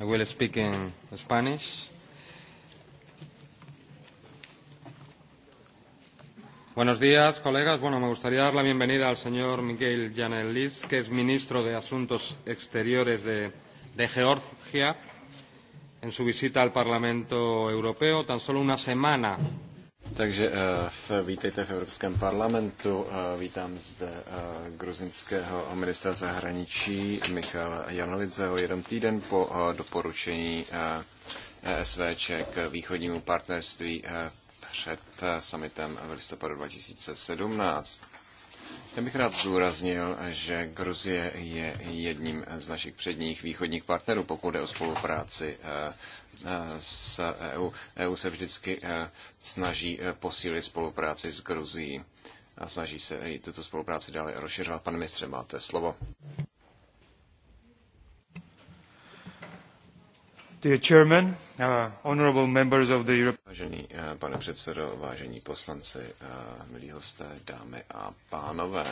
I will speak in Spanish. Buenos días, colegas. Bueno, me gustaría dar la bienvenida al señor Miguel Yaneliz, que es ministro de Asuntos Exteriores de, de Georgia, en su visita al Parlamento Europeo. Tan solo una semana takže eh, vítejte v Evropském parlamentu. Eh, vítám zde eh, gruzinského ministra zahraničí Michala Janolidzeho jeden týden po doporučení SVČ k východnímu partnerství před summitem v listopadu 2017. Já bych rád zdůraznil, že Gruzie je jedním z našich předních východních partnerů, pokud jde o spolupráci eh, s EU. EU se vždycky eh, snaží eh, posílit spolupráci s Gruzií a snaží se i tuto spolupráci dále rozšiřovat. Pan ministře, máte slovo. Uh, Vážený eh, pane předsedo, vážení poslanci, eh, milí hosté, dámy a pánové,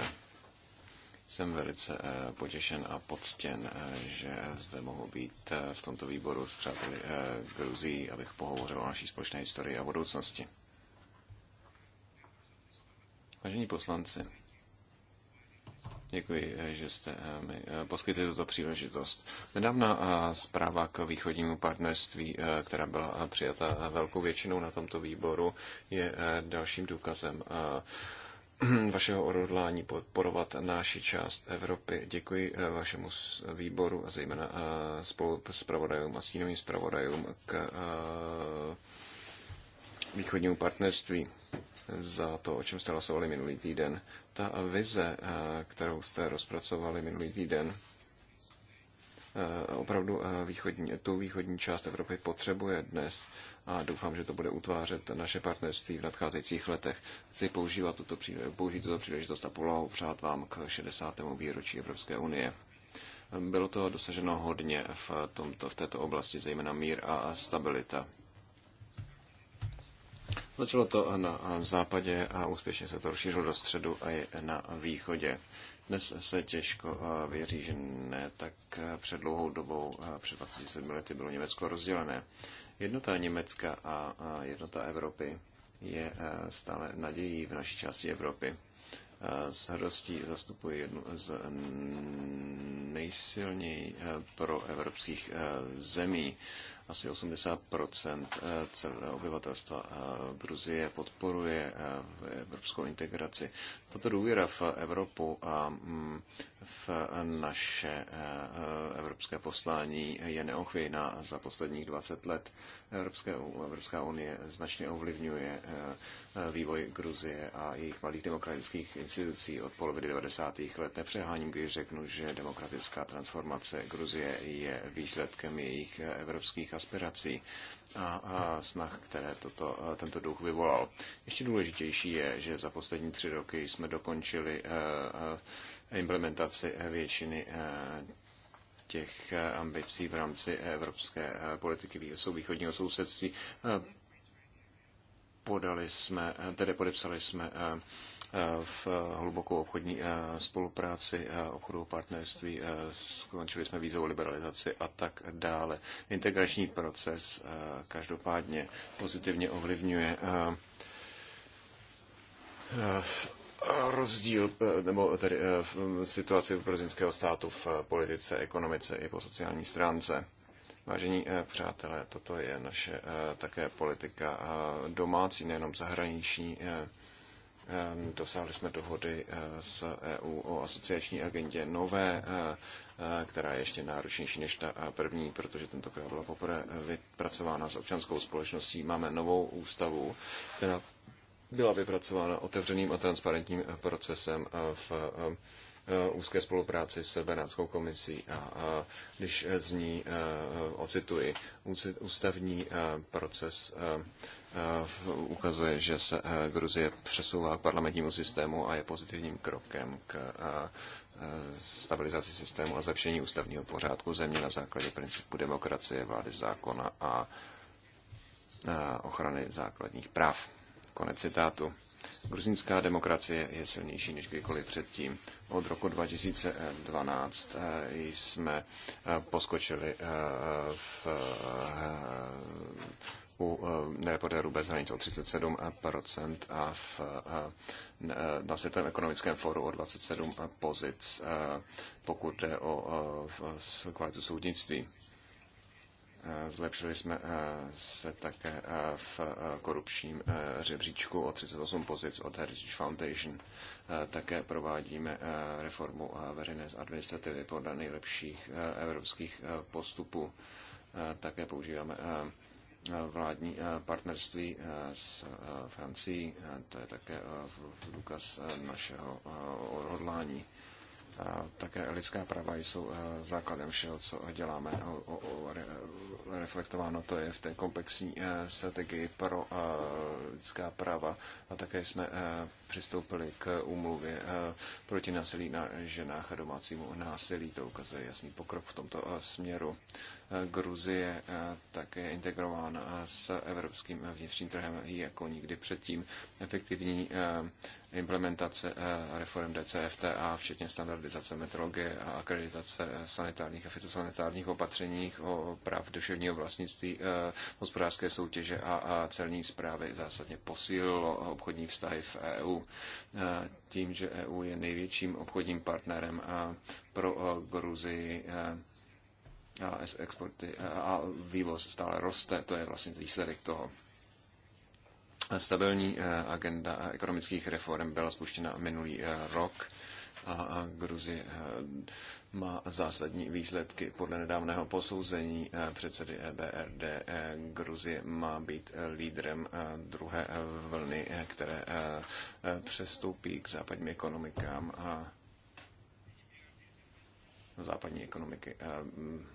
jsem velice eh, potěšen a poctěn, že zde mohu být v tomto výboru s přáteli Gruzí, abych pohovořil o naší společné historii a budoucnosti. Vážení poslanci, Děkuji, eh, že jste eh, mi eh, poskytli tuto příležitost. Nedávna zpráva k východnímu partnerství, která byla přijata velkou většinou na tomto výboru, je dalším důkazem vašeho odhodlání podporovat naši část Evropy. Děkuji vašemu výboru a zejména spolu s pravodajům a stínovým zpravodajům k východnímu partnerství za to, o čem jste hlasovali minulý týden. Ta vize, eh, kterou jste rozpracovali minulý týden, eh, opravdu eh, východní, tu východní část Evropy potřebuje dnes a doufám, že to bude utvářet naše partnerství v nadcházejících letech. Chci používat tuto, použít tuto příležitost a přát vám k 60. výročí Evropské unie. Bylo to dosaženo hodně v, tomto, v této oblasti, zejména mír a stabilita. Začalo to na západě a úspěšně se to rozšířilo do středu a je na východě. Dnes se těžko věří, že ne, tak před dlouhou dobou, před 27 lety, bylo Německo rozdělené. Jednota Německa a jednota Evropy je stále nadějí v naší části Evropy. S hrdostí zastupuji jednu z nejsilněji proevropských zemí asi 80 eh, celého obyvatelstva eh, Gruzie podporuje eh, evropskou integraci. Tato důvěra v Evropu a mm, v naše eh, evropské poslání je neochvějná za posledních 20 let. Evropské, Evropská unie značně ovlivňuje eh, vývoj Gruzie a jejich malých demokratických institucí od poloviny 90. let. Nepřeháním, když řeknu, že demokratická transformace Gruzie je výsledkem jejich eh, evropských aspirací a, a snah, které toto, tento duch vyvolal. Ještě důležitější je, že za poslední tři roky jsme dokončili implementaci většiny těch ambicí v rámci evropské politiky východního sousedství. Podali jsme, tedy podepsali jsme Eh, v hlubokou obchodní eh, spolupráci, eh, obchodovou partnerství, skončili jsme vízovou liberalizaci a tak dále. Integrační proces každopádně pozitivně ovlivňuje rozdíl, nebo tedy situaci gruzinského státu v politice, ekonomice i po sociální stránce. Vážení přátelé, toto je naše také politika domácí, nejenom zahraniční. Ehm, dosáhli jsme dohody eh, s EU o asociační agendě nové, eh, eh, která je ještě náročnější než ta první, protože tentokrát byla poprvé vypracována s občanskou společností. Máme novou ústavu, která byla vypracována otevřeným a transparentním procesem v úzké spolupráci s Benátskou komisí a, a když z ní a, ocituji ústavní a, proces a, Eh, ukazuje, že se eh, Gruzie přesouvá k parlamentnímu systému a je pozitivním krokem k eh, stabilizaci systému a zlepšení ústavního pořádku země na základě principu demokracie, vlády zákona a ochrany základních práv. Konec citátu. Gruzínská demokracie je silnější než kdykoliv předtím. Od roku 2012 jsme poskočili v u reportérů eh, bez hranic o 37% a v, eh, eh, na Světovém ekonomickém fóru o 27 pozic, pokud jde o kvalitu soudnictví. Zlepšili jsme se také v korupčním řebříčku o 38 pozic od Heritage Foundation. Také provádíme reformu veřejné administrativy podle nejlepších evropských postupů. Také používáme vládní eh, partnerství eh, s eh, Francií. To je také důkaz našeho odhodlání také lidská práva jsou eh, základem všeho, co děláme. O, o, reflektováno to je v té komplexní eh, strategii pro eh, lidská práva. A také jsme přistoupili k úmluvě proti násilí na ženách a domácímu násilí. To ukazuje jasný pokrok v tomto směru. Gruzie také je integrována s evropským vnitřním trhem jako nikdy předtím. Efektivní implementace reform DCFTA, včetně standardy standardizace metrologie a akreditace sanitárních a fitosanitárních opatřeních o práv duševního vlastnictví, eh, hospodářské soutěže a celní zprávy zásadně posílilo obchodní vztahy v EU. Eh, tím, že EU je největším obchodním partnerem eh, pro Gruzii, a exporty a vývoz stále roste, to je vlastně výsledek toho. Stabilní agenda ekonomických reform byla spuštěna minulý rok a Gruzie eh, má zásadní výsledky. Podle nedávného posouzení eh, předsedy EBRD eh, Gruzie má být lídrem druhé vlny, které přestoupí k západním ekonomikám a západní ekonomiky. Mm,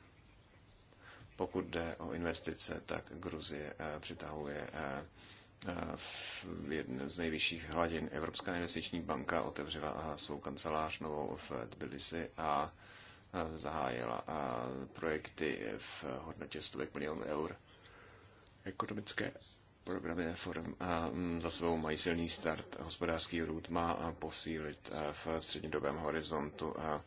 pokud jde o investice, tak Gruzie přitahuje Eh, v jedné z nejvyšších hladin. Evropská investiční banka otevřela eh, svou kancelář novou v Tbilisi a eh, zahájila projekty v hodnotě stovek milionů eur ekonomické programy reform mm, za sebou mají silný start. Hospodářský růd má posílit v střednědobém horizontu a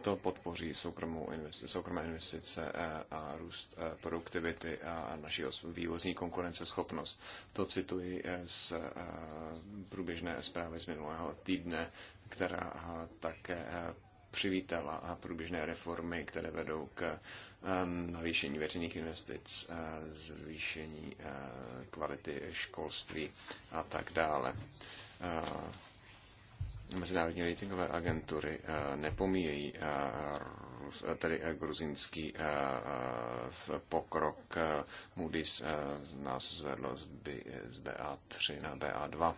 to podpoří soukromou investici, soukromé investice a růst produktivity a naší vývozní konkurenceschopnost. To cituji e, z průběžné zprávy z minulého týdne, která také přivítala a průběžné reformy, které vedou k navýšení veřejných investic, e, zvýšení e, kvality školství a tak dále. E, mezinárodní ratingové agentury nepomíjejí tedy gruzínský pokrok. Moody's nás zvedlo z BA3 na BA2.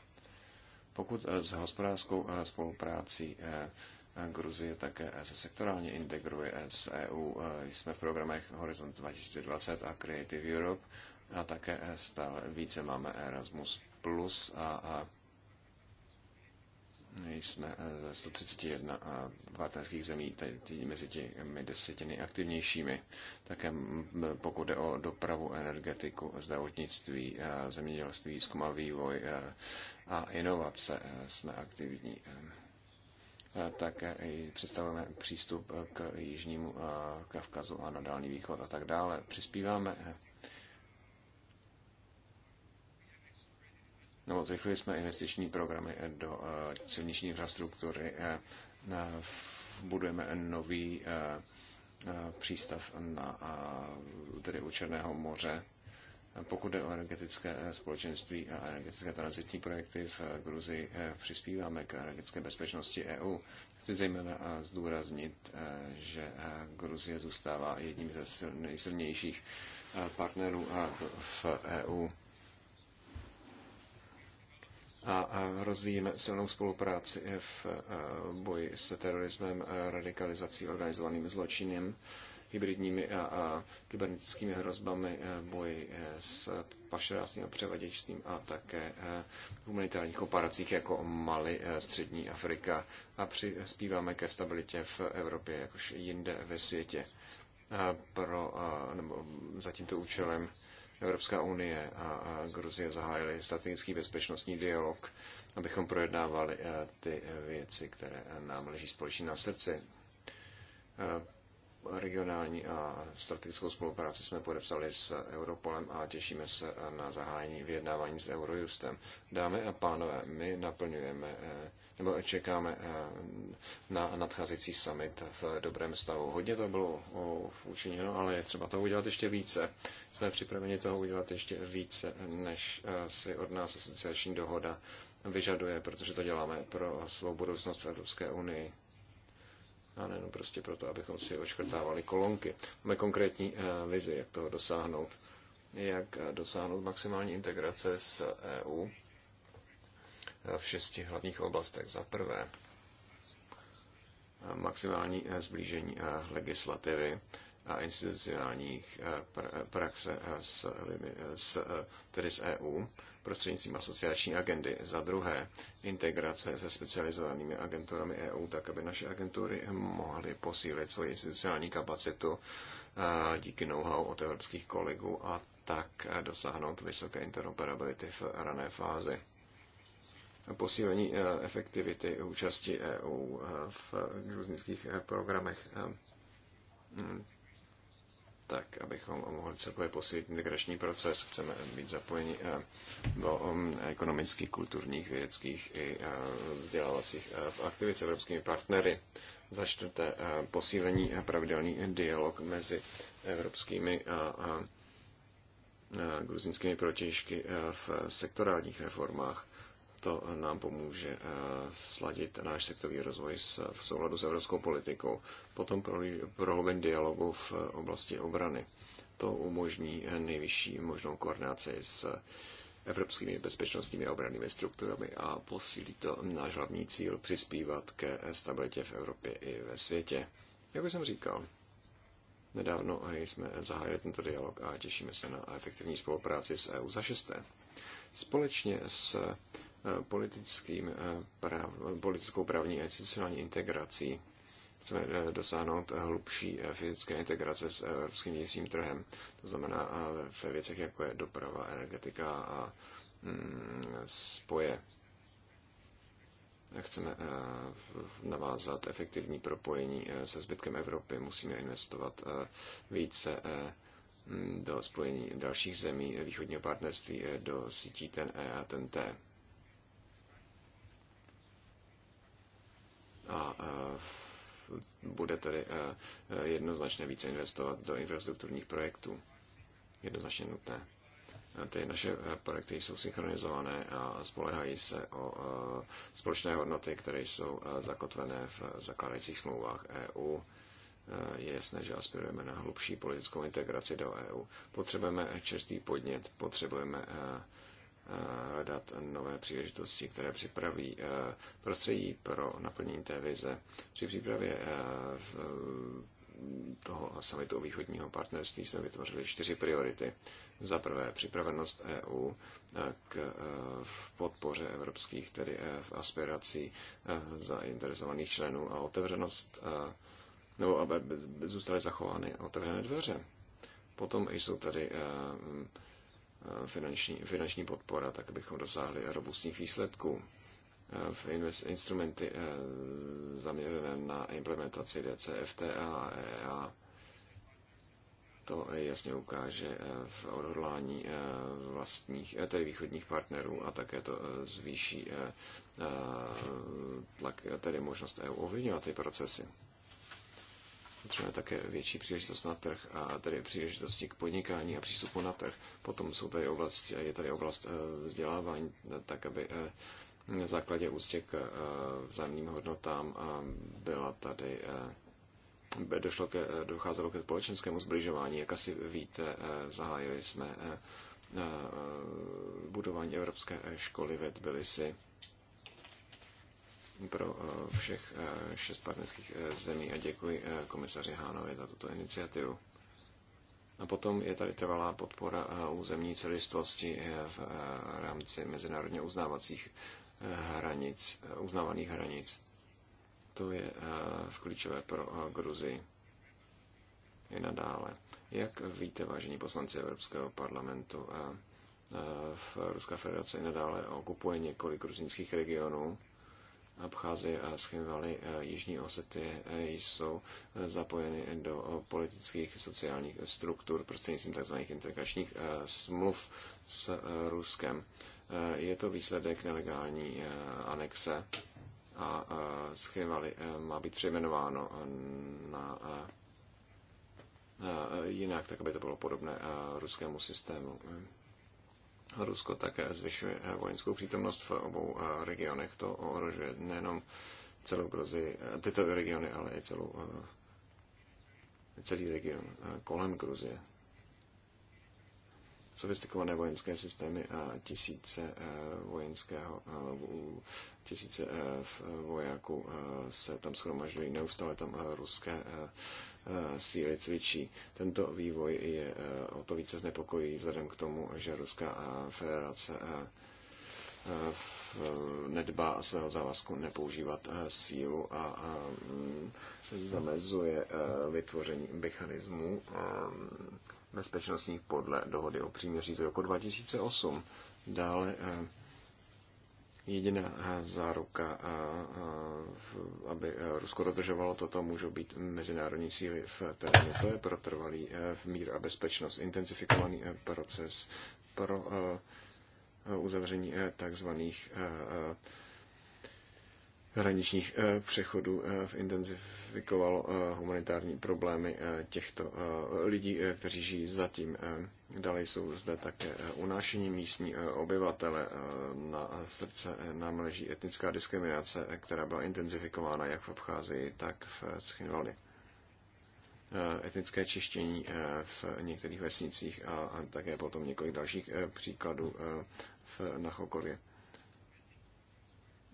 Pokud s hospodářskou spoluprácí Gruzie také se sektorálně integruje s EU. Jsme v programech Horizont 2020 a Creative Europe a také stále více máme Erasmus Plus a, a jsme ze 131 partnerských zemí tady, mezi těmi deseti nejaktivnějšími. Také pokud jde o dopravu, energetiku, zdravotnictví, zemědělství, výzkum a vývoj a inovace, jsme aktivní. Eh, tak eh, představujeme přístup eh, k Jižnímu Kavkazu a na Dálný východ a tak dále. Přispíváme nebo zrychlili jsme investiční programy do silniční infrastruktury, budujeme nový přístav na, tedy u Černého moře pokud jde o energetické eh, společenství a energetické transitní projekty v eh, Gruzii, eh, přispíváme k energetické bezpečnosti EU. Chci zejména zdůraznit, že Gruzie zůstává jedním ze nejsilnějších partnerů v EU a rozvíjíme silnou spolupráci v boji s terorismem, radikalizací, organizovaným zločinem hybridními a, a kybernetickými hrozbami, eh, boji eh, s pašeráctvím a převaděčstvím a také v eh, humanitárních operacích jako Mali, Střední Afrika a přispíváme ke stabilitě v Evropě, jakož jinde ve světě. Pro, nebo za tímto účelem Evropská unie a Gruzie zahájili strategický bezpečnostní dialog, abychom projednávali ty věci, které nám leží společně na srdci regionální a strategickou spolupráci jsme podepsali s Europolem a těšíme se na zahájení vyjednávání s Eurojustem. Dámy a pánové, my naplňujeme eh, nebo čekáme eh, na nadcházející summit v dobrém stavu. Hodně to bylo učiněno, ale je třeba toho udělat ještě více. Jsme připraveni toho udělat ještě více, než eh, si od nás asociační dohoda vyžaduje, protože to děláme pro svou budoucnost v Evropské unii a nejenom prostě proto, abychom si očkrtávali kolonky. Máme konkrétní eh, vizi, jak toho dosáhnout. Jak eh, dosáhnout maximální integrace s EU eh, v šesti hlavních oblastech. Za prvé, maximální zblížení legislativy a institucionálních praxe s, tedy s EU prostřednictvím asociační agendy. Za druhé, integrace se specializovanými agenturami EU, tak aby naše agentury mohly posílit svoji institucionální kapacitu eh, díky know-how od evropských kolegů a tak eh, dosáhnout vysoké interoperability v rané fázi posílení eh, efektivity účasti EU v gruzínských programech tak abychom mohli celkově posílit integrační proces. Chceme být zapojeni eh, do um, ekonomických, kulturních, vědeckých i eh, vzdělávacích eh, aktivit s evropskými partnery. Za čtvrté, posílení a pravidelný dialog mezi evropskými a gruzinskými protěžky v sektorálních reformách to nám pomůže eh, sladit náš sektový rozvoj v souladu s evropskou politikou. Potom prohloubení dialogu v eh, oblasti obrany. To umožní eh, nejvyšší možnou koordinaci s evropskými bezpečnostními a obrannými strukturami a posílí to náš hlavní cíl přispívat ke stabilitě v Evropě i ve světě. Jak už jsem říkal, nedávno jsme zahájili tento dialog a těšíme se na efektivní spolupráci s EU za šesté. Společně s politickým, eh, politickou právní a institucionální integrací chceme eh, dosáhnout hlubší eh, fyzické integrace s evropským vnitřním trhem. To znamená ve věcech, jako je doprava, energetika a mm, spoje. Chceme navázat efektivní propojení se zbytkem Evropy. Musíme investovat více mm, do spojení dalších zemí východního partnerství do sítí ten E a ten T. a e, bude tedy e, e, jednoznačně více investovat do infrastrukturních projektů. Jednoznačně nutné. Ty naše projekty jsou synchronizované a spolehají se o společné hodnoty, které jsou zakotvené v zakládajících smlouvách EU je jasné, že aspirujeme na hlubší politickou integraci do EU. Potřebujeme čerstvý podnět, potřebujeme hledat eh, nové příležitosti, které připraví eh, prostředí pro naplnění té vize. Při přípravě eh, toho samitu východního partnerství jsme vytvořili čtyři priority. Za prvé připravenost EU k podpoře evropských, tedy v aspirací zainteresovaných členů a otevřenost, nebo aby zůstaly zachovány otevřené dveře. Potom jsou tady Eh, finanční, finanční podpora, tak bychom dosáhli robustních výsledků eh, v invest, instrumenty eh, zaměřené na implementaci DCFTA a EA. E to jasně ukáže v odhodlání vlastních, tedy východních partnerů a také to zvýší tlak, tedy možnost EU ovlivňovat ty procesy potřebujeme také větší příležitost na trh a tady příležitosti k podnikání a přístupu na trh. Potom jsou tady oblast, je tady oblast eh, vzdělávání, eh, tak aby eh, na základě úctě k vzájemným hodnotám byla tady došlo ke, docházelo ke společenskému zbližování. Jak asi víte, zahájili jsme budování Evropské školy ve Tbilisi pro eh, všech eh, šest partnerských eh, zemí a děkuji komisaři Hánovi za tuto iniciativu. A potom je tady trvalá podpora územní celistvosti v rámci mezinárodně uznávacích hranic, uznávaných hranic. To je v klíčové pro Gruzii i nadále. Jak víte, vážení poslanci Evropského parlamentu, v Ruská federace i nadále okupuje několik gruzínských regionů Abcházy a Schinvaly, eh, Jižní Osety eh, jsou eh, zapojeny do politických sociálních struktur prostřednictvím tzv. integračních smluv s Ruskem. Je to výsledek nelegální anexe a Schinvaly má být přejmenováno na jinak, tak aby to bylo podobné ruskému systému. Rusko také zvyšuje eh, vojenskou přítomnost v obou eh, regionech. To ohrožuje nejenom celou Gruzii, eh, tyto regiony, ale i celou, celý region kolem Gruzie sofistikované vojenské systémy a tisíce eh, vojenského, eh, tisíce eh, vojáků se tam schromažďují, neustále tam ruské síly cvičí. Tento vývoj je o to více znepokojí vzhledem k tomu, že Ruská federace nedbá svého závazku nepoužívat sílu a mm, zamezuje vytvoření mechanismů bezpečnostních podle dohody o příměří z roku 2008. Dále eh, jediná eh, záruka, eh, aby Rusko dodržovalo toto, můžou být mezinárodní síly v terénu. To je pro trvalý mír a bezpečnost, intenzifikovaný proces pro uzavření takzvaných hraničních eh, přechodů eh, intenzifikovalo eh, humanitární problémy těchto lidí, kteří žijí zatím. Dále jsou zde také unášení místní obyvatele. Na srdce nám leží etnická diskriminace, která byla intenzifikována jak v Abcházii, tak v Cchinvali. Etnické čištění v některých vesnicích a také potom několik dalších příkladů na Nachokorě.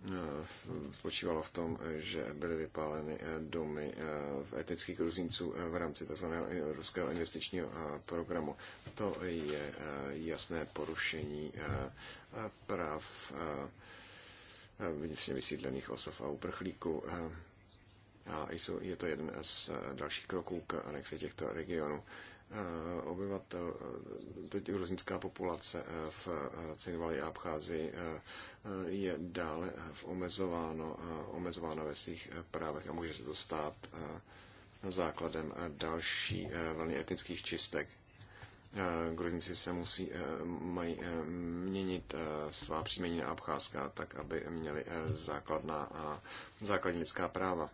Eh, spočívalo v tom, že byly vypáleny eh, domy eh, v etnických ruzinců v rámci tzv. ruského investičního programu. To je jasné porušení práv vnitřně vysídlených osob a uprchlíků. A jsou, je to jeden z dalších kroků k anexi těchto regionů. Eh, obyvatel, eh, teď gruzínská populace eh, v Cinvali a Abcházi je dále omezováno, omezováno ve svých právech a může se to stát základem další vlny etnických čistek. Gruzinci se musí, mají měnit svá příjmení na abcházská, tak aby měli základná a základní lidská práva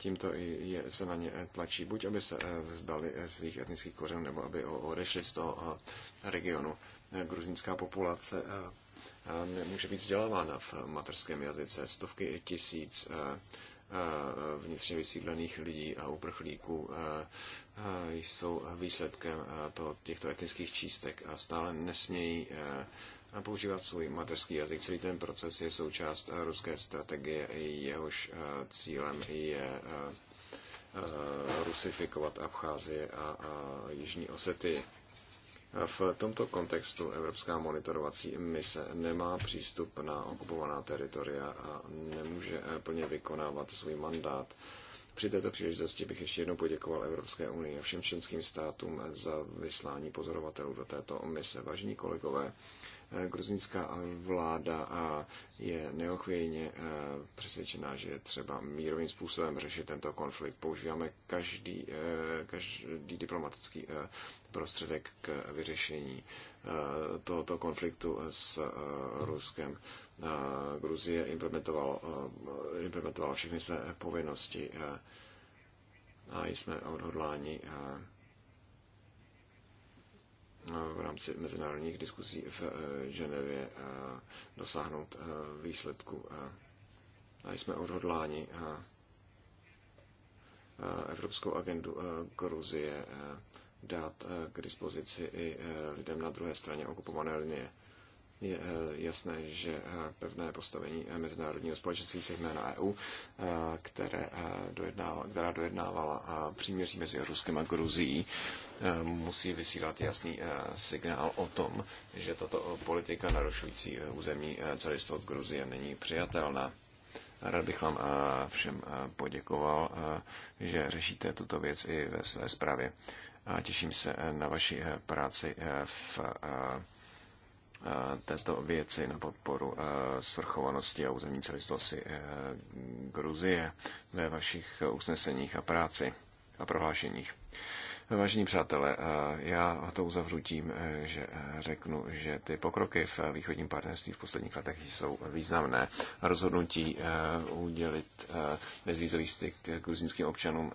tímto je, se na ně eh, tlačí, buď aby se eh, vzdali eh, svých etnických kořenů, nebo aby odešli z toho regionu. Gruzinská populace nemůže být vzdělávána v materském jazyce. Stovky tisíc vnitřně vysídlených lidí a uprchlíků jsou výsledkem těchto etnických čístek a stále nesmějí a používat svůj mateřský jazyk. Celý ten proces je součást eh, ruské strategie, jehož eh, cílem je eh, rusifikovat Abcházie a Jižní Osety. V tomto kontextu Evropská monitorovací mise nemá přístup na okupovaná teritoria a nemůže plně vykonávat svůj mandát. Při této příležitosti bych ještě jednou poděkoval Evropské unii a všem členským státům za vyslání pozorovatelů do této mise. Vážení kolegové, Eh, gruzínská vláda je neochvějně eh, přesvědčená, že je třeba mírovým způsobem řešit tento konflikt. Používáme každý, eh, každý diplomatický prostředek k vyřešení tohoto konfliktu s Ruskem. Gruzie implementoval implementoval všechny své povinnosti a jsme odhodláni v rámci mezinárodních diskusí v eh, Ženevě eh, dosáhnout eh, výsledku. A jsme odhodláni evropskou agendu Gruzie dát k dispozici i lidem na druhé straně okupované linie je eh, jasné, že eh, pevné postavení eh, mezinárodního společenství, zejména EU, které dojednává, která dojednávala příměří mezi Ruskem a Gruzií, musí vysílat jasný signál o tom, že tato politika narušující území celistvot Gruzie není přijatelná. Rád bych vám všem poděkoval, že řešíte tuto věc i ve své zprávě. A těším se na vaši práci v Eh, této věci na podporu eh, svrchovanosti a územní celistvosti eh, Gruzie ve vašich usneseních a práci a prohlášeních. Vážení přátelé, eh, já to uzavřu tím, eh, že řeknu, že ty pokroky v východním partnerství v posledních letech jsou významné. Rozhodnutí eh, udělit bezvýzový styk gruzínským občanům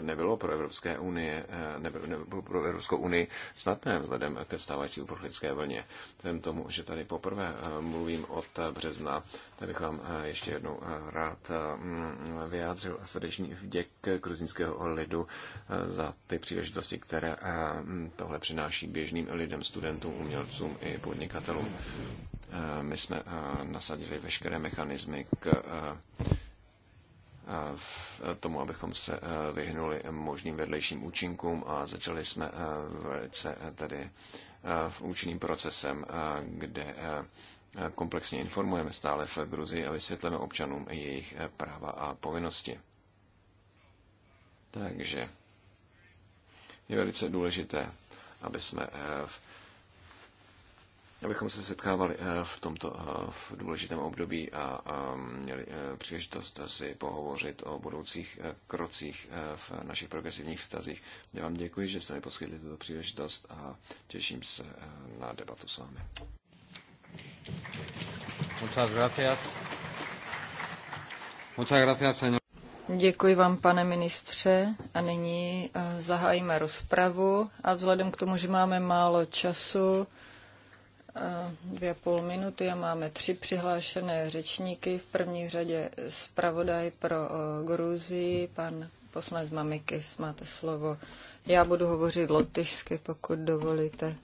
nebylo pro Evropské unie, nebylo pro Evropskou unii snadné vzhledem ke stávající uprchlické vlně. Vzhledem tomu, že tady poprvé mluvím od března, Tady bych vám eh, ještě jednou eh, rád eh, mm, vyjádřil srdeční vděk gruzínského lidu za ty příležitosti, které mm, tohle přináší běžným lidem, studentům, umělcům i podnikatelům. My jsme nasadili veškeré mechanismy k v tomu, abychom se vyhnuli možným vedlejším účinkům a začali jsme velice tedy v účinným procesem, kde Eh, komplexně informujeme stále v Gruzii a vysvětleme občanům jejich eh, práva a povinnosti. Takže je velice důležité, aby jsme eh, v abychom se setkávali v tomto v důležitém období a měli příležitost si pohovořit o budoucích krocích v našich progresivních vztazích. Já vám děkuji, že jste mi poskytli tuto příležitost a těším se na debatu s vámi. Muchas gracias. Muchas gracias, señor. Děkuji vám, pane ministře. A nyní eh, zahájíme rozpravu. A vzhledem k tomu, že máme málo času, eh, dvě a půl minuty a máme tři přihlášené řečníky. V první řadě zpravodaj pro eh, Gruzii, pan poslanec Mamikis, máte slovo. Já budu hovořit lotyšsky, pokud dovolíte.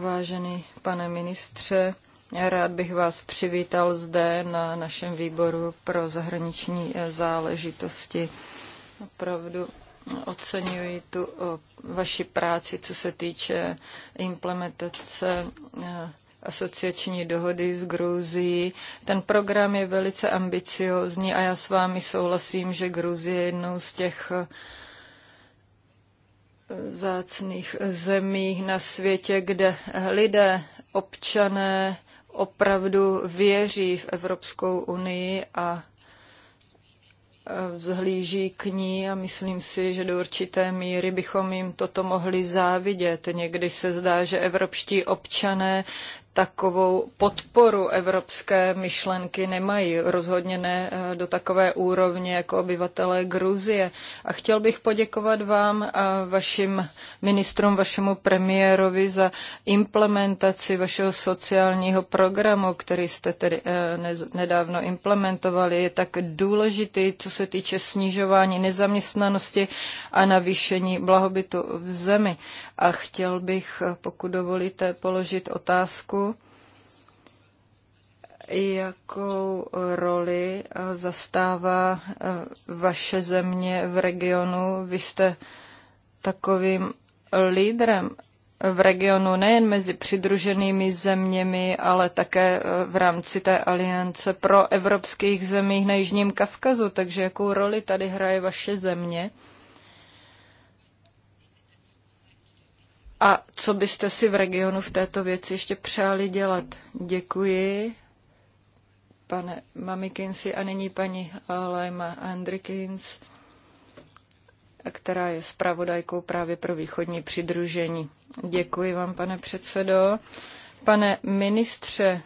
Vážený pane ministře, rád bych vás přivítal zde na našem výboru pro zahraniční záležitosti. Opravdu oceňuji tu vaši práci, co se týče implementace e, asociační dohody s Gruzií. Ten program je velice ambiciózní a já s vámi souhlasím, že Gruzie je jednou z těch zácných zemích na světě, kde lidé, občané opravdu věří v Evropskou unii a e, vzhlíží k ní a myslím si, že do určité míry bychom jim toto mohli závidět. Někdy se zdá, že evropští občané takovou podporu evropské myšlenky nemají, rozhodně ne eh, do takové úrovně jako obyvatelé Gruzie. A chtěl bych poděkovat vám a vašim ministrům, vašemu premiérovi za implementaci vašeho sociálního programu, který jste tedy eh, nedávno implementovali. Je tak důležitý, co se týče snižování nezaměstnanosti a navýšení blahobytu v zemi. A chtěl bych, eh, pokud dovolíte, položit otázku, jakou roli eh, zastává eh, vaše země v regionu. Vy jste takovým lídrem v regionu nejen mezi přidruženými zeměmi, ale také eh, v rámci té aliance pro evropských zemí na Jižním Kavkazu. Takže jakou roli tady hraje vaše země? A co byste si v regionu v této věci ještě přáli dělat? Děkuji pane Mamikinsi a nyní paní Lajma Andrikins, která je zpravodajkou právě pro východní přidružení. Děkuji vám, pane předsedo. Pane ministře,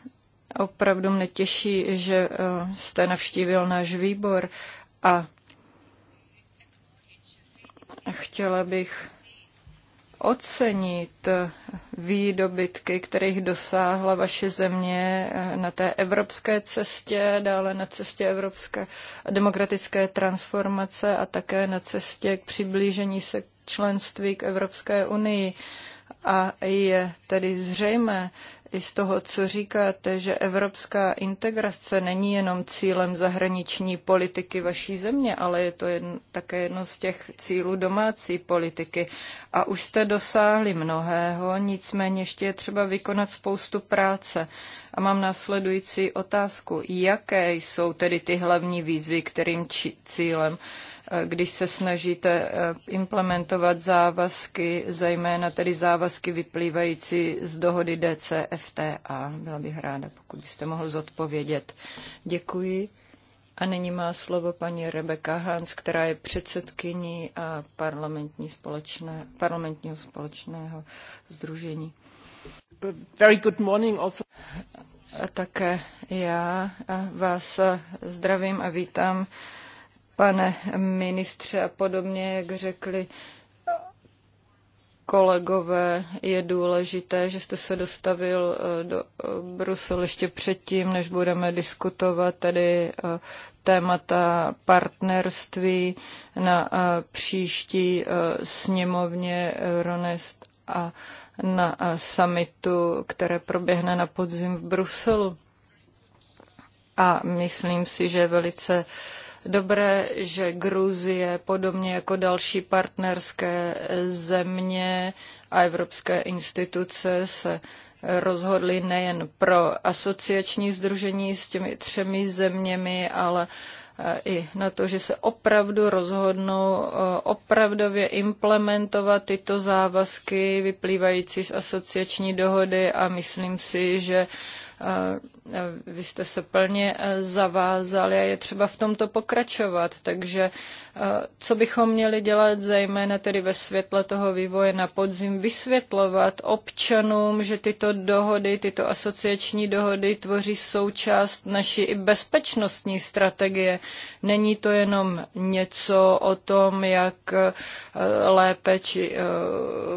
opravdu mě těší, že eh, jste navštívil náš výbor a chtěla bych ocenit eh, výdobytky, kterých dosáhla vaše země eh, na té evropské cestě, dále na cestě evropské demokratické transformace a také na cestě k přiblížení se k členství k Evropské unii. A je tedy zřejmé i z toho, co říkáte, že evropská integrace není jenom cílem zahraniční politiky vaší země, ale je to jedn, také jedno z těch cílů domácí politiky. A už jste dosáhli mnohého, nicméně ještě je třeba vykonat spoustu práce. A mám následující otázku. Jaké jsou tedy ty hlavní výzvy, kterým či, cílem když se snažíte eh, implementovat závazky, zejména tedy závazky vyplývající z dohody DCFTA. Byla bych ráda, pokud byste mohl zodpovědět. Děkuji. A nyní má slovo paní Rebeka Hans, která je předsedkyní a parlamentní společné, parlamentního společného združení. Very good morning also. A také já vás zdravím a vítám pane ministře, a podobně, jak řekli kolegové, je důležité, že jste se dostavil eh, do eh, Bruselu ještě předtím, než budeme diskutovat tady eh, témata partnerství na příští sněmovně Ronest a na summitu, které proběhne na podzim v Bruselu. A myslím si, že je velice uh, dobré, že Gruzie, podobně jako další partnerské země a evropské instituce, se rozhodly nejen pro asociační združení s těmi třemi zeměmi, ale eh, i na to, že se opravdu rozhodnou eh, opravdově implementovat tyto závazky vyplývající z asociační dohody a myslím si, že eh, Eh, vy jste se plně eh, zavázali a je třeba v tomto pokračovat. Takže eh, co bychom měli dělat, zejména tedy ve světle toho vývoje na podzim, vysvětlovat občanům, že tyto dohody, tyto asociační dohody tvoří součást naší i bezpečnostní strategie. Není to jenom něco o tom, jak lépe či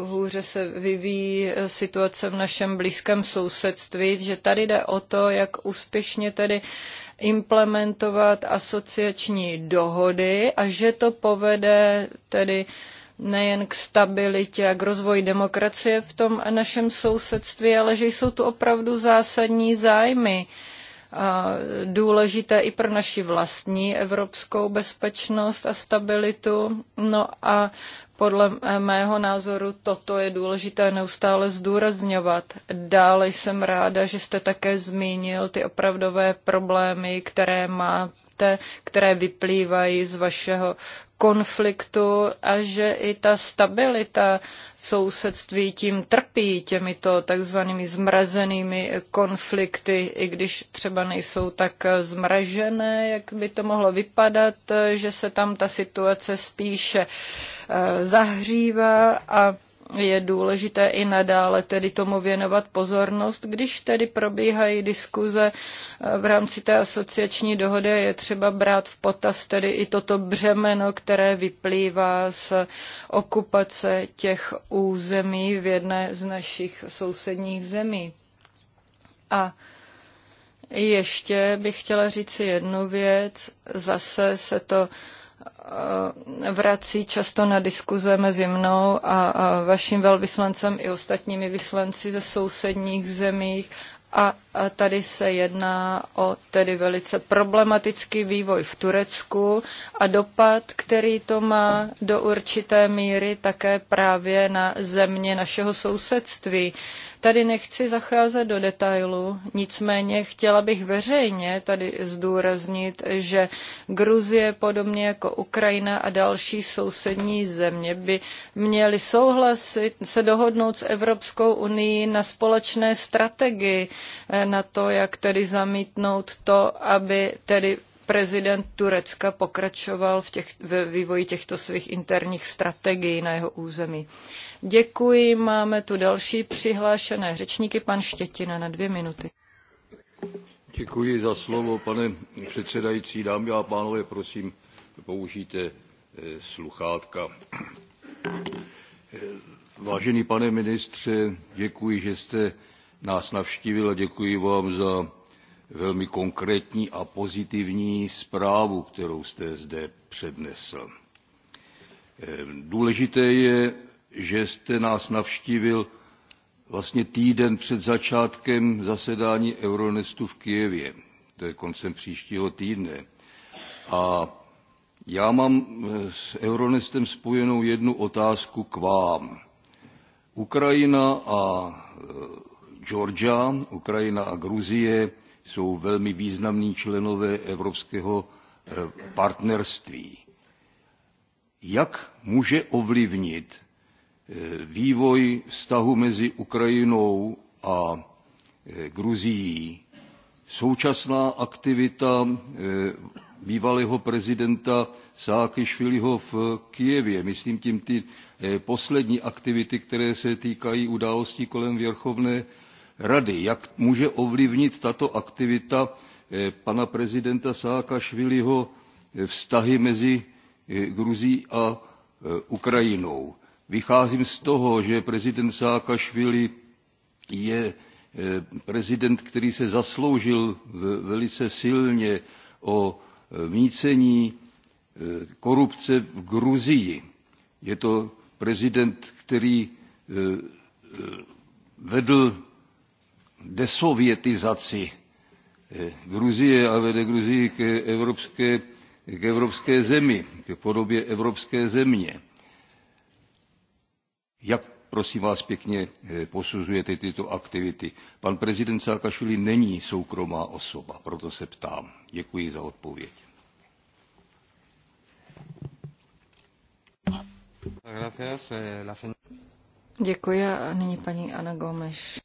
hůře se vyvíjí situace v našem blízkém sousedství, že tady jde o to, jak jak úspěšně tedy implementovat asociační dohody a že to povede tedy nejen k stabilitě a k rozvoji demokracie v tom našem sousedství, ale že jsou tu opravdu zásadní zájmy. Uh, důležité i pro naši vlastní evropskou bezpečnost a stabilitu. No a podle mého názoru toto je důležité neustále zdůrazňovat. Dále jsem ráda, že jste také zmínil ty opravdové problémy, které máte, které vyplývají z vašeho konfliktu a že i ta stabilita v sousedství tím trpí těmito takzvanými zmrazenými konflikty, i když třeba nejsou tak zmražené, jak by to mohlo vypadat, že se tam ta situace spíše eh, zahřívá a je důležité i nadále tedy tomu věnovat pozornost. Když tedy probíhají diskuze eh, v rámci té asociační dohody, je třeba brát v potaz tedy i toto břemeno, které vyplývá z okupace těch území v jedné z našich sousedních zemí. A ještě bych chtěla říct si jednu věc. Zase se to uh, Eh, vrací často na diskuze mezi mnou a, a vaším velvyslancem i ostatními vyslanci ze sousedních zemích. A, a tady se jedná o tedy velice problematický vývoj v Turecku a dopad, který to má do určité míry také právě na země našeho sousedství. Uh, Tady nechci zacházet do detailu, nicméně chtěla bych veřejně tady zdůraznit, že Gruzie, podobně jako Ukrajina a další sousední země, by měly souhlasit, se dohodnout s Evropskou unii na společné strategii, eh, na to, jak tedy zamítnout to, aby tedy prezident Turecka pokračoval v těch, ve vývoji těchto svých interních strategií na jeho území. Děkuji, máme tu další přihlášené řečníky, pan Štětina na dvě minuty. Děkuji za slovo, pane předsedající. Dámy a pánové, prosím, použijte eh, sluchátka. Eh, vážený pane ministře, děkuji, že jste nás navštívil a děkuji vám za velmi konkrétní a pozitivní zprávu, kterou jste zde přednesl. Eh, důležité je, že jste nás navštívil vlastně týden před začátkem zasedání Euronestu v Kijevě, to je koncem příštího týdne. A já mám eh, s Euronestem spojenou jednu otázku k vám. Ukrajina a eh, Georgia, Ukrajina a Gruzie jsou velmi významní členové evropského eh, partnerství. Jak může ovlivnit eh, vývoj vztahu mezi Ukrajinou a eh, Gruzií současná aktivita bývalého prezidenta Saakešviliho v Kijevě. Myslím tím ty poslední aktivity, které se týkají událostí kolem Věrchovné rady. Jak může ovlivnit tato aktivita eh, pana prezidenta Saakašviliho eh, vztahy mezi eh, Gruzí a Ukrajinou? Vycházím z toho, že prezident Saakašvili je prezident, který se zasloužil velice silně o mícení korupce v Gruzii. Je to prezident, který vedl desovětizaci eh, Gruzie a vede Gruzii k evropské, k evropské zemi, k podobě evropské země. Jak prosím vás pěkně eh, posuzujete tyto aktivity? Pan prezident Saakašvili není soukromá osoba, proto se ptám. Děkuji za odpověď. Eh, Děkuji a nyní paní Ana Gómez.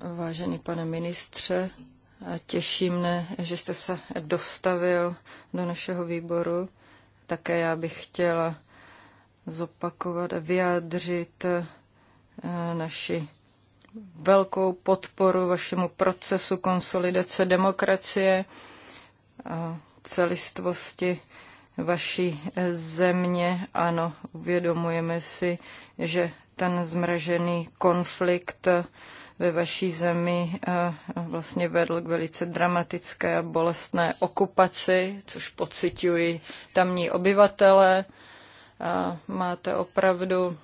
Vážený pane ministře, těší mne, že jste se dostavil do našeho výboru. Také já bych chtěla zopakovat a vyjádřit eh, naši velkou podporu vašemu procesu konsolidace demokracie a celistvosti vaší eh, země. Ano, uvědomujeme si, že ten zmražený konflikt ve vaší zemi eh, vlastně vedl k velice dramatické a bolestné okupaci, což pocitují tamní obyvatele. máte opravdu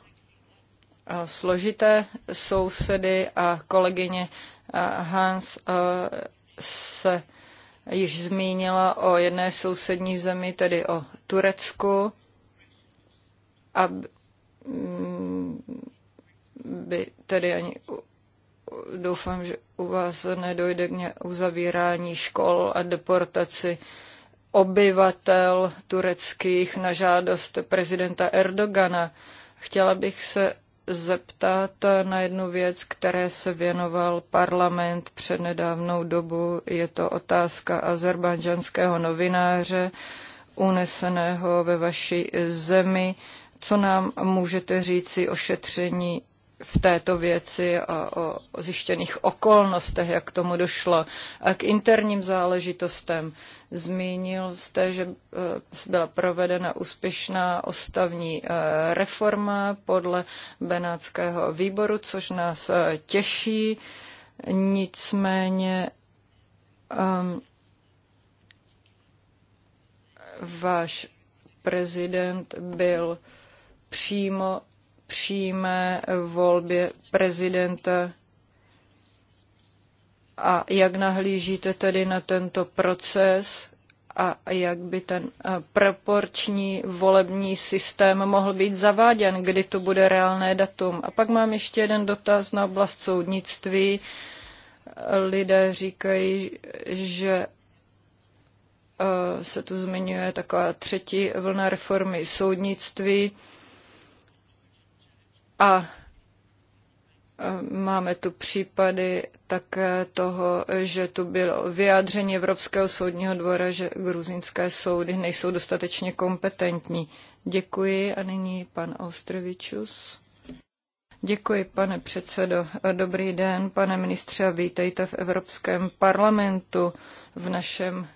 eh, složité sousedy a kolegyně eh, Hans se již zmínila o jedné sousední zemi, tedy o Turecku, aby by tedy ani doufám, že u vás nedojde k uzavírání škol a deportaci obyvatel tureckých na žádost prezidenta Erdogana. Chtěla bych se zeptat na jednu věc, které se věnoval parlament před nedávnou dobu. Je to otázka azerbajdžanského novináře uneseného ve vaší zemi. Co nám můžete říci o šetření v této věci a o zjištěných okolnostech, jak k tomu došlo. A k interním záležitostem zmínil jste, že eh, byla provedena úspěšná ostavní eh, reforma podle Benátského výboru, což nás eh, těší. Nicméně um, váš prezident byl přímo přímé volbě prezidenta a jak nahlížíte tedy na tento proces a jak by ten proporční volební systém mohl být zaváděn, kdy to bude reálné datum. A pak mám ještě jeden dotaz na oblast soudnictví. Lidé říkají, že se tu zmiňuje taková třetí vlna reformy soudnictví. A Máme tu případy také toho, že tu bylo vyjádření Evropského soudního dvora, že gruzinské soudy nejsou dostatečně kompetentní. Děkuji a nyní pan Ostrovičus. Děkuji, pane předsedo. Dobrý den, pane ministře, a vítejte v Evropském parlamentu. V našem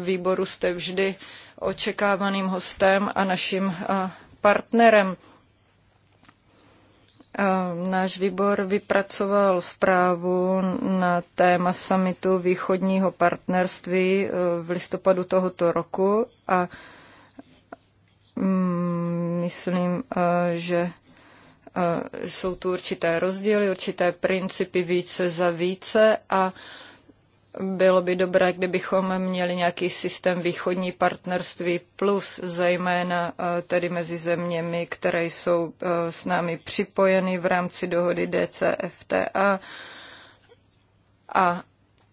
výboru jste vždy očekávaným hostem a naším partnerem. Náš výbor vypracoval zprávu na téma samitu východního partnerství e, v listopadu tohoto roku a mm, myslím, e, že e, jsou tu určité rozdíly, určité principy více za více a bylo by dobré, kdybychom měli nějaký systém východní partnerství plus, zejména eh, tedy mezi zeměmi, které jsou eh, s námi připojeny v rámci dohody DCFTA. A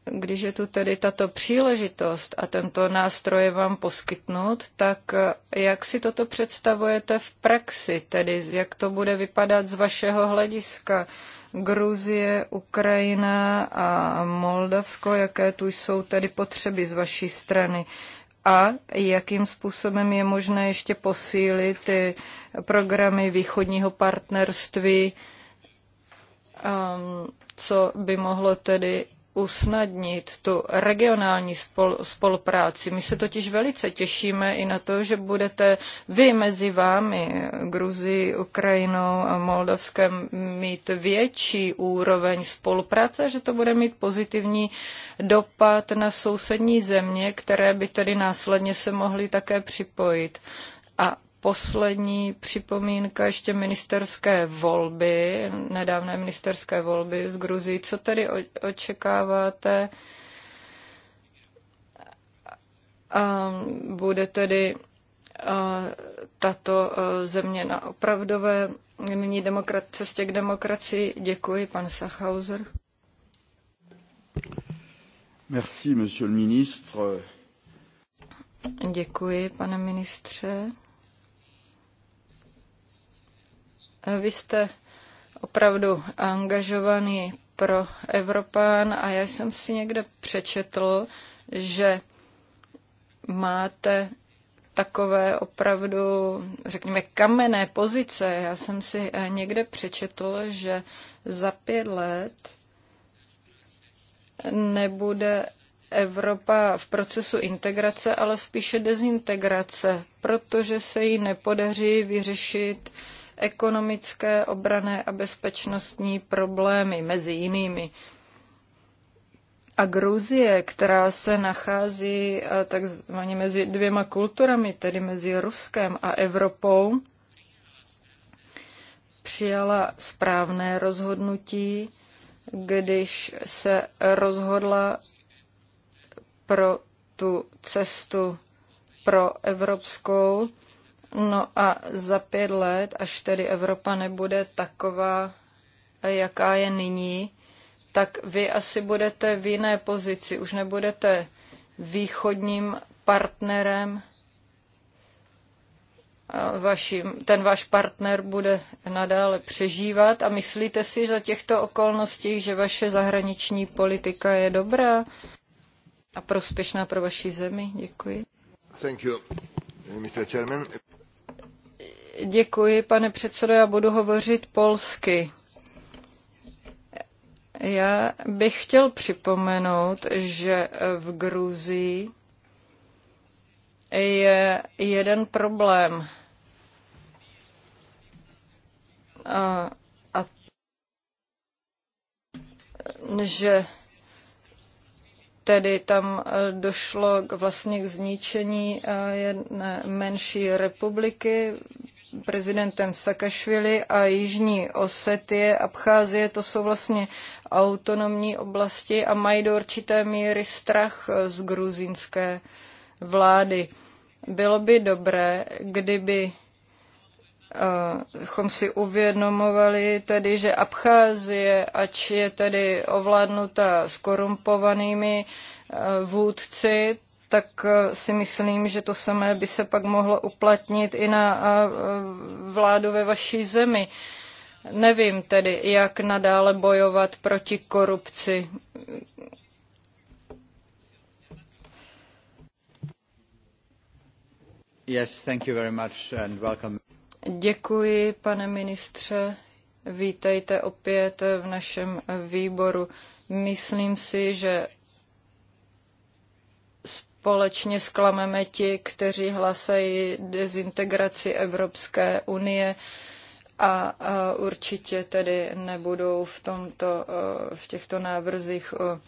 když je tu tedy tato příležitost a tento nástroj vám poskytnut, tak eh, jak si toto představujete v praxi, tedy jak to bude vypadat z vašeho hlediska? Gruzie, Ukrajina a Moldavsko, jaké tu jsou tedy potřeby z vaší strany a jakým způsobem je možné ještě posílit ty programy východního partnerství, ehm, co by mohlo tedy usnadnit tu regionální spolupráci. My se totiž velice těšíme i na to, že budete vy mezi vámi, Gruzí, Ukrajinou a Moldavskem, mít větší úroveň spolupráce, že to bude mít pozitivní dopad na sousední země, které by tedy následně se mohly také připojit poslední připomínka ještě ministerské volby, nedávné ministerské volby z Gruzí. Co tedy očekáváte? A bude tedy tato země na opravdové nyní demokrat, cestě k demokracii. Děkuji, pan Sachauser. Merci, monsieur le ministre. Děkuji, pane ministře. Vy jste opravdu angažovaný pro Evropán a já jsem si někde přečetl, že máte takové opravdu, řekněme, kamenné pozice. Já jsem si eh, někde přečetl, že za pět let nebude Evropa v procesu integrace, ale spíše dezintegrace, protože se jí nepodaří vyřešit uh, ekonomické, obrané a bezpečnostní problémy, mezi jinými. A Gruzie, která se nachází eh, takzvaně mezi dvěma kulturami, tedy mezi Ruskem a Evropou, přijala správné rozhodnutí, když se rozhodla pro tu cestu pro evropskou No a za pět let, až tedy Evropa nebude taková, jaká je nyní, tak vy asi budete v jiné pozici. Už nebudete východním partnerem. vaším. ten váš partner bude nadále přežívat a myslíte si za těchto okolností, že vaše zahraniční politika je dobrá a prospěšná pro vaši zemi? Děkuji. Thank you, Mr. Chairman. Děkuji, pane předsedo, já budu hovořit polsky. Já bych chtěl připomenout, že v Gruzii je jeden problém. A, a že tedy tam došlo k vlastně k zničení jedné menší republiky prezidentem Sakašvili a Jižní Osetie, Abcházie, to jsou vlastně autonomní oblasti a mají do určité míry strach z gruzínské vlády. Bylo by dobré, kdyby eh, chom si uvědomovali tedy, že Abcházie, ač je tedy ovládnuta skorumpovanými eh, vůdci, tak eh, si myslím, že to samé by se pak mohlo uplatnit i na eh, vládu ve vaší zemi. Nevím tedy, jak nadále bojovat proti korupci. Yes, thank you very much and welcome. Děkuji, pane ministře. Vítejte opět v našem eh, výboru. Myslím si, že společně zklameme ti, kteří hlasají dezintegraci Evropské unie a, a určitě tedy nebudou v, tomto, e, v těchto návrzích e,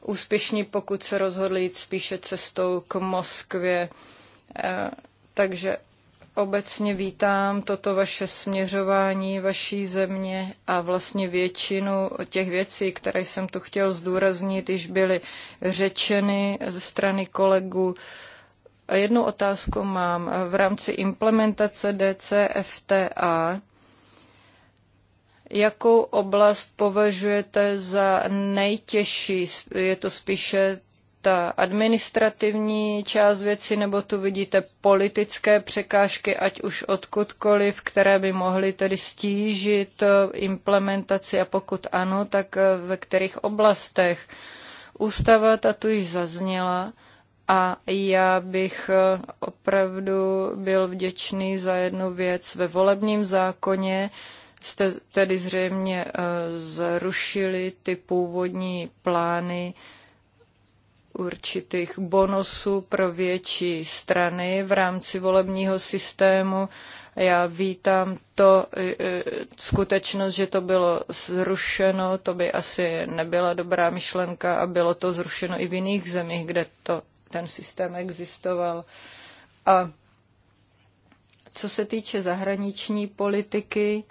úspěšní, pokud se rozhodli jít spíše cestou k Moskvě. E, takže obecně vítám toto vaše směřování vaší země a vlastně většinu těch věcí, které jsem tu chtěl zdůraznit, již byly řečeny ze strany kolegů. Jednu otázku mám. V rámci implementace DCFTA, jakou oblast považujete za nejtěžší? Je to spíše ta administrativní část věci, nebo tu vidíte politické překážky, ať už odkudkoliv, které by mohly tedy stížit eh, implementaci a pokud ano, tak eh, ve kterých oblastech. Ústava ta tu již zazněla a já bych eh, opravdu byl vděčný za jednu věc. Ve volebním zákoně jste tedy zřejmě zrušili ty původní plány určitých bonusů pro větší strany v rámci volebního systému. Já vítám to e, e, skutečnost, že to bylo zrušeno, to by asi nebyla dobrá myšlenka a bylo to zrušeno i v jiných zemích, kde to, ten systém existoval. A co se týče zahraniční politiky,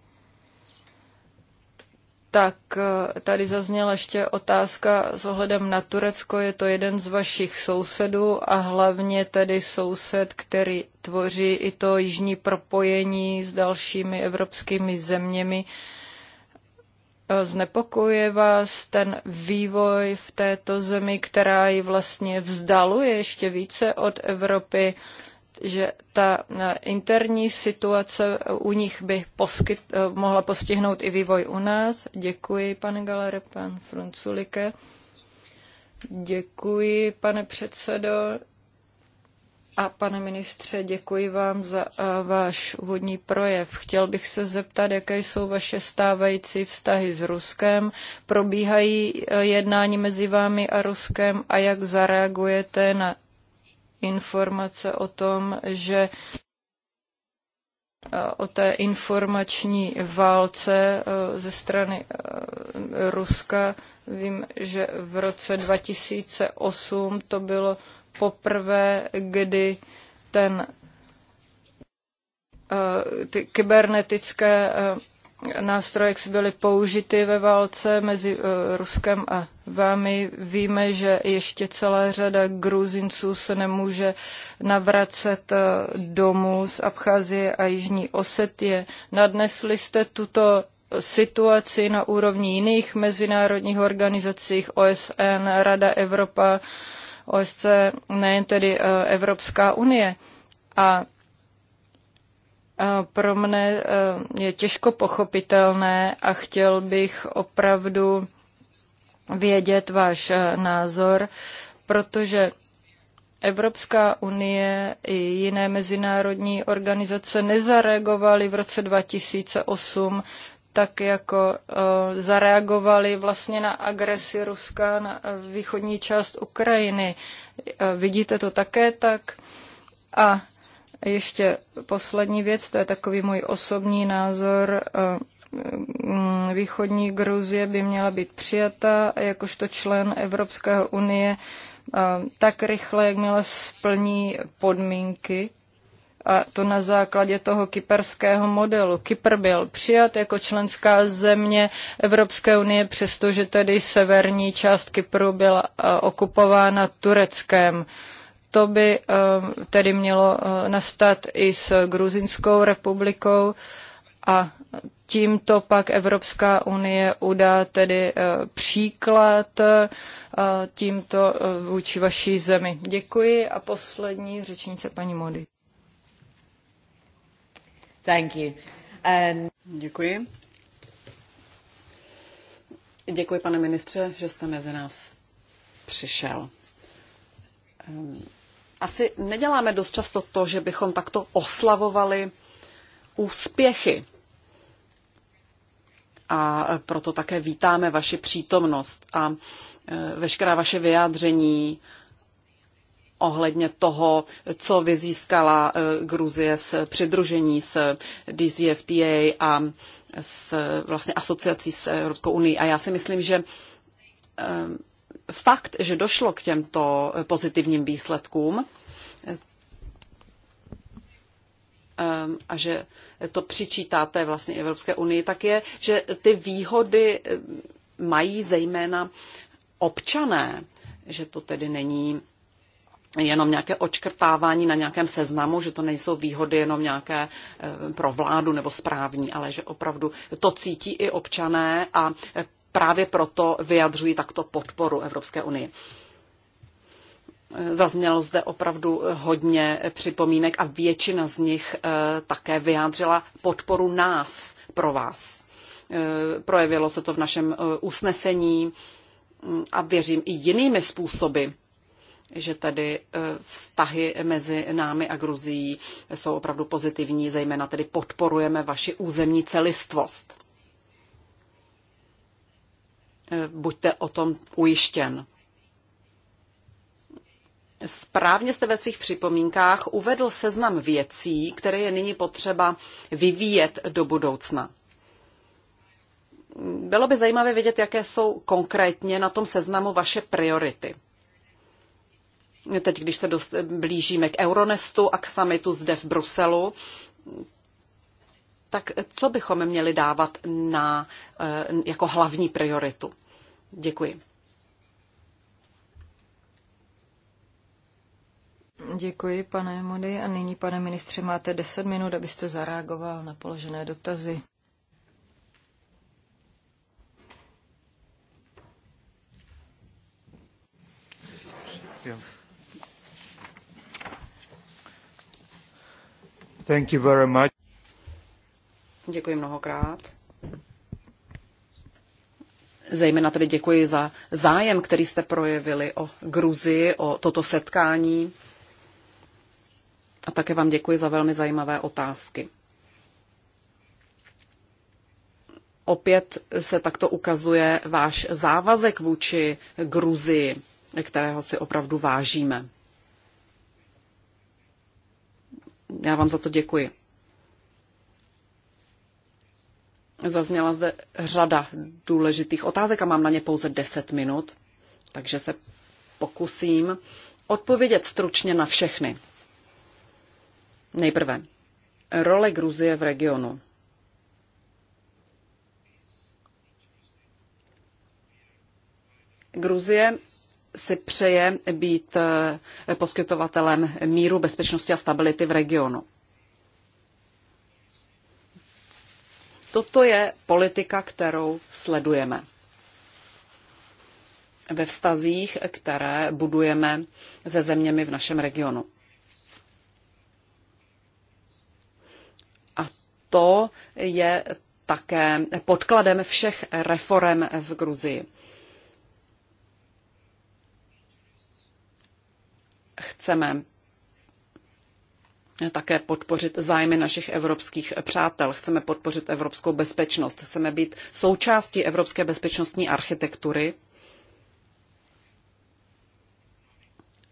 tak eh, tady zazněla ještě otázka s ohledem na Turecko. Je to jeden z vašich sousedů a hlavně tedy soused, který tvoří i to jižní propojení s dalšími evropskými zeměmi. Eh, znepokojuje vás ten vývoj v této zemi, která ji vlastně vzdaluje ještě více od Evropy? že ta eh, interní situace u nich by poskyt, eh, mohla postihnout i vývoj u nás. Děkuji, pane Galere, pan Frunculike. Děkuji, pane předsedo. A pane ministře, děkuji vám za eh, váš úvodní projev. Chtěl bych se zeptat, jaké jsou vaše stávající vztahy s Ruskem. Probíhají jednání mezi vámi a Ruskem a jak zareagujete na informace o tom, že eh, o té informační válce eh, ze strany eh, Ruska. Vím, že v roce 2008 to bylo poprvé, kdy ten ty kybernetické nástroje byly použity ve válce mezi Ruskem a velmi Víme, že ještě celá řada Gruzinců se nemůže navracet eh, domů z Abcházie a Jižní Osetie. Nadnesli jste tuto situaci na úrovni jiných mezinárodních organizací, OSN, Rada Evropa, OSC, nejen tedy eh, Evropská unie. A eh, pro mne je těžko pochopitelné a chtěl bych opravdu vědět váš eh, názor, protože Evropská unie i jiné mezinárodní organizace nezareagovaly v roce 2008 tak jako uh, zareagovali vlastně na agresi Ruska na eh, východní část Ukrajiny. vidíte to také tak? A ještě poslední věc, to je takový můj osobní názor. Uh, Mm, východní Gruzie by měla být přijata jakožto člen Evropské unie tak rychle, jakmile splní podmínky a to na základě toho kyperského modelu. Kypr byl přijat jako členská země Evropské unie, přestože tedy severní část Kypru byla e, okupována Tureckem. To by e, tedy mělo e, nastat i s Gruzinskou republikou a Tímto pak Evropská unie udá tedy eh, příklad eh, tímto eh, vůči vaší zemi. Děkuji a poslední řečnice paní Mody. Thank you. And... Um, Děkuji. Děkuji, pane ministře, že jste mezi nás přišel. Um, asi neděláme dost často to, že bychom takto oslavovali úspěchy a proto také vítáme vaši přítomnost a e, veškerá vaše vyjádření ohledně toho, co vyzískala e, Gruzie s přidružení s DCFTA a s vlastně asociací s Evropskou unii. A já si myslím, že e, fakt, že došlo k těmto pozitivním výsledkům, Ehm, a že to přičítáte vlastně Evropské unii, tak je, že ty výhody ehm, mají zejména občané, že to tedy není jenom nějaké očkrtávání na nějakém seznamu, že to nejsou výhody jenom nějaké ehm, pro vládu nebo správní, ale že opravdu to cítí i občané a právě proto vyjadřují takto podporu Evropské unii. Zaznělo zde opravdu hodně připomínek a většina z nich eh, také vyjádřila podporu nás pro vás. Eh, projevilo se to v našem eh, usnesení mm, a věřím i jinými způsoby, že tedy vztahy mezi námi a Gruzií jsou opravdu pozitivní, zejména tedy podporujeme vaši územní celistvost. Buďte o tom ujištěn. Správně jste ve svých připomínkách uvedl seznam věcí, které je nyní potřeba vyvíjet do budoucna. Bylo by zajímavé vědět, jaké jsou konkrétně na tom seznamu vaše priority. Teď, když se dost, blížíme k Euronestu a k samitu zde v Bruselu, tak co bychom měli dávat na, eh, jako hlavní prioritu? Děkuji. Děkuji, pane Mody. A nyní, pane ministře, máte 10 minut, abyste zareagoval na položené dotazy. Thank you very much. Děkuji mnohokrát. Zejména tedy děkuji za zájem, který jste projevili o Gruzii, o toto setkání. A také vám děkuji za velmi zajímavé otázky. Opět se takto ukazuje váš závazek vůči Gruzii, kterého si opravdu vážíme. Já vám za to děkuji. Zazněla zde řada důležitých otázek a mám na ně pouze 10 minut, takže se pokusím odpovědět stručně na všechny. Nejprve role Gruzie v regionu. Gruzie si přeje být eh, poskytovatelem míru, bezpečnosti a stability v regionu. Toto je politika, kterou sledujeme ve vztazích, které budujeme se zeměmi v našem regionu. to je také podkladem všech reform v Gruzii. Chceme také podpořit zájmy našich evropských přátel, chceme podpořit evropskou bezpečnost, chceme být součástí evropské bezpečnostní architektury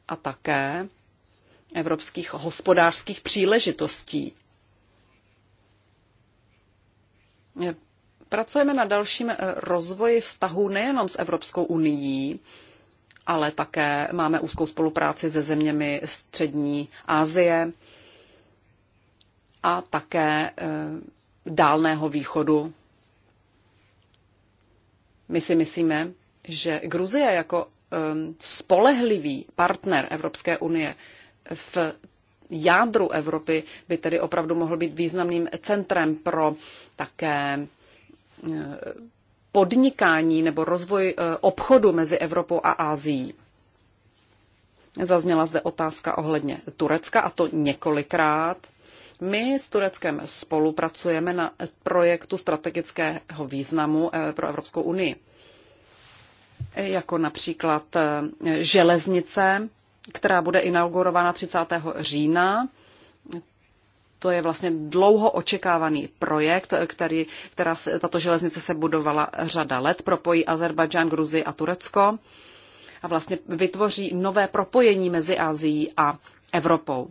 a také evropských hospodářských příležitostí. Pracujeme na dalším eh, rozvoji vztahu nejenom s Evropskou unii, ale také máme úzkou spolupráci se zeměmi Střední Asie a také eh, Dálného východu. My si myslíme, že Gruzie jako eh, spolehlivý partner Evropské unie v jádru Evropy by tedy opravdu mohl být významným centrem pro také eh, podnikání nebo rozvoj eh, obchodu mezi Evropou a Ázií. Zazněla zde otázka ohledně Turecka a to několikrát. My s Tureckem spolupracujeme na projektu strategického významu eh, pro Evropskou unii, jako například železnice která bude inaugurována 30. října. To je vlastně dlouho očekávaný projekt, který, která se, tato železnice se budovala řada let, propojí Azerbajdžán, Gruzii a Turecko a vlastně vytvoří nové propojení mezi Asií a Evropou.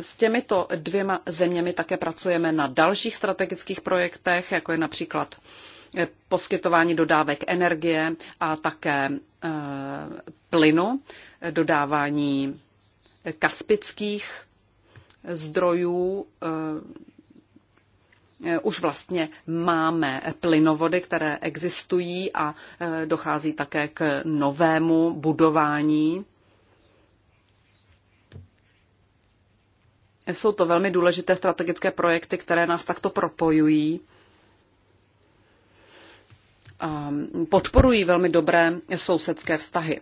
S těmito dvěma zeměmi také pracujeme na dalších strategických projektech, jako je například Eh, poskytování dodávek energie a také eh, plynu, eh, dodávání kaspických zdrojů. Už vlastně máme plynovody, které existují a dochází také k novému budování. Jsou to velmi důležité strategické projekty, které nás takto propojují. Um, podporují velmi dobré sousedské vztahy.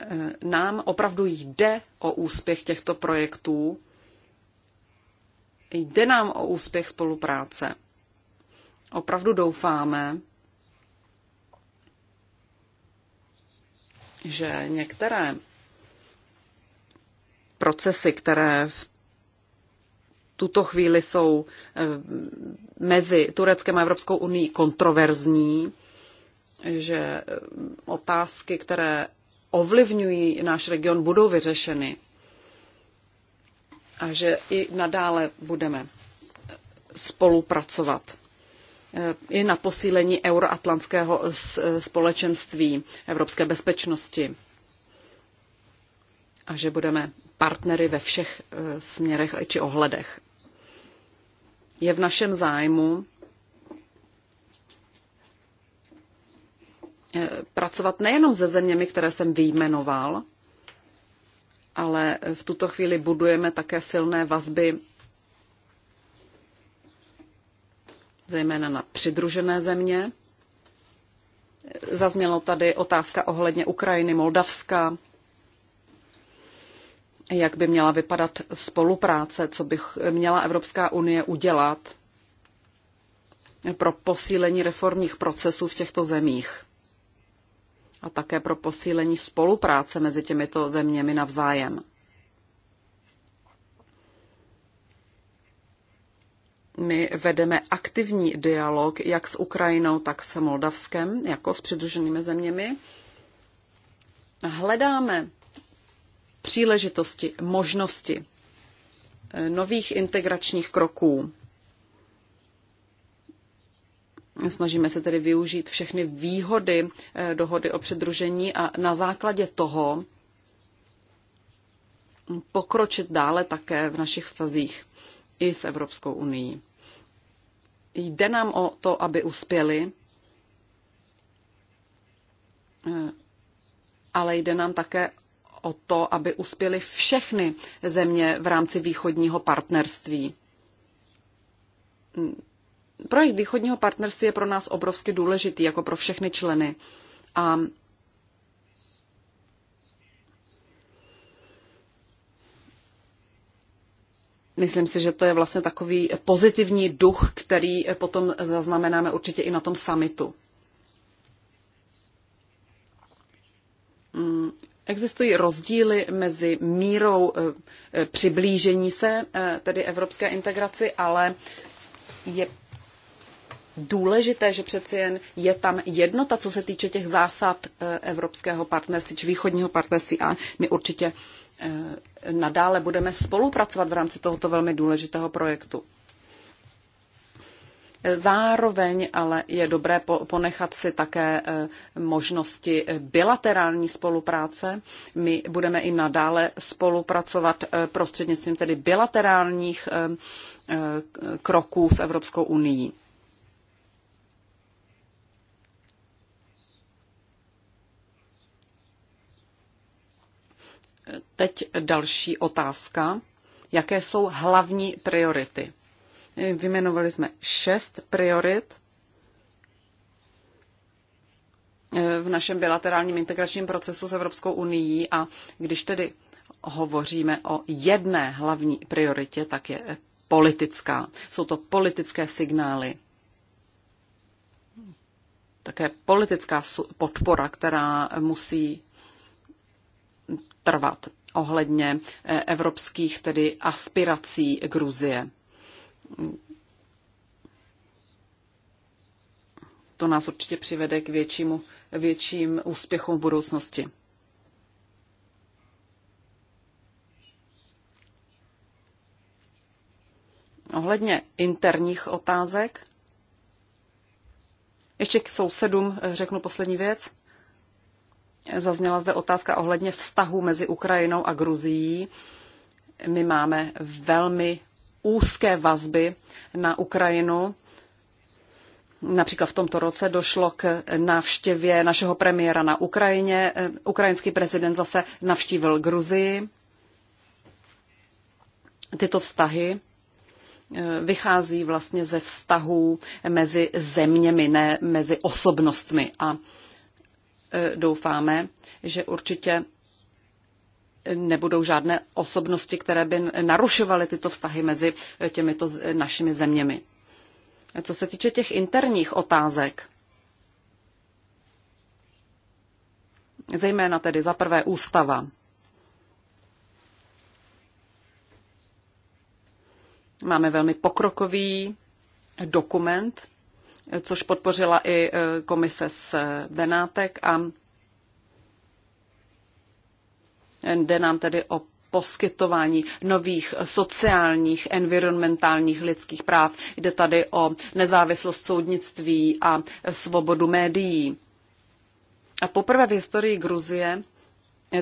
Eh, nám opravdu jde o úspěch těchto projektů, jde nám o úspěch spolupráce. Opravdu doufáme, že některé procesy, které v tuto chvíli jsou eh, mezi Tureckem a Evropskou unii kontroverzní, že eh, otázky, které ovlivňují náš region, budou vyřešeny a že i nadále budeme eh, spolupracovat i na posílení euroatlantského společenství evropské bezpečnosti a že budeme partnery ve všech směrech či ohledech je v našem zájmu eh, pracovat nejenom se zeměmi, které jsem vyjmenoval, ale v tuto chvíli budujeme také silné vazby zejména na přidružené země. Zaznělo tady otázka ohledně Ukrajiny, Moldavska, jak by měla vypadat spolupráce, co by měla Evropská unie udělat pro posílení reformních procesů v těchto zemích a také pro posílení spolupráce mezi těmito zeměmi navzájem. My vedeme aktivní dialog jak s Ukrajinou, tak s Moldavskem, jako s přidruženými zeměmi. Hledáme příležitosti, možnosti eh, nových integračních kroků. Snažíme se tedy využít všechny výhody eh, dohody o předružení a na základě toho pokročit dále také v našich vztazích i s Evropskou unii. Jde nám o to, aby uspěli, eh, ale jde nám také o to, aby uspěly všechny země v rámci východního partnerství. Projekt východního partnerství je pro nás obrovsky důležitý, jako pro všechny členy. A Myslím si, že to je vlastně takový pozitivní duch, který potom zaznamenáme určitě i na tom samitu. Existují rozdíly mezi mírou eh, eh, přiblížení se, eh, tedy evropské integraci, ale je důležité, že přeci jen je tam jednota, co se týče těch zásad evropského partnerství či východního partnerství a my určitě nadále budeme spolupracovat v rámci tohoto velmi důležitého projektu. Zároveň ale je dobré ponechat si také e, možnosti bilaterální spolupráce. My budeme i nadále spolupracovat e, prostřednictvím tedy bilaterálních e, kroků s Evropskou unii. Teď další otázka. Jaké jsou hlavní priority? Vymenovali jsme šest priorit e, v našem bilaterálním integračním procesu s Evropskou unii a když tedy hovoříme o jedné hlavní prioritě, tak je politická. Jsou to politické signály. Také politická podpora, která musí trvat ohledně e, evropských tedy aspirací Gruzie to nás určitě přivede k většímu, větším úspěchům v budoucnosti. Ohledně interních otázek, ještě k sousedům eh, řeknu poslední věc. Zazněla zde otázka ohledně vztahu mezi Ukrajinou a Gruzií. My máme velmi úzké vazby na Ukrajinu. Například v tomto roce došlo k návštěvě našeho premiéra na Ukrajině. Ukrajinský prezident zase navštívil Gruzii. Tyto vztahy eh, vychází vlastně ze vztahů mezi zeměmi, ne mezi osobnostmi. A eh, doufáme, že určitě nebudou žádné osobnosti, které by narušovaly tyto vztahy mezi těmito našimi zeměmi. Co se týče těch interních otázek, zejména tedy za prvé ústava. Máme velmi pokrokový dokument, což podpořila i e, komise z Benátek a Jde nám tedy o poskytování nových sociálních, environmentálních lidských práv. Jde tady o nezávislost soudnictví a svobodu médií. A poprvé v historii Gruzie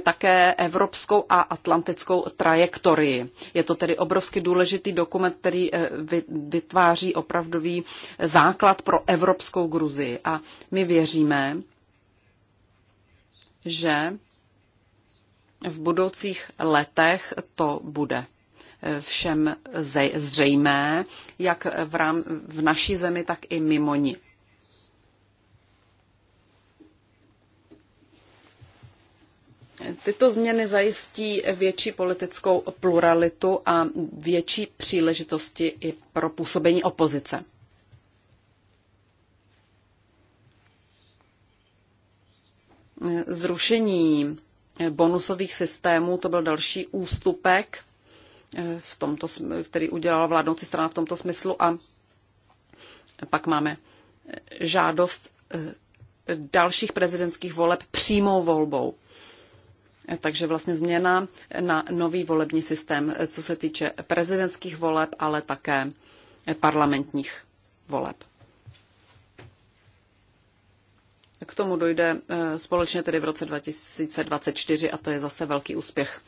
také evropskou a atlantickou trajektorii. Je to tedy obrovsky důležitý dokument, který eh, vytváří opravdový základ pro evropskou Gruzii. A my věříme, že v budoucích letech to bude všem zřejmé, jak v, rám, v naší zemi, tak i mimo ní. Tyto změny zajistí větší politickou pluralitu a větší příležitosti i pro působení opozice. Zrušení bonusových systémů, to byl další ústupek, eh, v tomto, který udělala vládnoucí strana v tomto smyslu a pak máme eh, žádost eh, dalších prezidentských voleb přímou volbou. Takže vlastně změna na nový volební systém, co se týče prezidentských voleb, ale také parlamentních voleb. K tomu dojde eh, společně tedy v roce 2024 a to je zase velký úspěch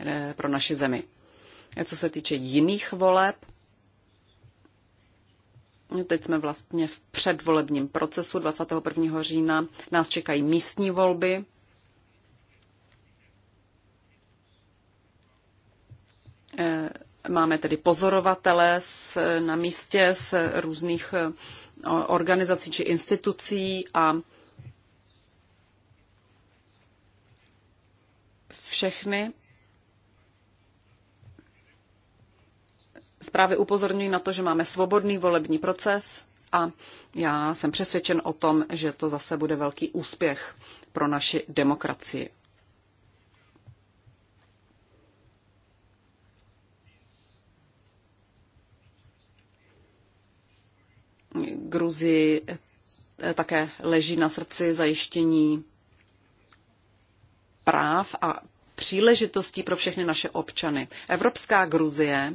eh, pro naši zemi. Eh, co se týče jiných voleb, Teď jsme vlastně v předvolebním procesu. 21. října nás čekají místní volby. Máme tedy pozorovatele na místě z různých organizací či institucí a všechny zprávy upozorňují na to, že máme svobodný volební proces a já jsem přesvědčen o tom, že to zase bude velký úspěch pro naši demokracii. Gruzii eh, také leží na srdci zajištění práv a příležitostí pro všechny naše občany. Evropská Gruzie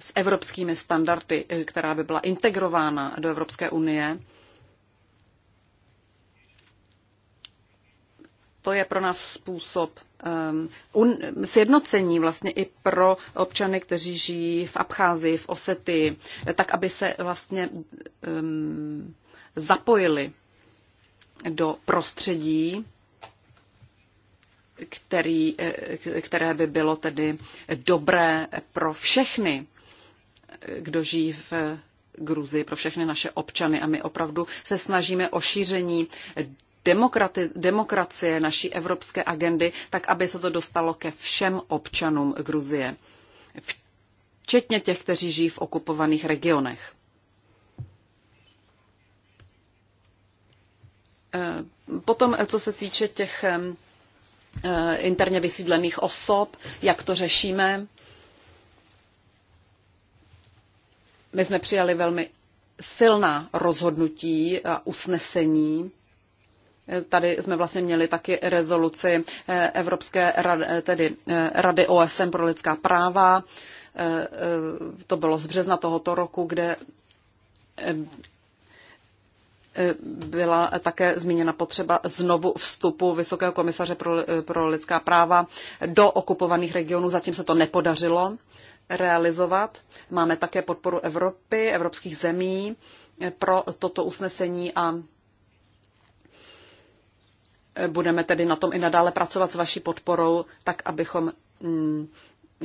s evropskými standardy, eh, která by byla integrována do Evropské unie, to je pro nás způsob um, un, sjednocení vlastně i pro občany, kteří žijí v Abcházii, v Osety, eh, tak aby se vlastně um, zapojili do prostředí, který, eh, které by bylo tedy dobré pro všechny, eh, kdo žijí v Gruzii, pro všechny naše občany. A my opravdu se snažíme o šíření demokrati, demokracie naší evropské agendy, tak aby se to dostalo ke všem občanům Gruzie, včetně těch, kteří žijí v okupovaných regionech. Eh, potom, eh, co se týče těch eh, interně vysídlených osob, jak to řešíme. My jsme přijali velmi silná rozhodnutí a usnesení. Tady jsme vlastně měli taky rezoluci Evropské rady, tedy Rady OSN pro lidská práva. To bylo z března tohoto roku, kde byla také zmíněna potřeba znovu vstupu Vysokého komisaře pro, pro lidská práva do okupovaných regionů. Zatím se to nepodařilo realizovat. Máme také podporu Evropy, evropských zemí pro toto usnesení a budeme tedy na tom i nadále pracovat s vaší podporou, tak abychom mm,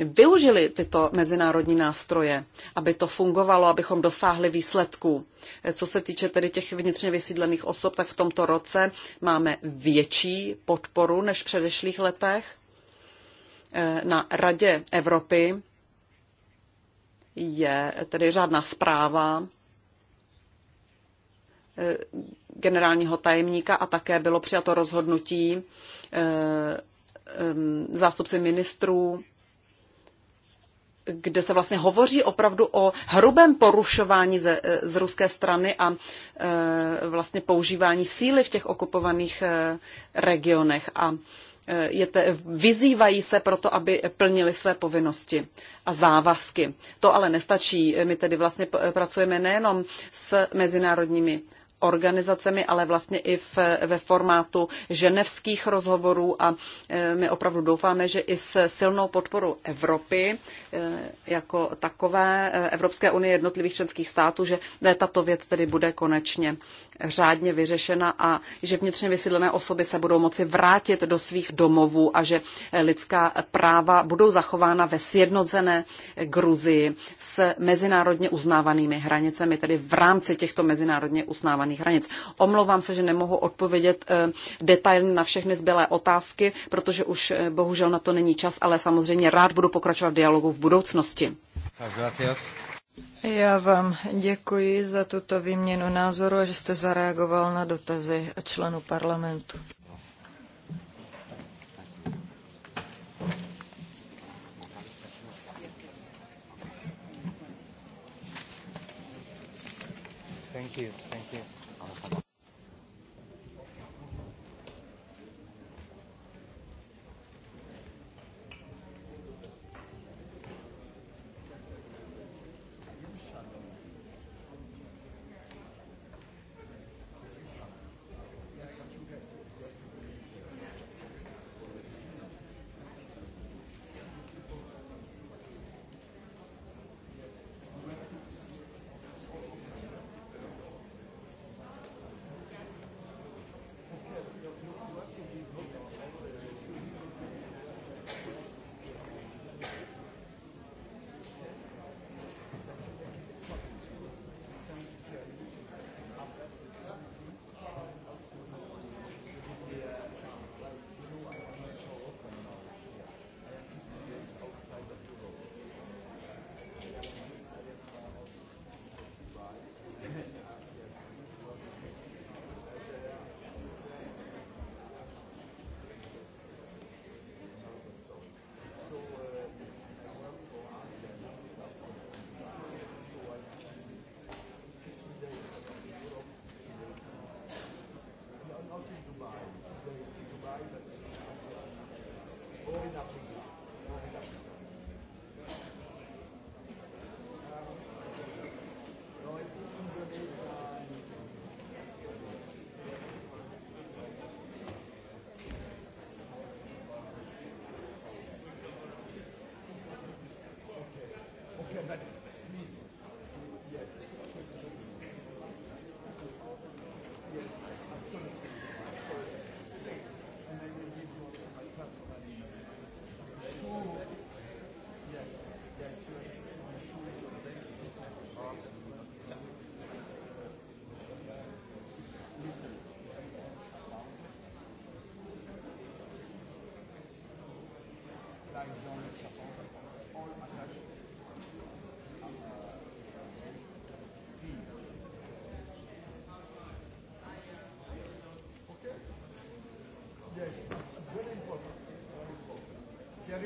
využili tyto mezinárodní nástroje, aby to fungovalo, abychom dosáhli výsledků. Co se týče tedy těch vnitřně vysídlených osob, tak v tomto roce máme větší podporu než v předešlých letech. Na Radě Evropy je tedy řádná zpráva eh, generálního tajemníka a také bylo přijato rozhodnutí eh, eh, zástupci ministrů kde se vlastně hovoří opravdu o hrubém porušování ze, eh, z ruské strany a e, vlastně používání síly v těch okupovaných e, regionech. A je te, vyzývají se proto, aby plnili své povinnosti a závazky. To ale nestačí. My tedy vlastně pracujeme nejenom s mezinárodními organizacemi, ale vlastně i v, ve formátu ženevských rozhovorů a e, my opravdu doufáme, že i s silnou podporou Evropy e, jako takové, e, Evropské unie jednotlivých členských států, že tato věc tedy bude konečně řádně vyřešena a že vnitřně vysídlené osoby se budou moci vrátit do svých domovů a že lidská práva budou zachována ve sjednocené Gruzii s mezinárodně uznávanými hranicemi, tedy v rámci těchto mezinárodně uznávaných definovaných hranic. Omlouvám se, že nemohu odpovědět eh, detailně na všechny zbylé otázky, protože už eh, bohužel na to není čas, ale samozřejmě rád budu pokračovat v dialogu v budoucnosti. Já vám děkuji za tuto výměnu názoru a že jste zareagoval na dotazy členů parlamentu.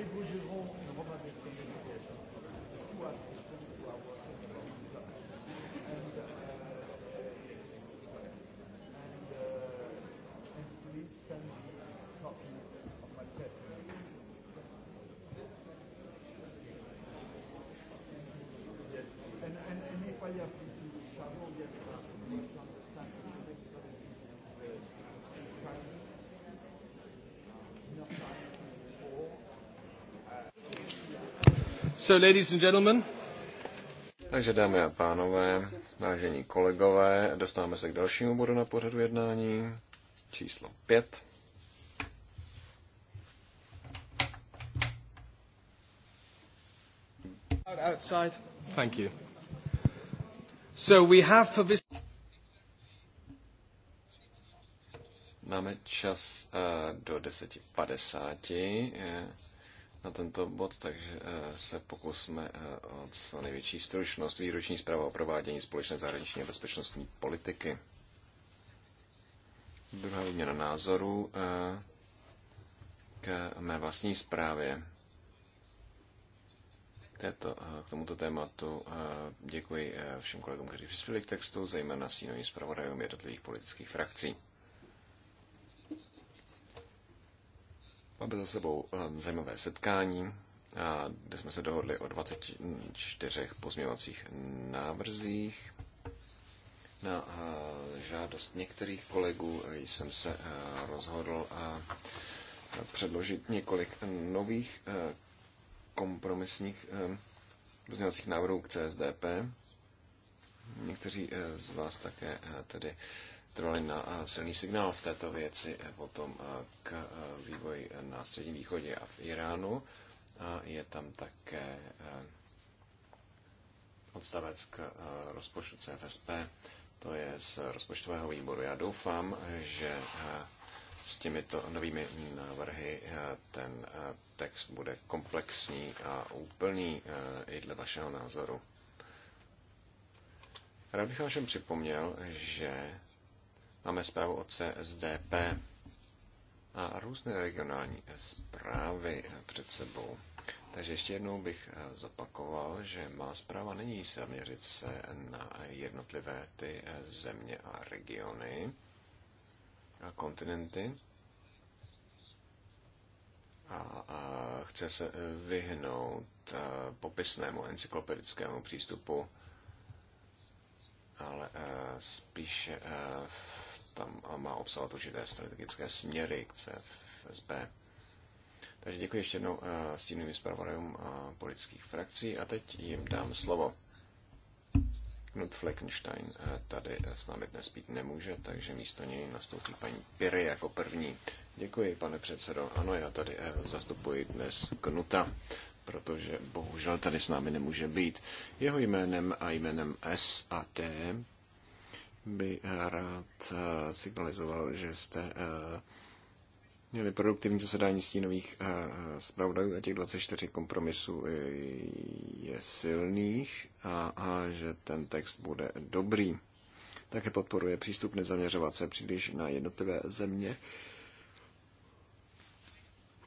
Hervé Bougeron, Romain Dessalines, Tout à fait. So, ladies and gentlemen. Takže dámy a pánové, vážení kolegové, dostáváme se k dalšímu bodu na pořadu jednání, číslo 5. Outside. Thank you. So we have for this... Máme čas eh, do 10.50 na tento bod, takže eh, se pokusme eh, o co největší stručnost výroční zpráva o provádění společné zahraniční a bezpečnostní politiky. Druhá výměna názorů eh, k mé vlastní zprávě této, k tomuto tématu. Děkuji všem kolegům, kteří přispěli k textu, zejména sínovým zpravodajům jednotlivých politických frakcí. Máme za sebou eh, zajímavé setkání, eh, kde jsme se dohodli o 24 pozměňovacích návrzích. Na eh, žádost některých kolegů jsem se rozhodl předložit několik nových kompromisních pozměňovacích návrhů k CSDP. Někteří z vás také tedy trvali na silný signál v této věci, e, potom e, k e, vývoji na Středním východě a v Iránu. A je tam také odstavec k rozpočtu CFSP, to je z rozpočtového výboru. Já doufám, že s těmito novými návrhy ten text bude komplexní a úplný i dle vašeho názoru. Rád bych vám všem připomněl, že Máme zprávu o CSDP a různé regionální zprávy před sebou. Takže ještě jednou bych eh, zopakoval, že má zpráva není zaměřit se na jednotlivé ty eh, země a regiony a kontinenty. A, a chce se eh, vyhnout popisnému encyklopedickému přístupu, ale spíše v tam a má obsahovat určité strategické směry k CFSB. Takže děkuji ještě jednou eh, tím zpravodajům politických frakcí a teď jim dám slovo. Knut Fleckenstein eh, tady s námi dnes být nemůže, takže místo něj nastoupí paní Piry jako první. Děkuji, pane předsedo. Ano, já tady eh, zastupuji dnes Knuta, protože bohužel tady s námi nemůže být. Jeho jménem a jménem S a T by rád eh, signalizoval, že jste eh, měli produktivní zasedání stínových eh, zpravodajů a těch 24 kompromisů je silných a, a že ten text bude dobrý. Také podporuje přístup nezaměřovat se příliš na jednotlivé země,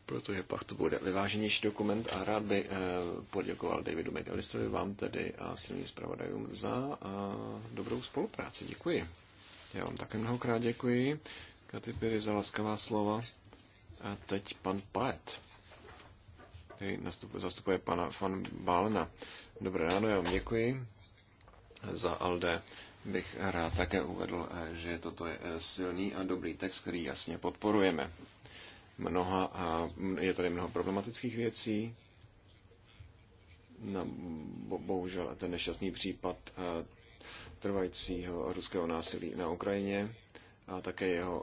protože pak to bude vyváženější dokument a rád by eh, poděkoval Davidu McAllisterovi, vám tedy a silným zpravodajům za eh, dobrou spolupráci. Děkuji. Já vám také mnohokrát děkuji. Katy Piri za laskavá slova. A teď pan Paet, který zastupuje pana Van Balna. Dobré ráno, já vám děkuji. Za Alde bych rád také uvedl, eh, že toto je silný a dobrý text, který jasně podporujeme mnoha, a je tady mnoho problematických věcí. No, bo, bohužel ten nešťastný případ trvajícího ruského násilí na Ukrajině a také jeho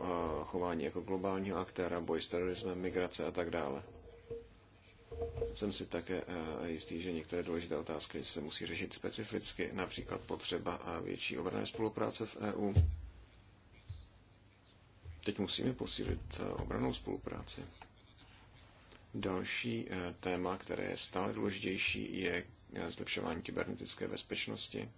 chování jako globálního aktéra, boj s terorismem, migrace a tak dále. Jsem si také jistý, že některé důležité otázky se musí řešit specificky, například potřeba a větší obrané spolupráce v EU Teď musíme posílit eh, obranou spolupráci. Další eh, téma, které je stále důležitější, je eh, zlepšování kybernetické bezpečnosti.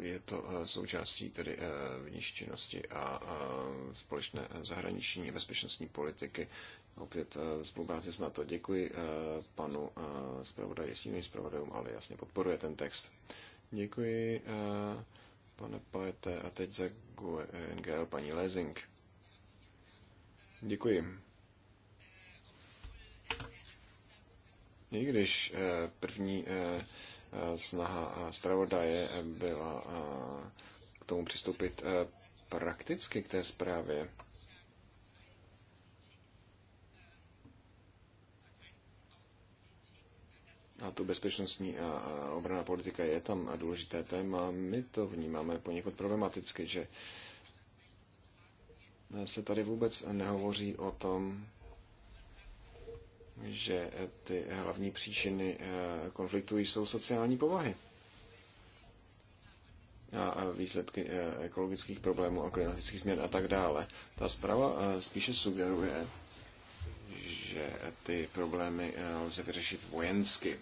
Je to součástí tedy vnější a společné zahraniční bezpečnostní politiky. Opět spolupráci s NATO. Děkuji panu zpravodaji, s jiným zpravodajům, ale jasně podporuje ten text. Děkuji pane Paete, a teď za NGL paní Lezing. Děkuji. I když eh, první eh, eh, snaha zpravodaje byla k tomu přistoupit prakticky k té zprávě, a to bezpečnostní a obraná politika je tam a důležité téma. My to vnímáme poněkud problematicky, že se tady vůbec nehovoří o tom, že ty hlavní příčiny e, konfliktu jsou sociální povahy a výsledky e, ekologických problémů a klimatických změn a tak dále. Ta zpráva e, spíše sugeruje, že ty problémy lze vyřešit vojensky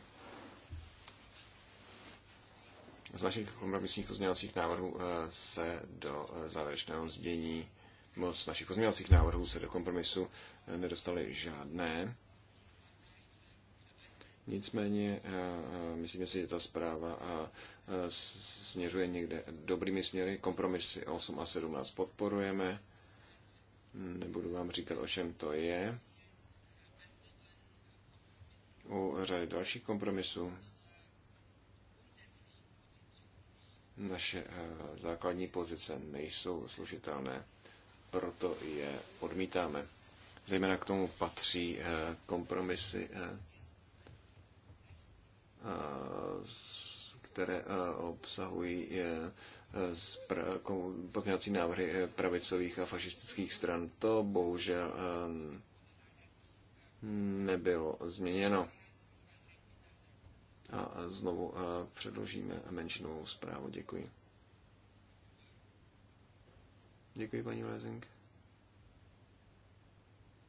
z našich kompromisních pozměňovacích návrhů eh, se do eh, závěrečného zdění, nebo z našich pozměňovacích návrhů se do kompromisu eh, nedostaly žádné. Nicméně myslím si, že ta zpráva směřuje někde dobrými směry. Kompromisy 8 a 17 podporujeme. Nebudu vám říkat, o čem to je. U řady dalších kompromisů Naše eh, základní pozice nejsou slušitelné, proto je odmítáme. Zejména k tomu patří eh, kompromisy, eh, které obsahují pozměňovací návrhy pravicových a fašistických stran. To bohužel nebylo změněno a znovu eh, předložíme menšinovou zprávu. Děkuji. Děkuji, paní Lezing,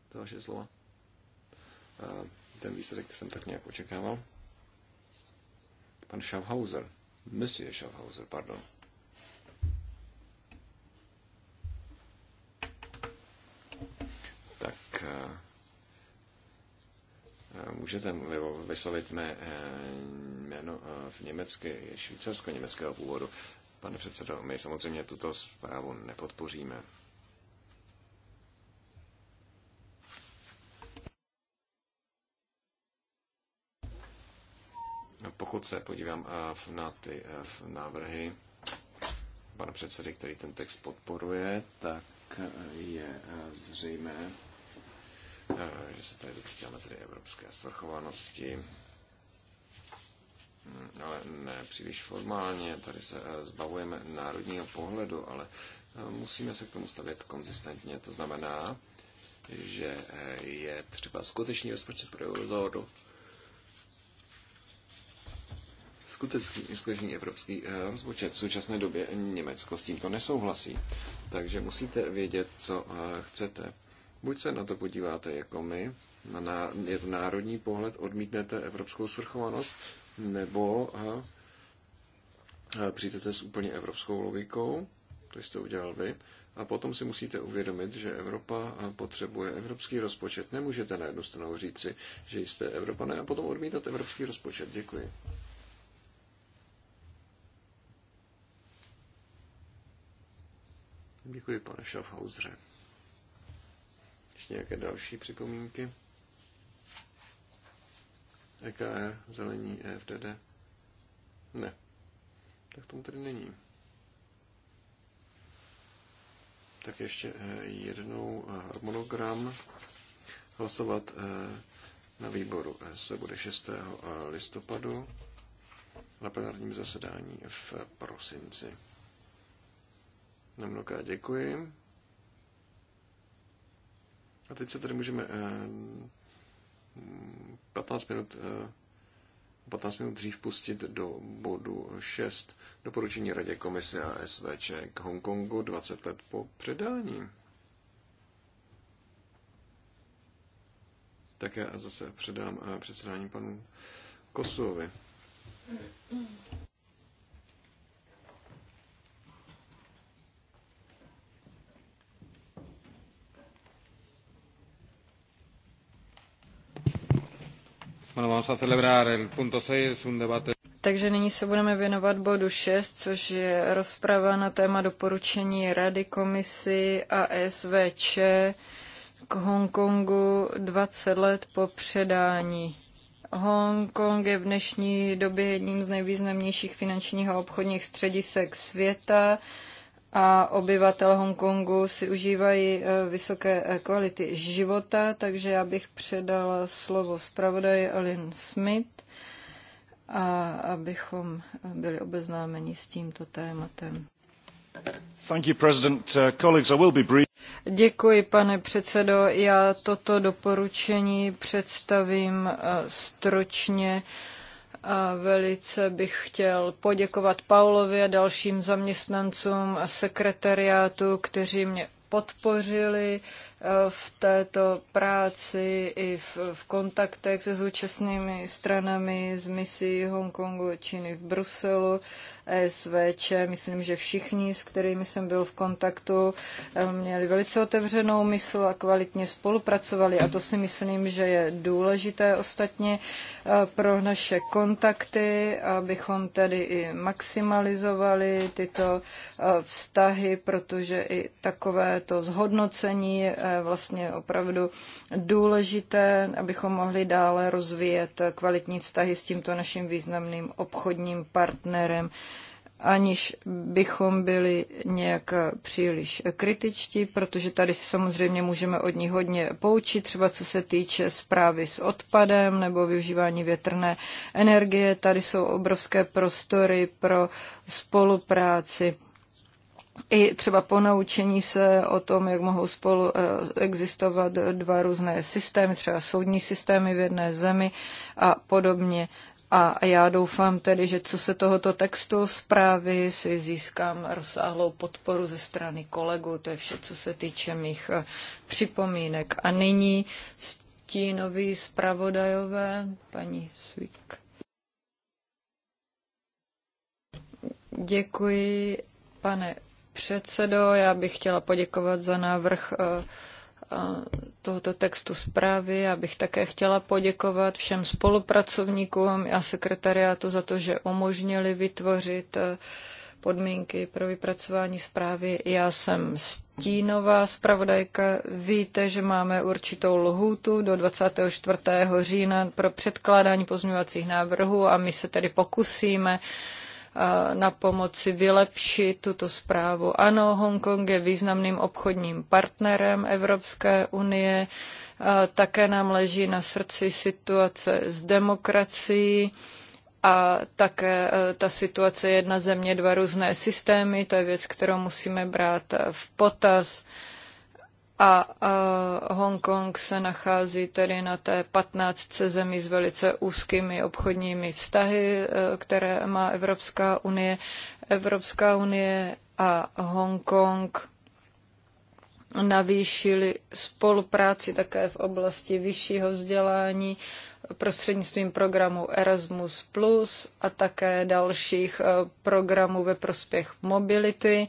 To vaše slova. Eh, ten výsledek jsem tak nějak očekával. Pan Schaffhauser, Monsieur Schaffhauser, pardon. Tak eh, můžete vyslovit mé eh, jméno eh, v německy, švýcarsko-německého původu. Pane předsedo, my samozřejmě tuto zprávu nepodpoříme. Pokud se podívám eh, na ty návrhy pana předsedy, který ten text podporuje, tak je zřejmé, Eh, že se tady dotýkáme tedy evropské svrchovanosti, hmm, ale ne příliš formálně, tady se eh, zbavujeme národního pohledu, ale eh, musíme se k tomu stavět konzistentně. To znamená, že je třeba skutečný rozpočet pro eurozónu, skutečný, skutečný evropský rozpočet. V současné době Německo s tímto nesouhlasí, takže musíte vědět, co chcete Buď se na to podíváte jako my, na, ná, je to národní pohled, odmítnete evropskou svrchovanost, nebo a, a přijdete s úplně evropskou logikou, to jste udělal vy, a potom si musíte uvědomit, že Evropa potřebuje evropský rozpočet. Nemůžete na jednu stranu říci, že jste Evropané a potom odmítat evropský rozpočet. Děkuji. Děkuji, pane Schaffhausere. Ještě nějaké další připomínky? EKR, zelení, EFDD? Ne. Tak tomu tady není. Tak ještě e, jednou e, harmonogram. Hlasovat e, na výboru se bude 6. listopadu na plenárním zasedání v prosinci. Mnohokrát děkuji. A teď se tady můžeme 15 eh, minut 15 eh, minut dřív pustit do bodu 6. Doporučení Radě komise a SVČ k Hongkongu 20 let po předání. Tak já zase předám eh, předsedání panu Kosovi. Takže nyní se budeme věnovat bodu 6, což je rozprava na téma doporučení Rady komisi a SVČ k Hongkongu 20 let po předání. Hongkong je v dnešní době jedním z nejvýznamnějších finančních a obchodních středisek světa a obyvatel Hongkongu si užívají eh, vysoké eh, kvality života, takže já bych předala slovo zpravodaji Alin Smith, a abychom eh, byli obeznámeni s tímto tématem. Uh, Děkuji, pane předsedo. Já toto doporučení představím stročně. Uh, a velice bych chtěl poděkovat Paulovi a dalším zaměstnancům a sekretariátu, kteří mě podpořili v této práci i v, v kontaktech se zúčastnými stranami z misí Hongkongu, Číny v Bruselu, SVČ. Myslím, že všichni, s kterými jsem byl v kontaktu, eh, měli velice otevřenou mysl a kvalitně spolupracovali. A to si myslím, že je důležité ostatně eh, pro naše kontakty, abychom tedy i maximalizovali tyto eh, vztahy, protože i takovéto zhodnocení vlastně opravdu důležité, abychom mohli dále rozvíjet kvalitní vztahy s tímto naším významným obchodním partnerem aniž bychom byli nějak příliš kritičtí, protože tady si samozřejmě můžeme od ní hodně poučit, třeba co se týče zprávy s odpadem nebo využívání větrné energie. Tady jsou obrovské prostory pro spolupráci i třeba po naučení se o tom, jak mohou spolu eh, existovat dva různé systémy, třeba soudní systémy v jedné zemi a podobně. A já doufám tedy, že co se tohoto textu zprávy si získám rozsáhlou podporu ze strany kolegů. To je vše, co se týče mých eh, připomínek. A nyní stínový zpravodajové, paní Svík. Děkuji, pane předsedo. Já bych chtěla poděkovat za návrh eh, eh, tohoto textu zprávy. Já bych také chtěla poděkovat všem spolupracovníkům a sekretariátu za to, že umožnili vytvořit eh, podmínky pro vypracování zprávy. Já jsem stínová zpravodajka. Víte, že máme určitou lhůtu do 24. října pro předkládání pozměňovacích návrhů a my se tedy pokusíme uh, na pomoci vylepšit tuto zprávu. Ano, Hongkong je významným obchodním partnerem Evropské unie, také nám leží na srdci situace s demokracií a také e, ta situace jedna země, dva různé systémy, to je věc, kterou musíme brát v potaz a, uh, Hongkong se nachází tedy na té 15 zemí s velice úzkými obchodními vztahy, e, které má Evropská unie. Evropská unie a Hongkong navýšili spolupráci také v oblasti vyššího vzdělání prostřednictvím programu Erasmus a také dalších e, programů ve prospěch mobility.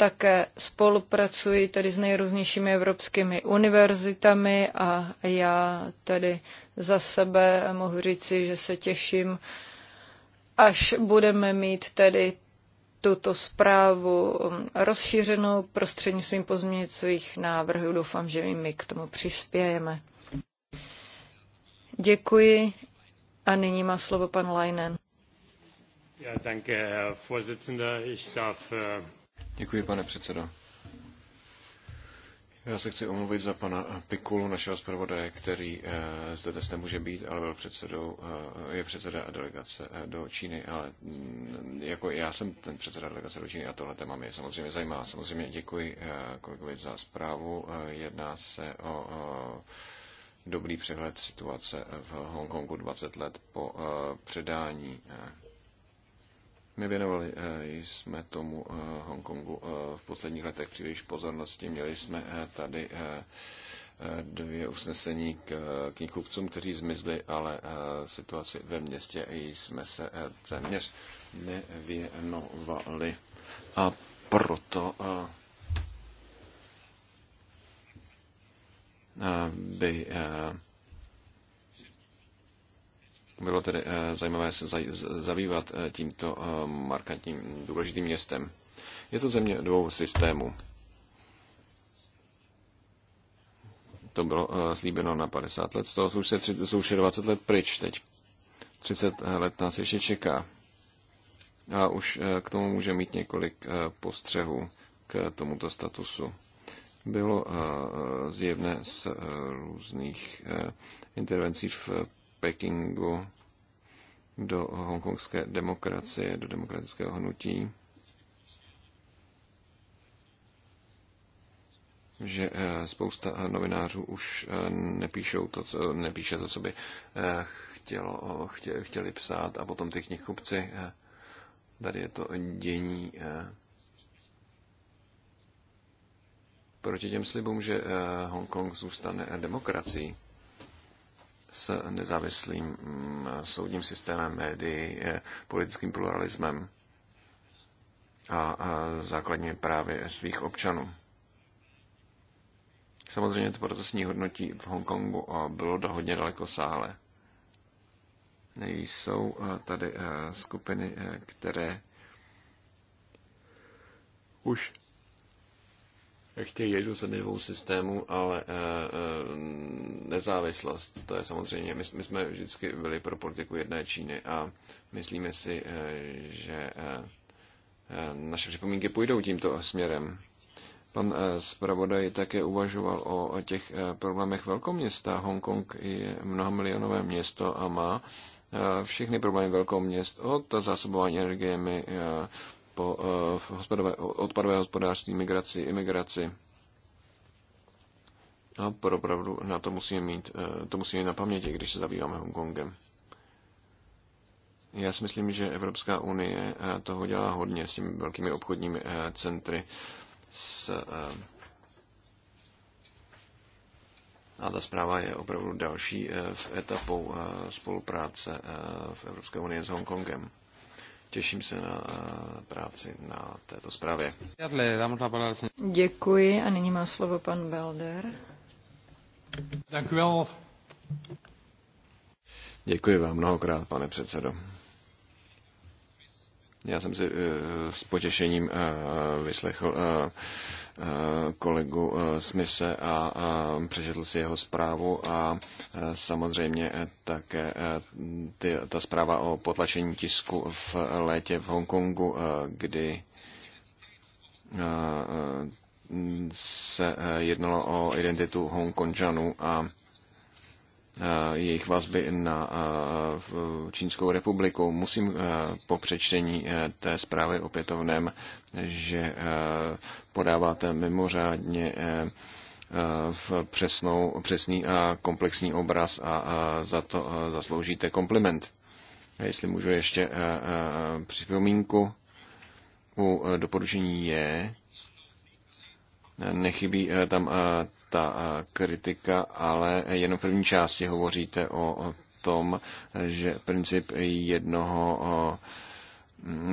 Také spolupracuji tedy s nejrůznějšími evropskými univerzitami a já tedy za sebe mohu říci, že se těším, až budeme mít tedy tuto zprávu um, rozšířenou prostřednictvím pozměňujících návrhů. Doufám, že my k tomu přispějeme. Děkuji a nyní má slovo pan Leinen. Ja, danke, Herr Vorsitzender. Ich darf äh, Děkuji, pane předsedo. Já se chci omluvit za pana Pikulu, našeho zpravodaje, který eh, zde dnes nemůže být, ale byl předsedou, eh, je předseda delegace eh, do Číny, ale mm, jako já jsem ten předseda delegace do Číny a tohle téma mě samozřejmě zajímá. Samozřejmě děkuji kolegovi za zprávu. Jedná se o dobrý přehled situace v Hongkongu 20 let po předání my věnovali eh, jsme tomu eh, Hongkongu eh, v posledních letech příliš pozornosti. Měli jsme tady dvě usnesení k knihkupcům, kteří zmizli, ale situaci ve městě jsme se téměř nevěnovali. A proto by bylo tedy eh, zajímavé se zabývat eh, tímto eh, markantním důležitým městem. Je to země dvou systémů. To bylo slíbeno na 50 let, z toho jsou, se, jsou 20 let pryč teď. 30 let nás ještě čeká. A už k tomu může mít několik postřehů k tomuto statusu. Bylo zjevné z různých intervencí v Pekingu do hongkongské demokracie, do demokratického hnutí, že eh, spousta eh, novinářů už eh, nepíšou to, co, nepíše to, co by chtělo, chtě, chtěli psát a potom ty knihkupci, tady je to dění proti těm slibům, že Hongkong zůstane demokracií s nezávislým mm, soudním systémem, médií, eh, politickým pluralismem a základními právě svých občanů. Samozřejmě to procesní hodnotí v Hongkongu bylo do hodně daleko sále. Jsou eh, tady eh, skupiny, které už chtějí jednu ze dvou systémů, ale eh, eh, nezávislost, to je samozřejmě, my, my jsme vždycky byli pro politiku jedné Číny a myslíme si, eh, že naše připomínky půjdou tímto směrem. Pan zpravodaj také uvažoval o těch problémech velkoměsta. Hongkong je mnohamilionové město a má všechny problémy velkoměst od zásobování energiemi, po eh, odpadové hospodářství, migraci, imigraci. A opravdu na to musíme mít, eh, to musíme mít na paměti, když se zabýváme Hongkongem. Já si myslím, že Evropská unie eh, toho dělá hodně s těmi velkými obchodními centry s a ta zpráva je opravdu další v etapou spolupráce v Evropské unii s Hongkongem. Těším se na eh, práci na této zprávě. Děkuji a nyní má slovo pan Belder. Děkuji vám mnohokrát, pane předsedo. Já jsem si eh, s potěšením eh, vyslechl eh, kolegu Smise a přečetl si jeho zprávu a samozřejmě také ta zpráva o potlačení tisku v létě v Hongkongu, kdy se jednalo o identitu Hongkongžanů a Eh, jejich vazby na eh, Čínskou republiku. Musím eh, po přečtení té zprávy opětovném, že podáváte mimořádně v přesnou, přesný a komplexní obraz a za to zasloužíte kompliment. Jestli můžu ještě připomínku, u doporučení je, nechybí tam ta eh, kritika, ale jenom v první části hovoříte o tom, že princip jednoho eh,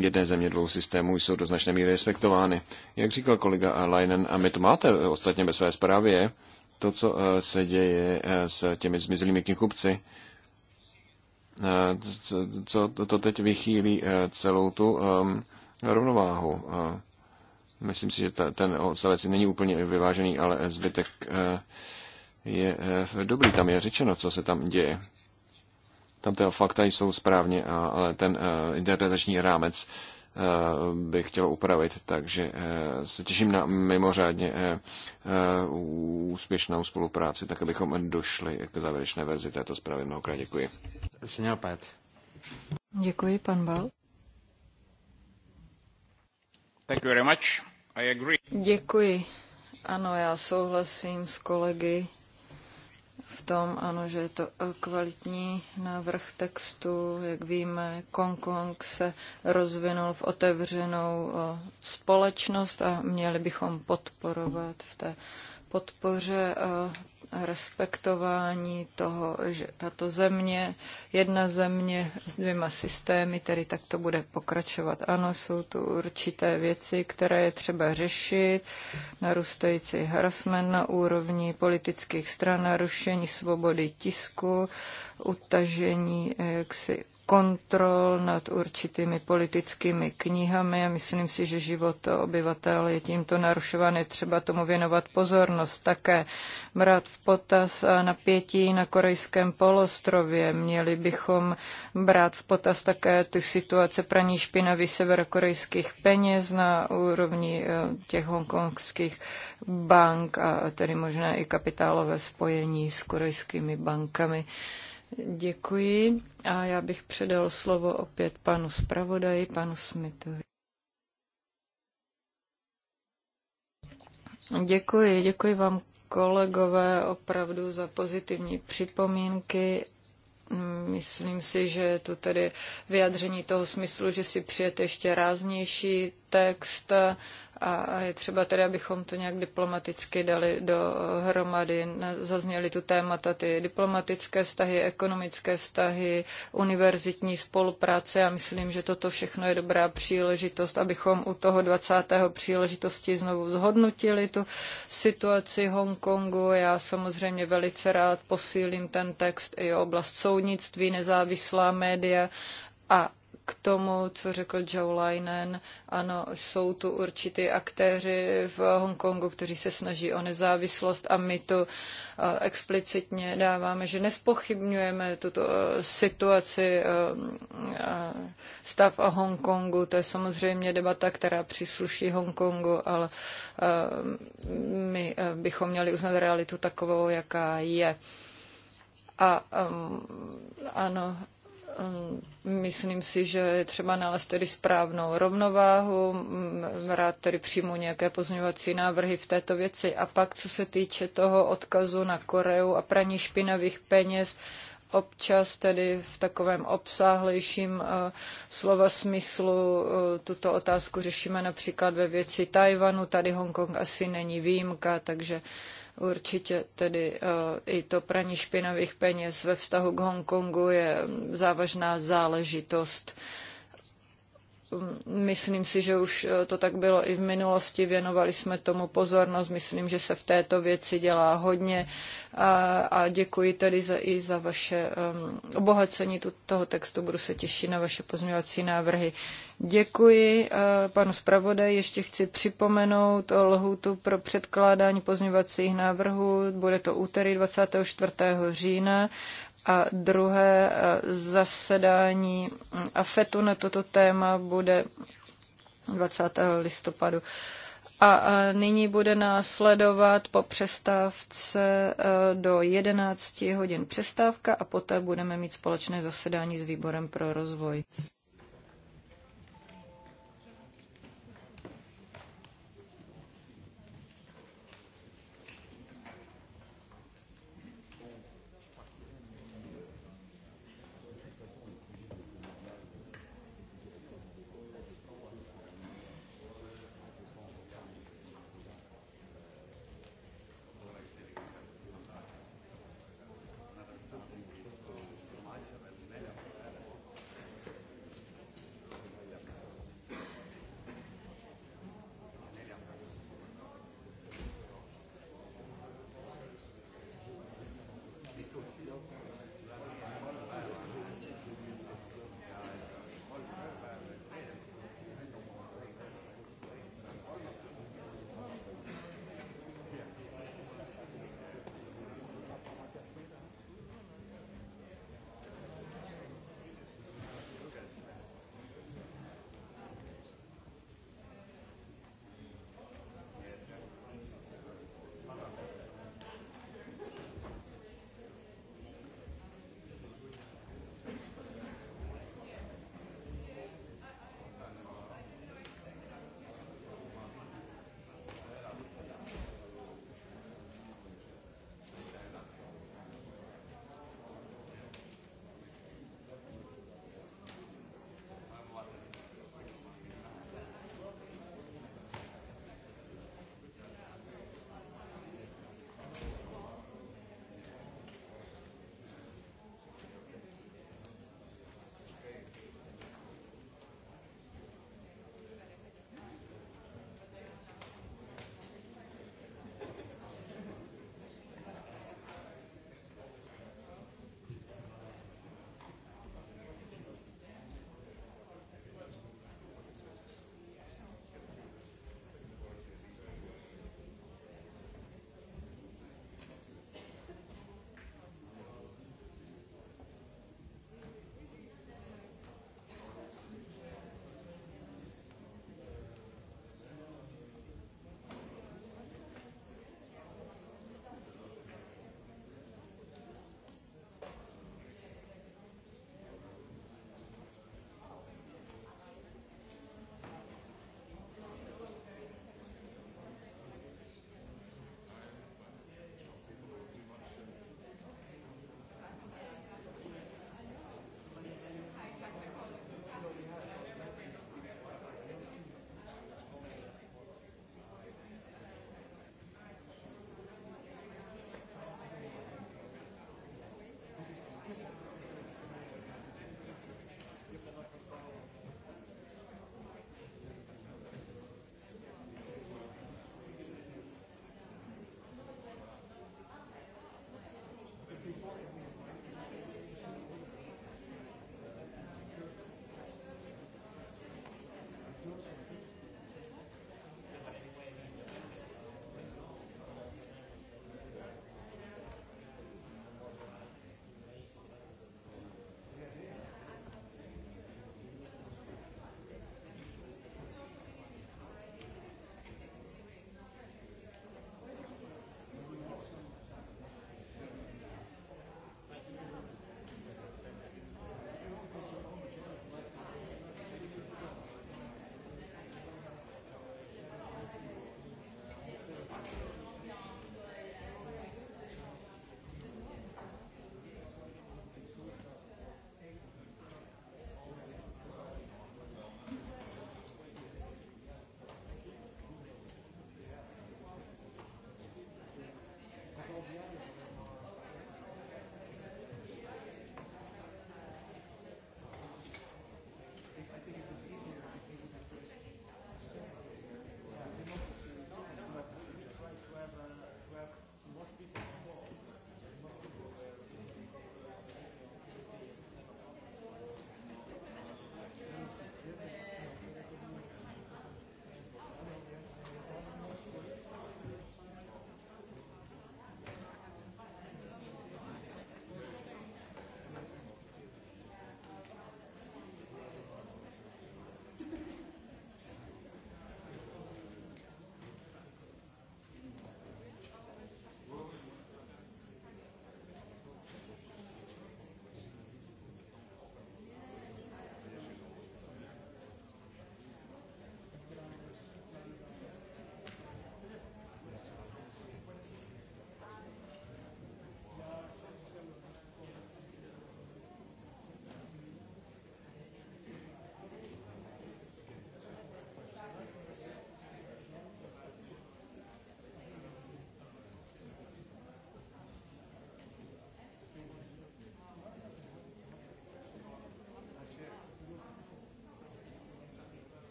jedné země dvou systémů jsou do značné míry respektovány. Jak říkal kolega Leinen, a my to máte ostatně ve své zprávě, to, co eh, se děje s těmi zmizelými knihkupci, co to teď vychýlí celou tu rovnováhu. Myslím si, že ta, ten odstavec není úplně vyvážený, ale zbytek eh, je eh, dobrý. Tam je řečeno, co se tam děje. Tam ty fakta jsou správně, ale ten eh, interpretační rámec bych chtěl upravit, takže se těším na mimořádně úspěšnou spolupráci, tak abychom došli k závěrečné verzi této zprávy. Mnohokrát děkuji. Děkuji, pan Bal. Děkuji. Ano, já souhlasím s kolegy v tom, ano, že je to kvalitní návrh textu. Jak víme, Kongkong se rozvinul v otevřenou eh, společnost a měli bychom podporovat v té podpoře eh, respektování toho, že tato země, jedna země s dvěma systémy, tedy tak to bude pokračovat. Ano, jsou tu určité věci, které je třeba řešit, narůstající harassment na úrovni politických stran, narušení svobody tisku, utažení eh, jaksi kontrol nad určitými politickými knihami a myslím si, že život obyvatel je tímto narušován, je třeba tomu věnovat pozornost také. Brát v potaz napětí na korejském polostrově, měli bychom brát v potaz také ty situace praní špinavý severokorejských peněz na úrovni eh, těch hongkongských bank a tedy možná i kapitálové spojení s korejskými bankami. Děkuji a já bych předal slovo opět panu zpravodaji, panu Smithovi. Děkuji, děkuji vám kolegové opravdu za pozitivní připomínky. Myslím si, že je to tedy vyjádření toho smyslu, že si přijete ještě ráznější text, a je třeba tedy, abychom to nějak diplomaticky dali dohromady. Eh, zazněly tu témata ty diplomatické vztahy, ekonomické vztahy, univerzitní spolupráce. Já myslím, že toto všechno je dobrá příležitost, abychom u toho 20. příležitosti znovu zhodnotili tu situaci Hongkongu. Já samozřejmě velice rád posílím ten text i oblast soudnictví, nezávislá média a k tomu, co řekl Joe Linen. Ano, jsou tu určitý aktéři v Hongkongu, kteří se snaží o nezávislost a my to eh, explicitně dáváme, že nespochybňujeme tuto eh, situaci eh, stav a Hongkongu. To je samozřejmě debata, která přísluší Hongkongu, ale my bychom měli uznat realitu takovou, jaká je. A um, ano, Mm, myslím si, že je třeba nalézt tedy správnou rovnováhu. Mm, rád tedy přijmu nějaké pozměňovací návrhy v této věci. A pak, co se týče toho odkazu na Koreu a praní špinavých peněz, občas tedy v takovém obsáhlejším eh, slova smyslu eh, tuto otázku řešíme například ve věci Tajvanu. Tady Hongkong asi není výjimka, takže Určitě tedy eh, i to praní špinavých peněz ve vztahu k Hongkongu je závažná záležitost. Uh, Myslím si, že už eh, to tak bylo i v minulosti, věnovali jsme tomu pozornost, myslím, že se v této věci dělá hodně a, a děkuji tedy za, i za vaše um, obohacení tu, toho textu, budu se těšit na vaše pozměňovací návrhy. Děkuji uh, panu zpravodaj, ještě chci připomenout lhůtu pro předkládání pozměňovacích návrhů, bude to úterý 24. října a druhé eh, zasedání hm, AFETu na toto téma bude 20. listopadu. A nyní bude následovat po přestávce eh, do 11 hodin přestávka a poté budeme mít společné zasedání s výborem pro rozvoj.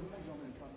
heureusement que j'emmène pas.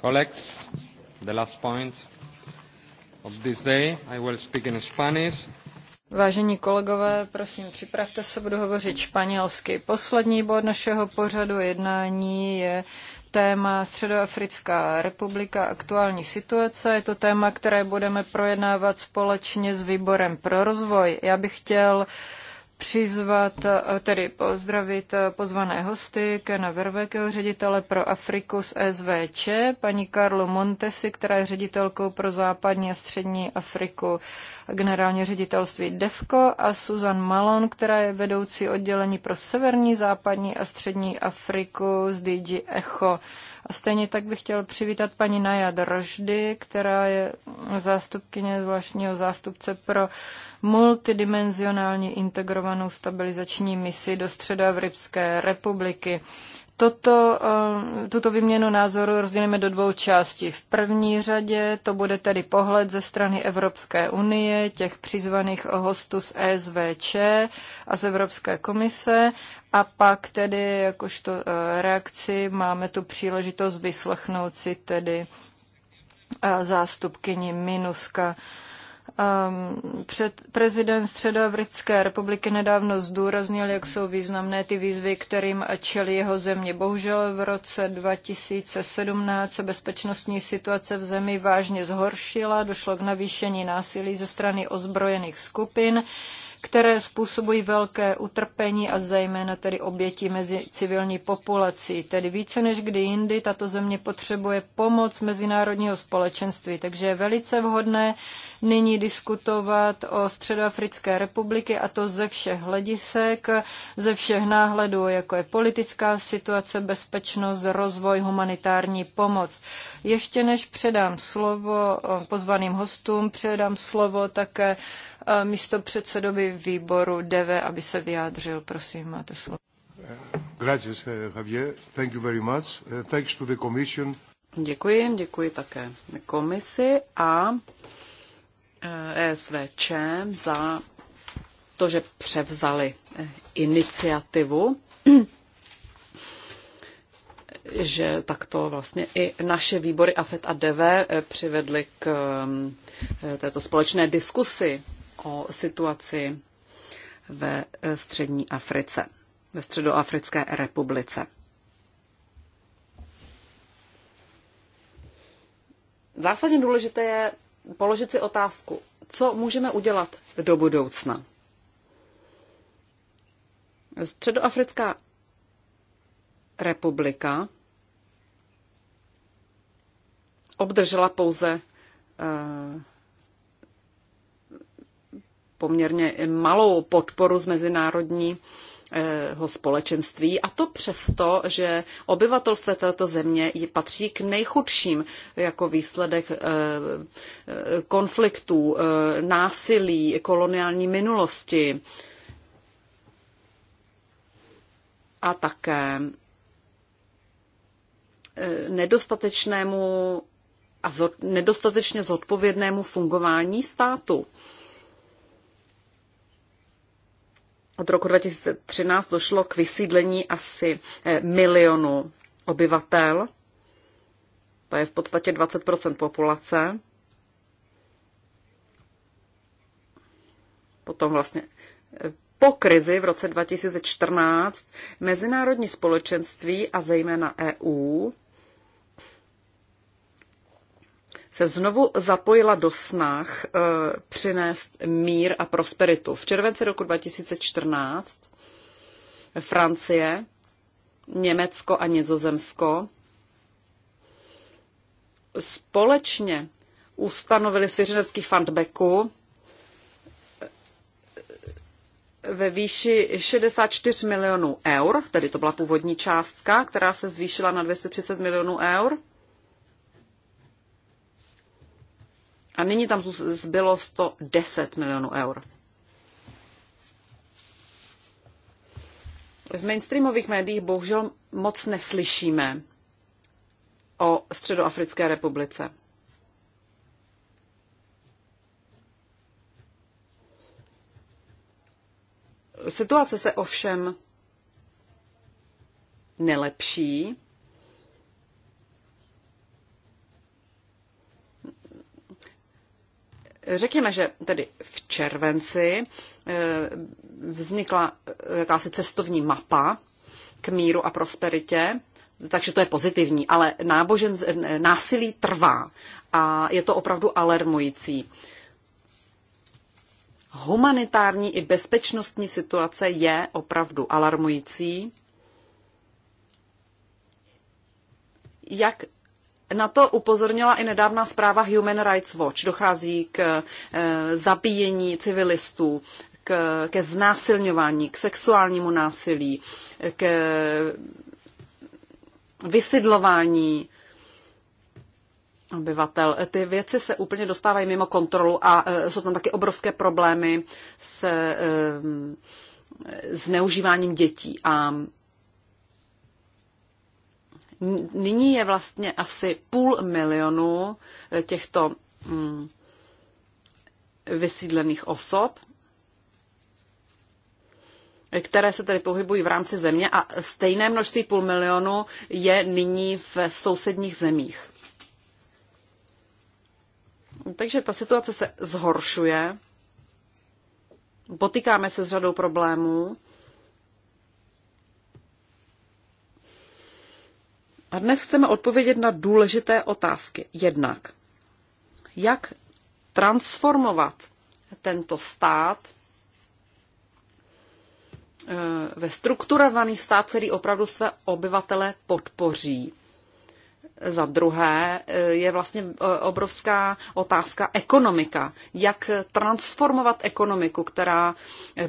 Colleagues, the last point of this day. I will speak in Spanish. Vážení kolegové, prosím, připravte se, budu hovořit španělsky. Poslední bod našeho pořadu jednání je téma Středoafrická republika, aktuální situace. Je to téma, které budeme projednávat společně s výborem pro rozvoj. Já bych chtěl uh, přizvat, eh, tedy pozdravit eh, pozvané hosty Kena Vervekého, ředitele pro Afriku z SVČ, paní Karlu Montesi, která je ředitelkou pro západní a střední Afriku generálně ředitelství DEFCO a Susan Malon, která je vedoucí oddělení pro severní, západní a střední Afriku z DG ECHO. A stejně tak bych chtěl přivítat paní Naja Droždy, která je zástupkyně zvláštního zástupce pro multidimenzionálně integrovanou stabilizační misi do Středoevropské republiky. Toto, eh, tuto vyměnu názoru rozdělíme do dvou částí. V první řadě to bude tedy pohled ze strany Evropské unie, těch přizvaných hostů z ESVČ a z Evropské komise. A pak tedy, jakožto eh, reakci, máme tu příležitost vyslechnout si tedy eh, zástupkyni Minuska. Um, před prezident Středoafrické republiky nedávno zdůraznil, jak jsou významné ty výzvy, kterým čelí jeho země. Bohužel v roce 2017 se bezpečnostní situace v zemi vážně zhoršila, došlo k navýšení násilí ze strany ozbrojených skupin které způsobují velké utrpení a zejména tedy oběti mezi civilní populací. Tedy více než kdy jindy tato země potřebuje pomoc mezinárodního společenství, takže je velice vhodné nyní diskutovat o Středoafrické republiky a to ze všech hledisek, ze všech náhledů, jako je politická situace, bezpečnost, rozvoj, humanitární pomoc. Ještě než předám slovo eh, pozvaným hostům, předám slovo také místo předsedovi výboru DV, aby se vyjádřil. Prosím, máte slovo. Gracias, eh, Javier. Thank you very much. Eh, thanks to the commission. Děkuji, děkuji také komisi a ESVČ eh, za to, že převzali iniciativu, že takto vlastně i naše výbory AFET a e DV přivedly k této společné diskusi o situaci ve eh, střední Africe, ve středoafrické republice. Zásadně důležité je položit si otázku, co můžeme udělat do budoucna. Středoafrická republika obdržela pouze eh, poměrně malou podporu z mezinárodní společenství a to přesto, že obyvatelstvo této země patří k nejchudším jako výsledek eh, eh, konfliktů, eh, násilí, koloniální minulosti a také nedostatečnému a nedostatečně zodpovědnému fungování státu. Od roku 2013 došlo k vysídlení asi eh, milionu obyvatel. To je v podstatě 20 populace. Potom vlastně eh, po krizi v roce 2014 mezinárodní společenství a zejména EU se znovu zapojila do snah e, přinést mír a prosperitu. V červenci roku 2014 Francie, Německo a Nizozemsko společně ustanovili svěřenecký fund Beku eh, ve výši 64 milionů eur, tedy to byla původní částka, která se zvýšila na 230 milionů eur – A nyní tam zbylo 110 milionů eur. V mainstreamových médiích bohužel moc neslyšíme o Středoafrické republice. Situace se ovšem nelepší Řekněme, že tedy v červenci eh, vznikla eh, jakási cestovní mapa k míru a prosperitě, takže to je pozitivní, ale nábožen, eh, násilí trvá a je to opravdu alarmující. Humanitární i bezpečnostní situace je opravdu alarmující. Jak na to upozornila i nedávná zpráva Human Rights Watch. Dochází k eh, zabíjení civilistů, k, ke znásilňování, k sexuálnímu násilí, k vysidlování obyvatel. Ty věci se úplně dostávají mimo kontrolu a eh, jsou tam taky obrovské problémy s eh, zneužíváním dětí a Nyní je vlastně asi půl milionu eh, těchto mm, vysídlených osob, eh, které se tedy pohybují v rámci země a stejné množství půl milionu je nyní v sousedních zemích. Takže ta situace se zhoršuje, potýkáme se s řadou problémů A dnes chceme odpovědět na důležité otázky. Jednak, jak transformovat tento stát eh, ve strukturovaný stát, který opravdu své obyvatele podpoří za druhé eh, je vlastně eh, obrovská otázka ekonomika. Jak transformovat ekonomiku, která eh,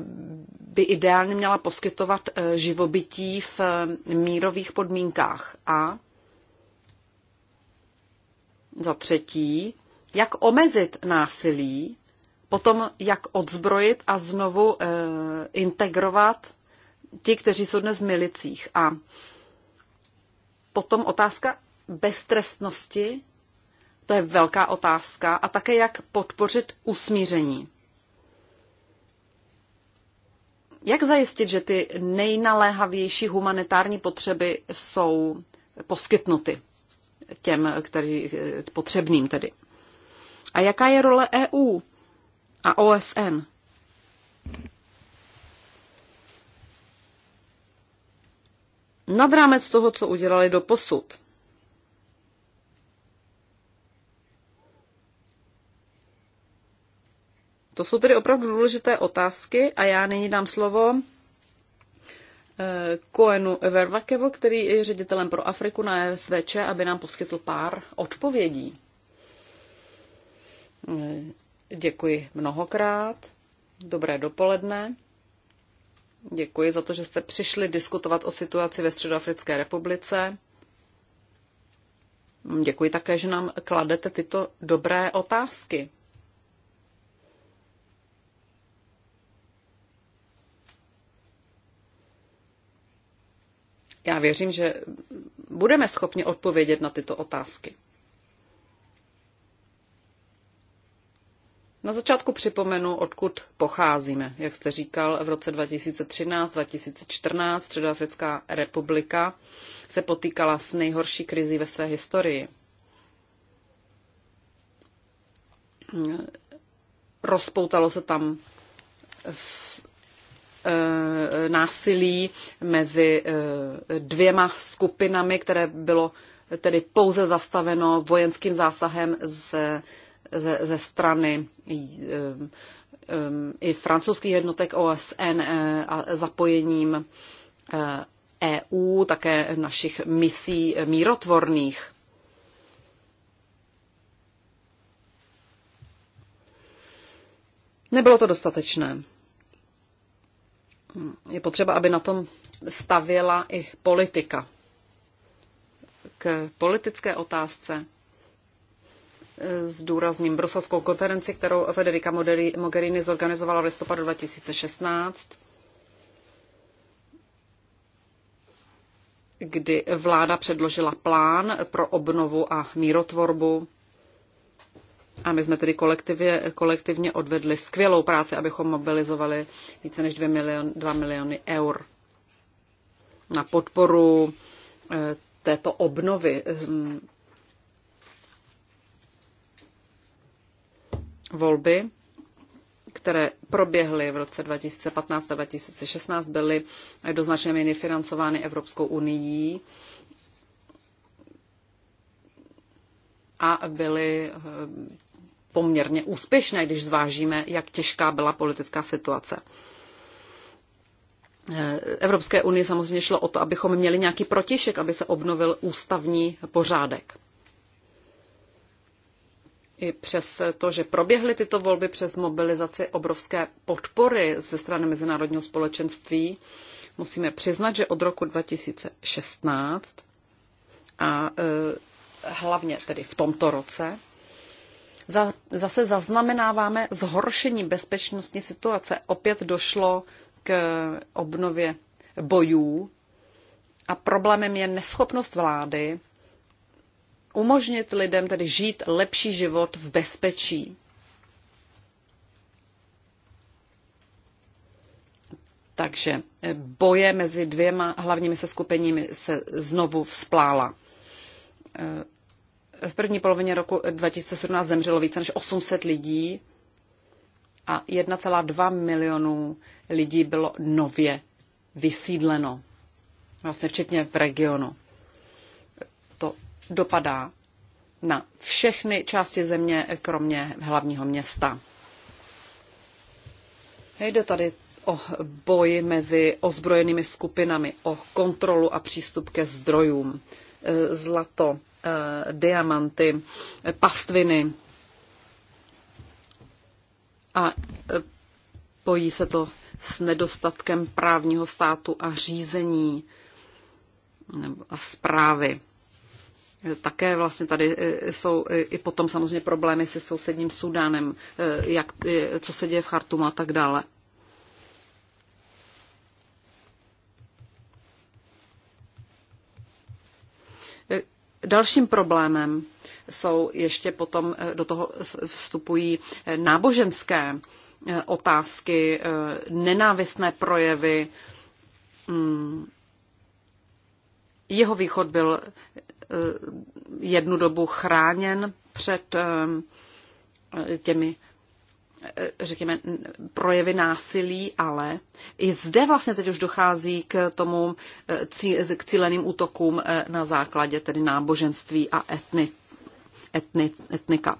by ideálně měla poskytovat živobytí v mírových podmínkách. A za třetí, jak omezit násilí, potom jak odzbrojit a znovu integrovat ti, kteří jsou dnes v milicích. A potom otázka beztrestnosti? To je velká otázka. A také, jak podpořit usmíření. Jak zajistit, že ty nejnaléhavější humanitární potřeby jsou poskytnuty těm, který, potřebným tedy? A jaká je role EU a OSN? Nad rámec toho, co udělali do posud. To jsou tedy opravdu důležité otázky a já nyní dám slovo eh, Koenu Vervakevo, který je ředitelem pro Afriku na SVČ, aby nám poskytl pár odpovědí. Eh, děkuji mnohokrát. Dobré dopoledne. Děkuji za to, že jste přišli diskutovat o situaci ve Středoafrické republice. Děkuji také, že nám kladete tyto dobré otázky. Já věřím, že budeme schopni odpovědět na tyto otázky. Na začátku připomenu, odkud pocházíme. Jak jste říkal, v roce 2013-2014 Středoafrická republika se potýkala s nejhorší krizí ve své historii. Rozpoutalo se tam v Eh, násilí mezi eh, dvěma skupinami, které bylo tedy pouze zastaveno vojenským zásahem ze, ze, ze strany eh, i francouzských jednotek OSN a zapojením EU, e také našich misí mírotvorných. Nebylo to dostatečné je potřeba, aby na tom stavěla i politika. K politické otázce eh, zdůrazním bruselskou konferenci, kterou Federica Mogherini zorganizovala v listopadu 2016, kdy vláda předložila plán pro obnovu a mírotvorbu a my jsme tedy kolektivě, kolektivně odvedli skvělou práci, abychom mobilizovali více než 2, milion, 2 miliony eur na podporu eh, této obnovy ehm, volby, které proběhly v roce 2015 a 2016, byly do značné míry financovány Evropskou unii a byly ehm, poměrně úspěšné, když zvážíme, jak těžká byla politická situace. Eh, Evropské unii samozřejmě šlo o to, abychom měli nějaký protišek, aby se obnovil ústavní pořádek. I přes to, že proběhly tyto volby přes mobilizaci obrovské podpory ze strany mezinárodního společenství, musíme přiznat, že od roku 2016 a eh, hlavně tedy v tomto roce za, zase zaznamenáváme zhoršení bezpečnostní situace. Opět došlo k obnově bojů a problémem je neschopnost vlády umožnit lidem tedy žít lepší život v bezpečí. Takže boje mezi dvěma hlavními seskupeními se znovu vzplála. V první polovině roku 2017 zemřelo více než 800 lidí a 1,2 milionů lidí bylo nově vysídleno, vlastně včetně v regionu. To dopadá na všechny části země, kromě hlavního města. Jde tady o boji mezi ozbrojenými skupinami, o kontrolu a přístup ke zdrojům. Zlato Eh, diamanty, eh, pastviny. A eh, pojí se to s nedostatkem právního státu a řízení a zprávy. Také vlastně tady jsou i potom samozřejmě problémy se sousedním Sudánem, jak, co se děje v Chartumu a tak dále. Dalším problémem jsou ještě potom eh, do toho vstupují eh, náboženské eh, otázky, nenávistné projevy. Mm. Jeho východ byl jednu dobu chráněn před těmi Eh, řekněme, projevy násilí, ale i zde vlastně teď už dochází k tomu eh, k cíleným útokům eh, na základě tedy náboženství a etni, etni, etnika.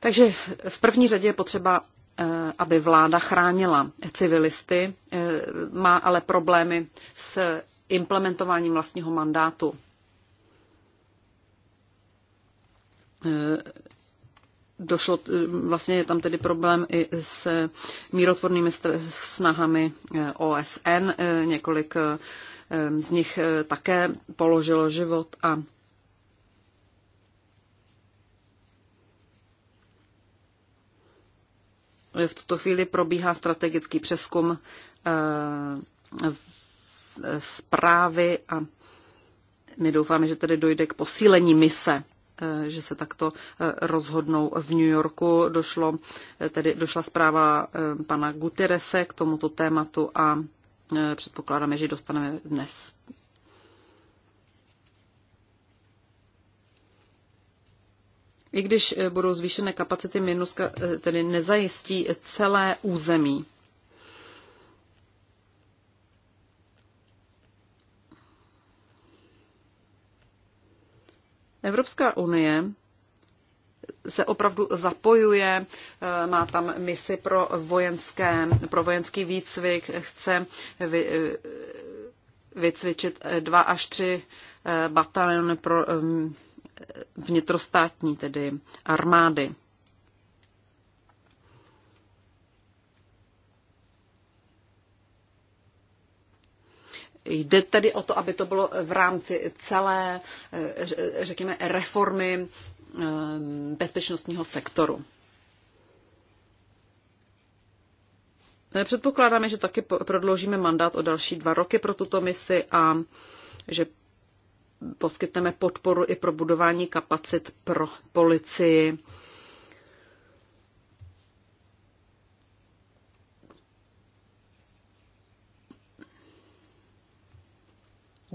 Takže v první řadě je potřeba, aby vláda chránila civilisty, má ale problémy s implementováním vlastního mandátu. Eh, došlo, vlastně je tam tedy problém i eh, s mírotvornými snahami OSN. Několik eh, z nich také položilo život a v tuto chvíli probíhá strategický přeskum zprávy a my doufáme, že tedy dojde k posílení mise Eh, že se takto eh, rozhodnou v New Yorku. Došlo, eh, tedy došla zpráva pana Guterese k tomuto tématu a předpokládáme, že ji dostaneme dnes. I když budou zvýšené kapacity Minuska, tedy nezajistí celé území Evropská unie se opravdu zapojuje, eh, má tam misi pro, vojenské, pro vojenský výcvik, chce vy, eh, vycvičit eh, dva až tři bataliony pro ehm, vnitrostátní, tedy armády. Jde tedy o to, aby to bylo v rámci celé, eh, řekněme, reformy eh, bezpečnostního sektoru. Eh, předpokládáme, že taky prodloužíme mandát o další dva roky pro tuto misi a že poskytneme podporu i pro budování kapacit pro policii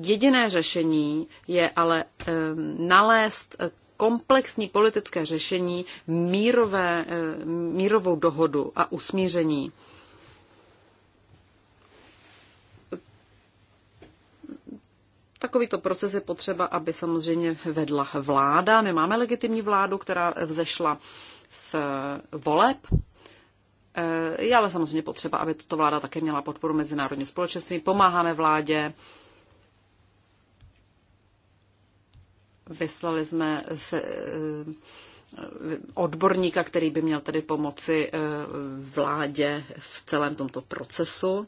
Jediné řešení je ale nalézt eh, komplexní politické řešení, mírové, eh, mírovou dohodu a usmíření. Takovýto proces je potřeba, aby samozřejmě vedla vláda. My máme legitimní vládu, která vzešla z voleb. Eh, je ale samozřejmě potřeba, aby toto vláda také měla podporu mezinárodní společenství. Pomáháme vládě Vyslali jsme se, eh, odborníka, který by měl tedy pomoci eh, vládě v celém tomto procesu.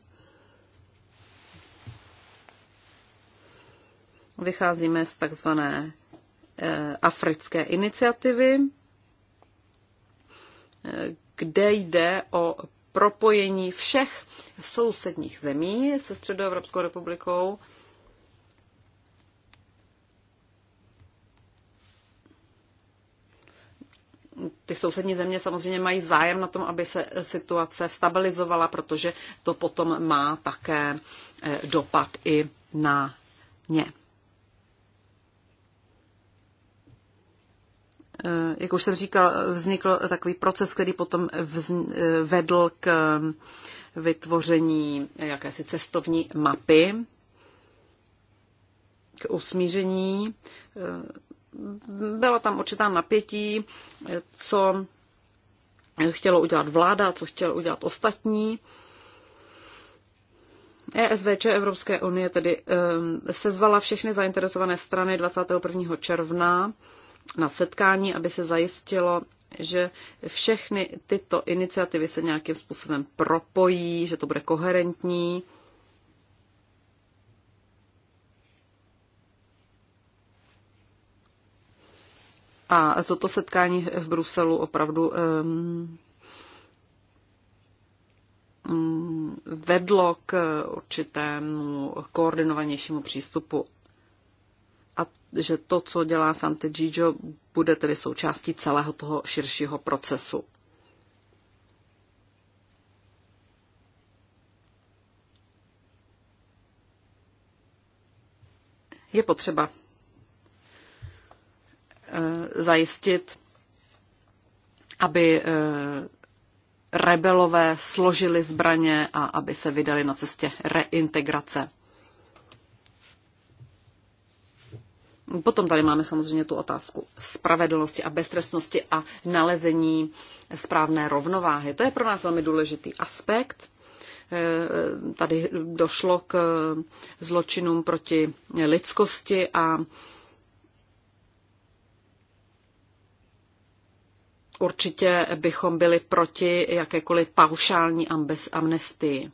Vycházíme z takzvané eh, africké iniciativy, kde jde o propojení všech sousedních zemí se Středoevropskou republikou ty sousední země samozřejmě mají zájem na tom, aby se situace stabilizovala, protože to potom má také eh, dopad i na ně. Eh, jak už jsem říkal, vznikl takový proces, který potom eh, vedl k vytvoření jakési cestovní mapy k usmíření byla tam určitá napětí, co chtělo udělat vláda, co chtěl udělat ostatní. ESVČ Evropské unie tedy sezvala všechny zainteresované strany 21. června na setkání, aby se zajistilo, že všechny tyto iniciativy se nějakým způsobem propojí, že to bude koherentní. A toto setkání v Bruselu opravdu vedlo k určitému koordinovanějšímu přístupu a že to, co dělá Sante Gigio, bude tedy součástí celého toho širšího procesu. Je potřeba Eh, zajistit, aby eh, rebelové složili zbraně a aby se vydali na cestě reintegrace. Potom tady máme samozřejmě tu otázku spravedlnosti a beztrestnosti a nalezení správné rovnováhy. To je pro nás velmi důležitý aspekt. Eh, tady došlo k zločinům proti lidskosti a Určitě bychom byli proti jakékoliv paušální amnestii.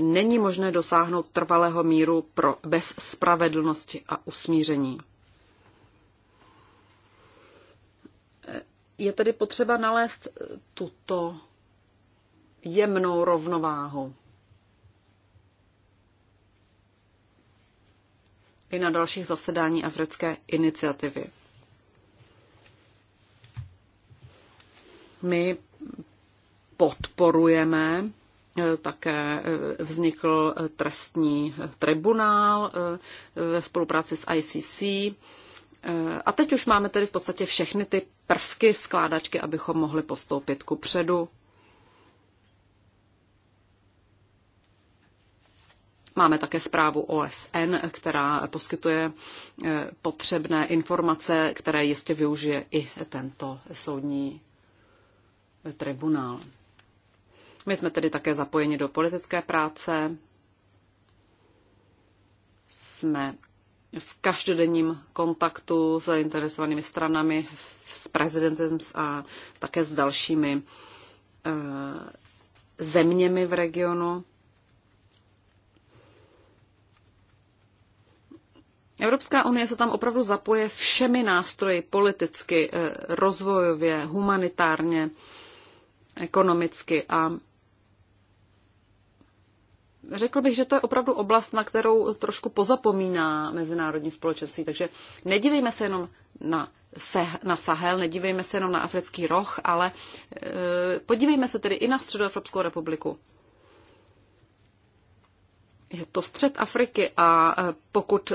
Není možné dosáhnout trvalého míru pro bez spravedlnosti a usmíření. Je tedy potřeba nalézt tuto jemnou rovnováhu. i na dalších zasedání Africké iniciativy. My podporujeme eh, také eh, vznikl eh, trestní tribunál ve spolupráci s ICC. A teď už máme tedy v podstatě všechny ty prvky skládačky, abychom mohli postoupit ku předu Máme také zprávu OSN, která poskytuje eh, potřebné informace, které jistě využije i tento soudní tribunál. My jsme tedy také zapojeni do politické práce. Jsme v každodenním kontaktu s interesovanými stranami, s prezidentem a také s dalšími eh, zeměmi v regionu. Evropská unie se tam opravdu zapoje všemi nástroji politicky, eh, rozvojově, humanitárně, ekonomicky a Řekl bych, že to je opravdu oblast, na kterou trošku pozapomíná mezinárodní společenství, takže nedívejme se jenom na, se, na Sahel, nedívejme se jenom na africký roh, ale e, podívejme se tedy i na Středoevropskou republiku je to střed Afriky a e, pokud e,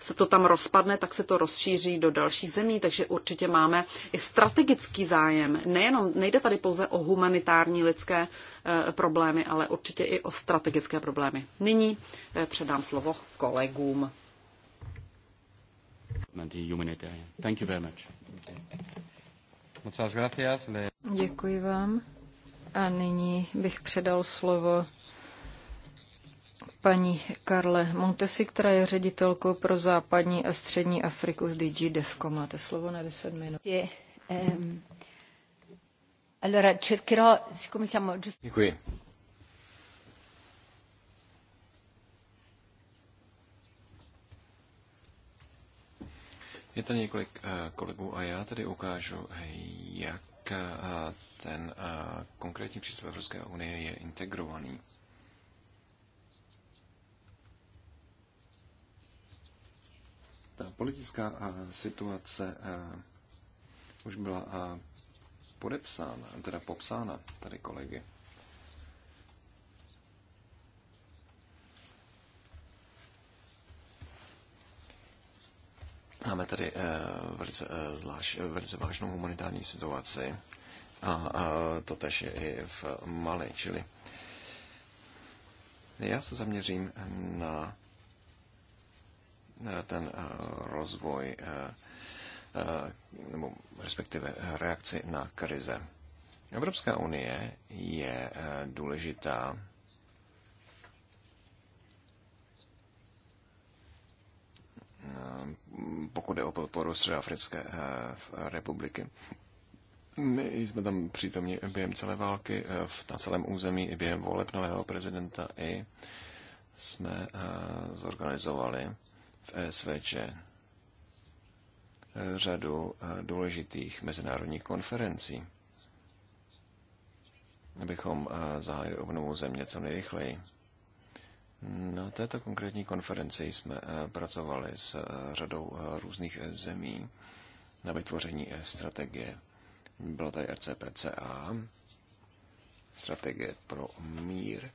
se to tam rozpadne, tak se to rozšíří do dalších zemí, takže určitě máme i strategický zájem. Nejenom, nejde tady pouze o humanitární lidské e, problémy, ale určitě i o strategické problémy. Nyní předám slovo kolegům. Děkuji vám. A nyní bych předal slovo paní Karle Montesi, která je ředitelkou pro západní a střední Afriku z DG DEFCO. Máte slovo na 10 minut. Děkuji. Je tady několik eh, kolegů a já tady ukážu, jak eh, ten eh, konkrétní přístup Evropské unie je integrovaný. Ta politická situace už byla podepsána, teda popsána tady kolegy. Máme tady e, velice, e, zvlášť, velice vážnou humanitární situaci a, to tež je i v Mali, čili já se zaměřím na ten eh, rozvoj eh, eh, nebo respektive reakci na krize. Evropská unie je důležitá pokud je o podporu Středoafrické republiky. My jsme tam přítomni během celé války, na celém území i během voleb nového prezidenta i jsme zorganizovali v e SVČ řadu eh, důležitých mezinárodních konferencí, abychom eh, zahájili obnovu země co nejrychleji. Na této konkrétní konferenci jsme eh, pracovali s řadou různých zemí na vytvoření strategie. Byla tady RCPCA, strategie pro mír,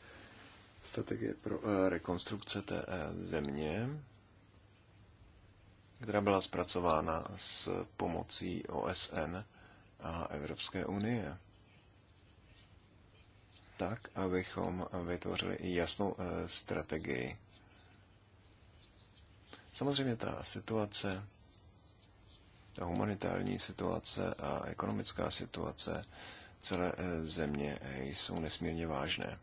strategie pro rekonstrukce té země, která byla zpracována s pomocí OSN a Evropské unie. Tak, abychom vytvořili jasnou eh, strategii. Samozřejmě ta situace, ta humanitární situace a ekonomická situace celé eh, země eh, jsou nesmírně vážné.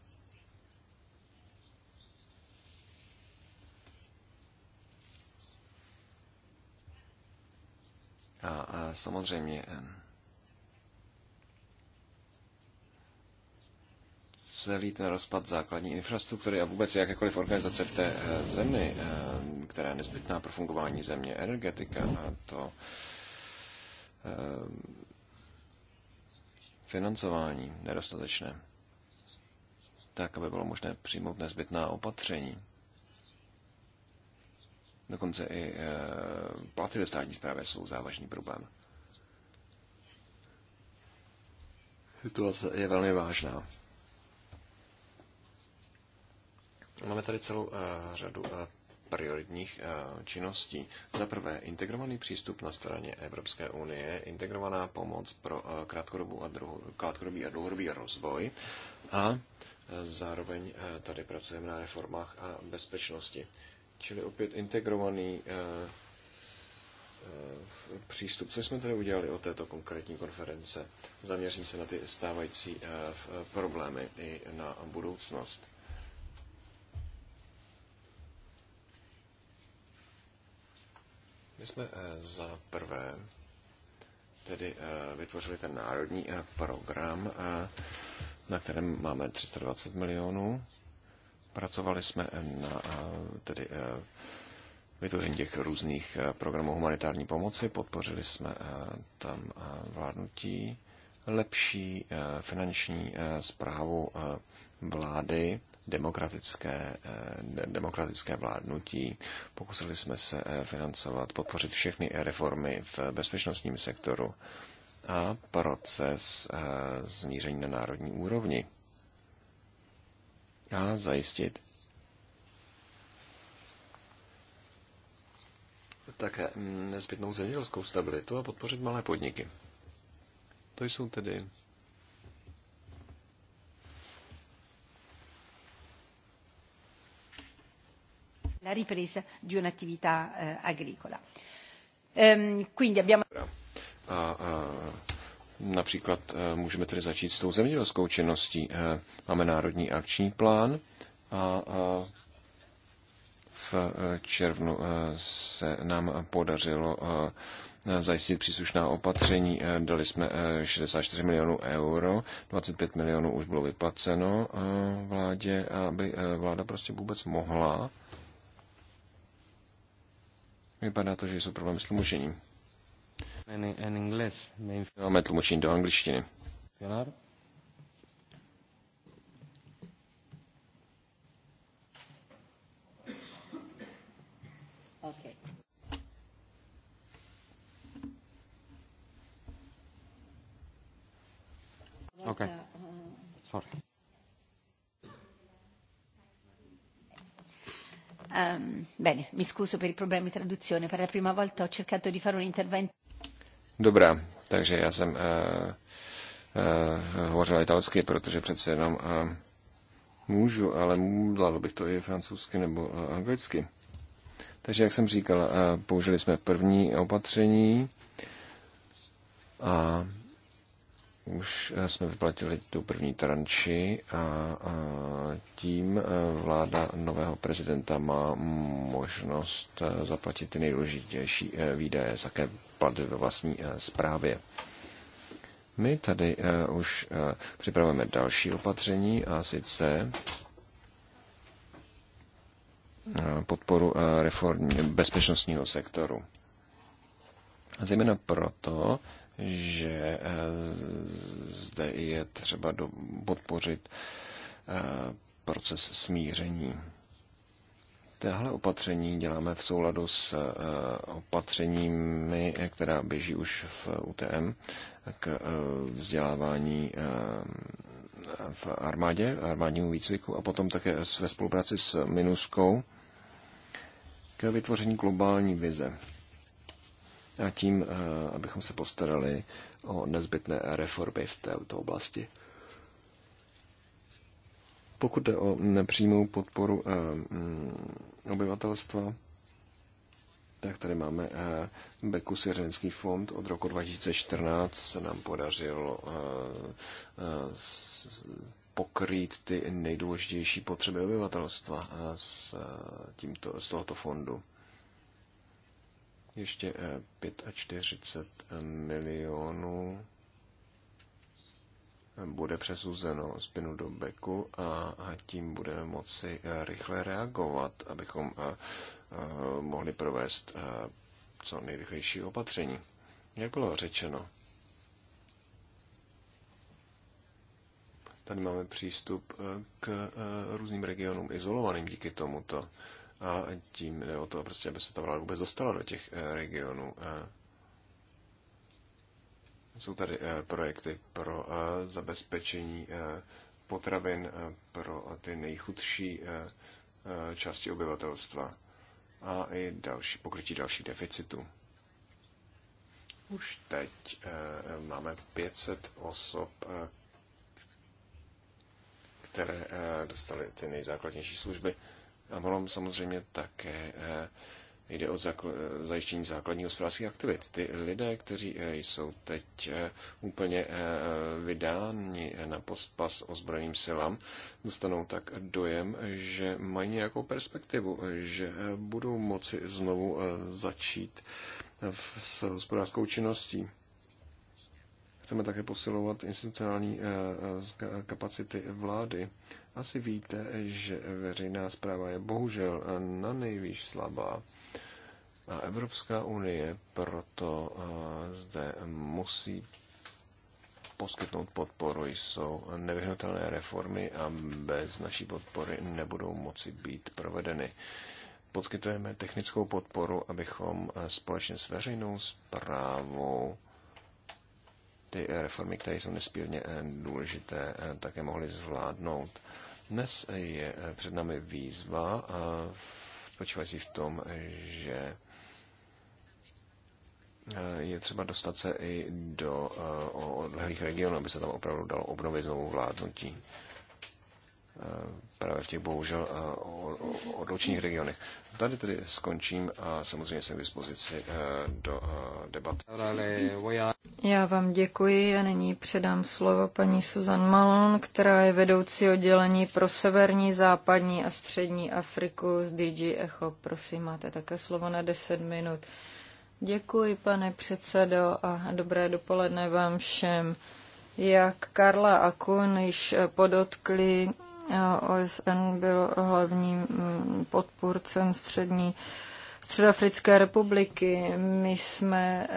A, a samozřejmě celý ten rozpad základní infrastruktury a vůbec jakékoliv organizace v té eh, zemi, která je nezbytná pro fungování země, energetika, a to financování nedostatečné, tak aby bylo možné přijmout nezbytná opatření Dokonce i eh, platy ve státní správě jsou závažný problém. Situace je velmi vážná. Máme tady celou eh, řadu eh, prioritních činností. Za prvé, integrovaný přístup na straně Evropské unie, integrovaná pomoc pro krátkodobou a druho, krátkodobý a dlouhodobý rozvoj a zároveň tady pracujeme na reformách a bezpečnosti. Čili opět integrovaný eh, eh, přístup. Co jsme tady udělali o této konkrétní konference? Zaměřím se na ty stávající eh, problémy i na budoucnost. My jsme za prvé tedy vytvořili ten národní program, na kterém máme 320 milionů Pracovali jsme eh, na eh, tedy eh, vytvoření těch různých programů humanitární pomoci, podpořili jsme tam vládnutí, lepší finanční zprávu vlády, demokratické, demokratické vládnutí. Pokusili jsme se financovat, podpořit všechny reformy v bezpečnostním sektoru a proces zmíření na národní úrovni a zajistit také nezbytnou zemědělskou stabilitu a podpořit malé podniky. To jsou tedy la ripresa di un'attività eh, agricola. Ehm, quindi abbiamo... Například eh, můžeme tedy začít s tou zemědělskou činností. Eh, máme národní akční plán a v eh, červnu se nám podařilo zajistit příslušná opatření. Dali jsme 64 milionů euro, 25 milionů už bylo vyplaceno vládě, aby vláda prostě vůbec mohla. Vypadá to, že jsou problémy s tlumočením. Máme tlumočení do angličtiny. Okay. Uh, Sorry. Um, bene, mi scuso per i problemi di traduzione. Per la prima volta ho cercato di fare un intervento. Dobrá, takže já jsem uh, eh, uh, eh, hovořil italsky, protože přece jenom uh, můžu, ale dalo bych to i francouzsky nebo uh, anglicky. Takže, jak jsem říkal, uh, použili jsme první opatření a už eh, jsme vyplatili tu první tranči a, a tím eh, vláda nového prezidenta má možnost eh, zaplatit ty nejdůležitější výdaje, také platy ve vlastní zprávě. My tady už připravujeme další opatření a sice podporu reform bezpečnostního sektoru. Zejména proto, že eh, zde je třeba do, podpořit eh, proces smíření. Tahle opatření děláme v souladu s eh, opatřeními, která běží už v UTM k vzdělávání v armádě, armádnímu výcviku a potom také ve spolupráci s MINUSKou k vytvoření globální vize a tím, eh, abychom se postarali o nezbytné reformy v této oblasti. Pokud jde o nepřímou podporu eh, mm, obyvatelstva, tak tady máme eh, Beku Svěřenský fond. Od roku 2014 se nám podařilo pokrýt ty nejdůležitější potřeby obyvatelstva z, tímto, z tohoto fondu ještě 45 eh, eh, milionů eh, bude přesuzeno spinu do beku a, tím budeme moci rychle reagovat, abychom mohli provést co nejrychlejší opatření. Jak bylo řečeno, tady máme přístup k různým regionům izolovaným díky tomuto a tím jde o to, prostě, aby se ta vláda vůbec dostala do těch eh, regionů. Eh. Jsou tady eh, projekty pro zabezpečení potravin pro ty nejchudší části obyvatelstva a i další, pokrytí dalších deficitů. Už teď máme 500 osob, které dostaly ty nejzákladnější služby a ono samozřejmě také eh, jde o eh, zajištění základních hospodářských aktivit. Ty lidé, kteří eh, jsou teď úplně vydáni na pospas ozbrojeným silám, dostanou tak dojem, že mají nějakou perspektivu, že budou moci znovu začít s hospodářskou činností. Chceme také posilovat institucionální kapacity vlády asi víte, že veřejná zpráva je bohužel na nejvýš slabá a Evropská unie proto eh, zde musí poskytnout podporu jsou nevyhnutelné reformy a bez naší podpory nebudou moci být provedeny. Poskytujeme technickou podporu, abychom eh, společně s veřejnou zprávou ty reformy, které jsou nespírně eh, důležité, také mohli zvládnout. Dnes je eh, před námi výzva a spočívající v tom, že eh, je třeba dostat se i do eh, odlehlých regionů, aby se tam opravdu dalo obnovit znovu vládnutí. Eh, právě v těch bohužel eh, odlučných regionech. Tady tedy skončím a samozřejmě jsem k dispozici eh, do debat. Já vám děkuji a nyní předám slovo paní Susan Malon, která je vedoucí oddělení pro severní, západní a střední Afriku z DG Echo. Prosím, máte také slovo na 10 minut. Děkuji, pane předsedo, a dobré dopoledne vám všem. Jak Karla a Kun již podotkli, OSN byl hlavním mm, podpůrcem střední Středoafrické republiky. My jsme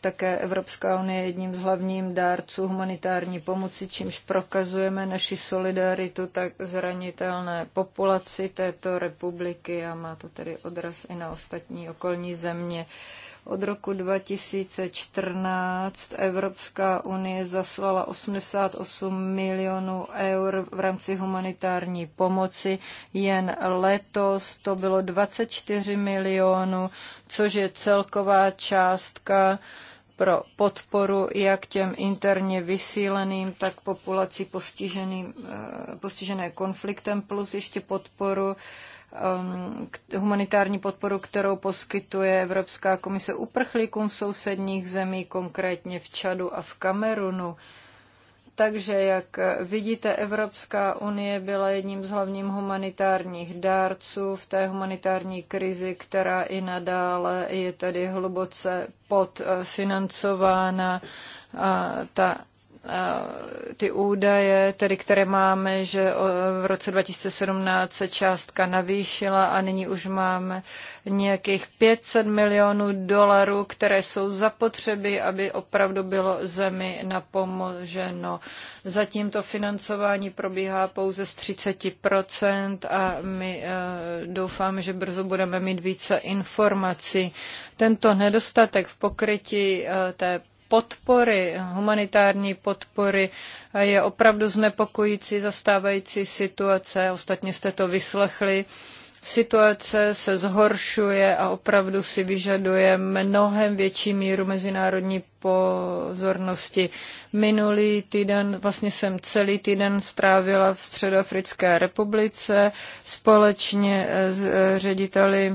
také Evropská unie jedním z hlavním dárců humanitární pomoci, čímž prokazujeme naši solidaritu tak zranitelné populaci této republiky a má to tedy odraz i na ostatní okolní země. Uh, od roku 2014 Evropská unie zaslala 88 milionů eur v rámci humanitární pomoci. Jen letos to bylo 24 milionů, což je celková částka pro podporu jak těm interně vysíleným, tak populaci postiženým, eh, postižené konfliktem, plus ještě podporu Um, humanitární podporu, kterou poskytuje Evropská komise uprchlíkům v sousedních zemí, konkrétně v Čadu a v Kamerunu. Takže, jak vidíte, Evropská unie byla jedním z hlavních humanitárních dárců v té humanitární krizi, která i nadále je tedy hluboce podfinancována. A ta ty údaje, tedy které máme, že v roce 2017 se částka navýšila a nyní už máme nějakých 500 milionů dolarů, které jsou zapotřeby, aby opravdu bylo zemi napomoženo. Zatím to financování probíhá pouze z 30% a my e, doufáme, že brzo budeme mít více informací. Tento nedostatek v pokrytí e, té podpory, humanitární podpory je opravdu znepokojící zastávající situace. Ostatně jste to vyslechli. Situace se zhoršuje a opravdu si vyžaduje mnohem větší míru mezinárodní pozornosti. Minulý týden, vlastně jsem celý týden strávila v Středoafrické republice společně s eh, řediteli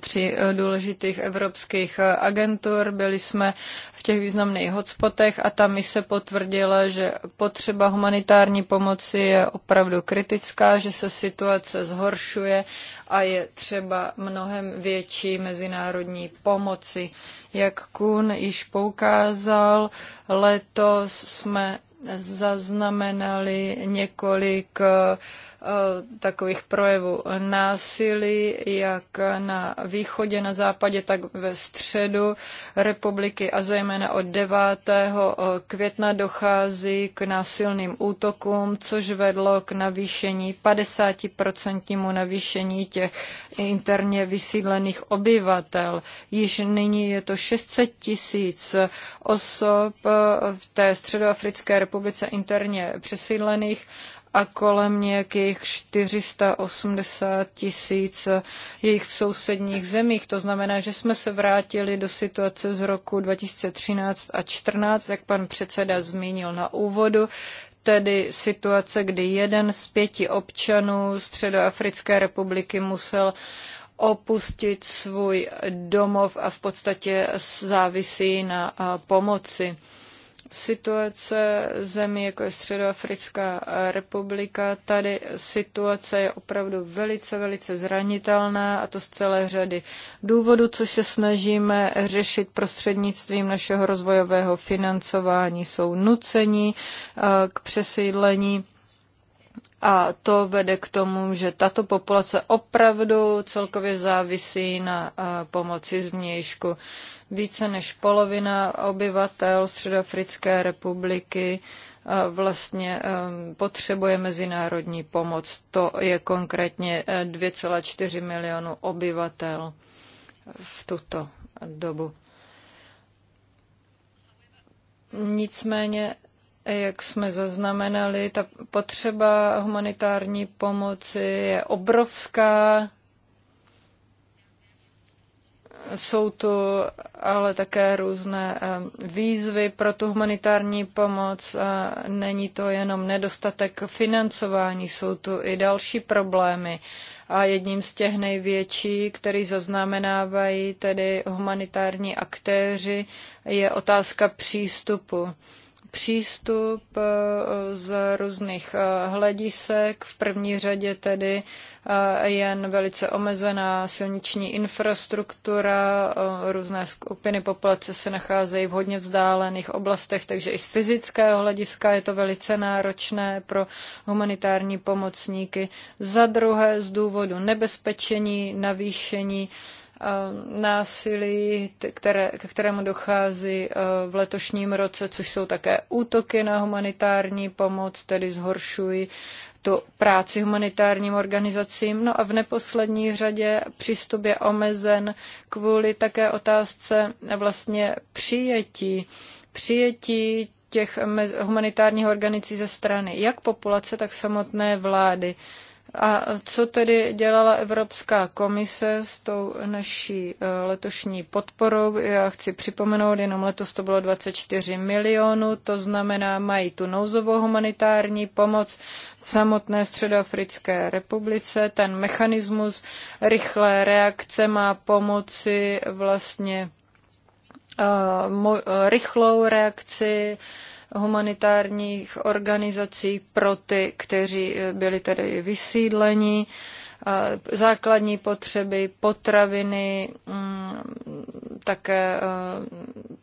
tři e, důležitých evropských e, agentur. Byli jsme v těch významných hotspotech a tam mi se potvrdila, že potřeba humanitární pomoci je opravdu kritická, že se situace zhoršuje a je třeba mnohem větší mezinárodní pomoci. Jak Kuhn již poukázal, letos jsme zaznamenali několik uh, Eh, takových projevů násilí, jak na východě, na západě, tak ve středu republiky a zejména od 9. Eh, května dochází k násilným útokům, což vedlo k navýšení 50% navýšení těch interně vysídlených obyvatel. Již nyní je to 600 tisíc osob v té středoafrické republice interně přesídlených a kolem nějakých 480 tisíc jejich v sousedních zemích. To znamená, že jsme se vrátili do situace z roku 2013 a 2014, jak pan předseda zmínil na úvodu, tedy situace, kdy jeden z pěti občanů Středoafrické republiky musel opustit svůj domov a v podstatě závisí na pomoci situace zemí, jako je Středoafrická republika, tady situace je opravdu velice, velice zranitelná a to z celé řady důvodů, což se snažíme řešit prostřednictvím našeho rozvojového financování. Jsou nuceni eh, k přesídlení a to vede k tomu, že tato populace opravdu celkově závisí na eh, pomoci z zvnějšku. Více než polovina obyvatel Středoafrické republiky eh, vlastně eh, potřebuje mezinárodní pomoc. To je konkrétně 2,4 eh, milionu obyvatel v tuto dobu. Nicméně, jak jsme zaznamenali, ta potřeba humanitární pomoci je obrovská jsou tu ale také různé eh, výzvy pro tu humanitární pomoc. Eh, není to jenom nedostatek financování, jsou tu i další problémy. A jedním z těch největší, který zaznamenávají tedy humanitární aktéři, je otázka přístupu přístup eh, z různých eh, hledisek. V první řadě tedy eh, jen velice omezená silniční infrastruktura, různé skupiny populace se nacházejí v hodně vzdálených oblastech, takže i z fyzického hlediska je to velice náročné pro humanitární pomocníky. Za druhé z důvodu nebezpečení, navýšení Eh, násilí, které, k kterému dochází eh, v letošním roce, což jsou také útoky na humanitární pomoc, tedy zhoršují tu práci humanitárním organizacím. No a v neposlední řadě přístup je omezen kvůli také otázce vlastně přijetí. Přijetí těch humanitárních organizací ze strany jak populace, tak samotné vlády. A co tedy dělala Evropská komise s tou naší eh, letošní podporou? Já chci připomenout, jenom letos to bylo 24 milionů, to znamená, mají tu nouzovou humanitární pomoc v samotné Středoafrické republice. Ten mechanismus rychlé reakce má pomoci vlastně eh, eh, rychlou reakci humanitárních organizací pro ty, kteří eh, byli tedy vysídleni, základní potřeby, potraviny, mm, také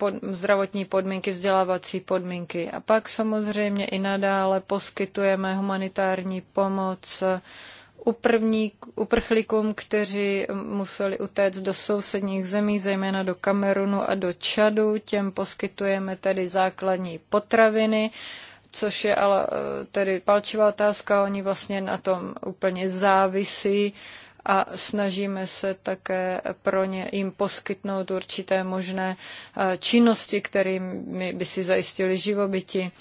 eh, zdravotní podmínky, vzdělávací podmínky. A pak samozřejmě i nadále poskytujeme humanitární pomoc uprchlíkům, kteří museli utéct do sousedních zemí, zejména do Kamerunu a do Čadu. Těm poskytujeme tedy základní potraviny, což je ale eh, tedy palčivá otázka. Oni vlastně na tom úplně závisí a snažíme se také pro ně jim poskytnout určité možné eh, činnosti, kterými by si zajistili živobytí.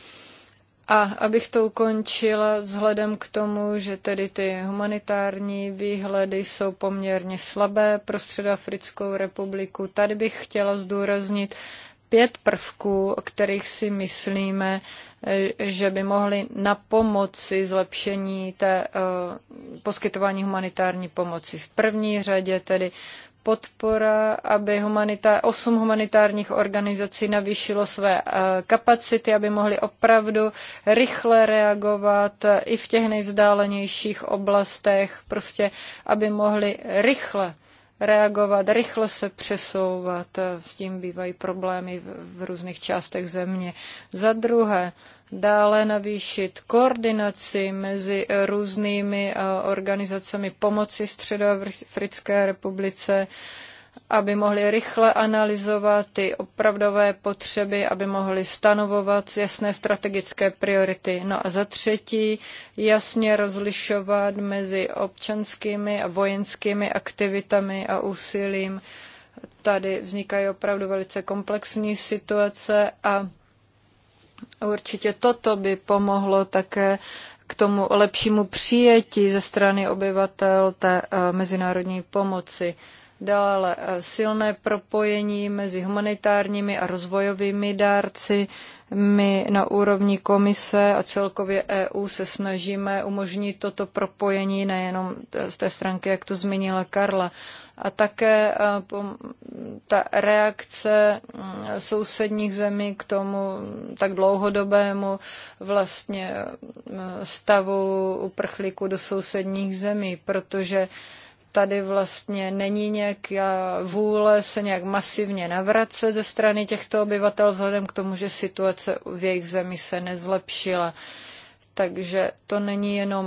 A abych to ukončila, vzhledem k tomu, že tedy ty humanitární výhledy jsou poměrně slabé pro Středoafrickou republiku, tady bych chtěla zdůraznit pět prvků, o kterých si myslíme, eh, že by mohly na pomoci zlepšení té eh, poskytování humanitární pomoci. V první řadě tedy podpora, aby humanita osm humanitárních organizací navýšilo své eh, kapacity, aby mohly opravdu rychle reagovat eh, i v těch nejvzdálenějších oblastech, prostě aby mohly rychle reagovat, rychle se přesouvat. Eh, s tím bývají problémy v, v různých částech země. Za druhé, dále navýšit koordinaci mezi různými eh, organizacemi pomoci Středoafrické republice, aby mohli rychle analyzovat ty opravdové potřeby, aby mohli stanovovat jasné strategické priority. No a za třetí, jasně rozlišovat mezi občanskými a vojenskými aktivitami a úsilím. Tady vznikají opravdu velice komplexní situace a Určitě toto by pomohlo také k tomu lepšímu přijetí ze strany obyvatel té eh, mezinárodní pomoci. Dále eh, silné propojení mezi humanitárními a rozvojovými dárci. My na úrovni komise a celkově EU se snažíme umožnit toto propojení nejenom z té stránky, jak to zmínila Karla, a také eh, ta reakce mm, sousedních zemí k tomu tak dlouhodobému vlastně eh, stavu uprchlíků do sousedních zemí, protože tady vlastně není nějaká eh, vůle se nějak masivně navracet ze strany těchto obyvatel, vzhledem k tomu, že situace v jejich zemi se nezlepšila. Takže to není jenom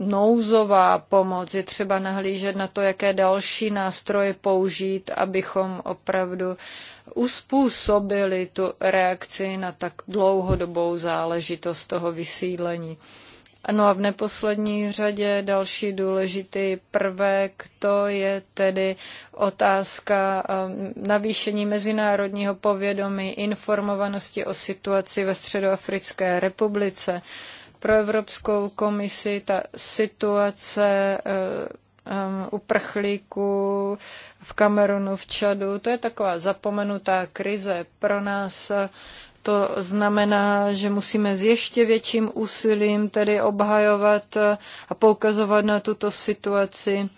nouzová pomoc. Je třeba nahlížet na to, jaké další nástroje použít, abychom opravdu uspůsobili tu reakci na tak dlouhodobou záležitost toho vysídlení. No a v neposlední řadě další důležitý prvek, to je tedy otázka um, navýšení mezinárodního povědomí, informovanosti o situaci ve Středoafrické republice. Pro Evropskou komisi ta situace um, uprchlíků v Kamerunu, v Čadu, to je taková zapomenutá krize. Pro nás eh, to znamená, že musíme s ještě větším úsilím tedy obhajovat eh, a poukazovat na tuto situaci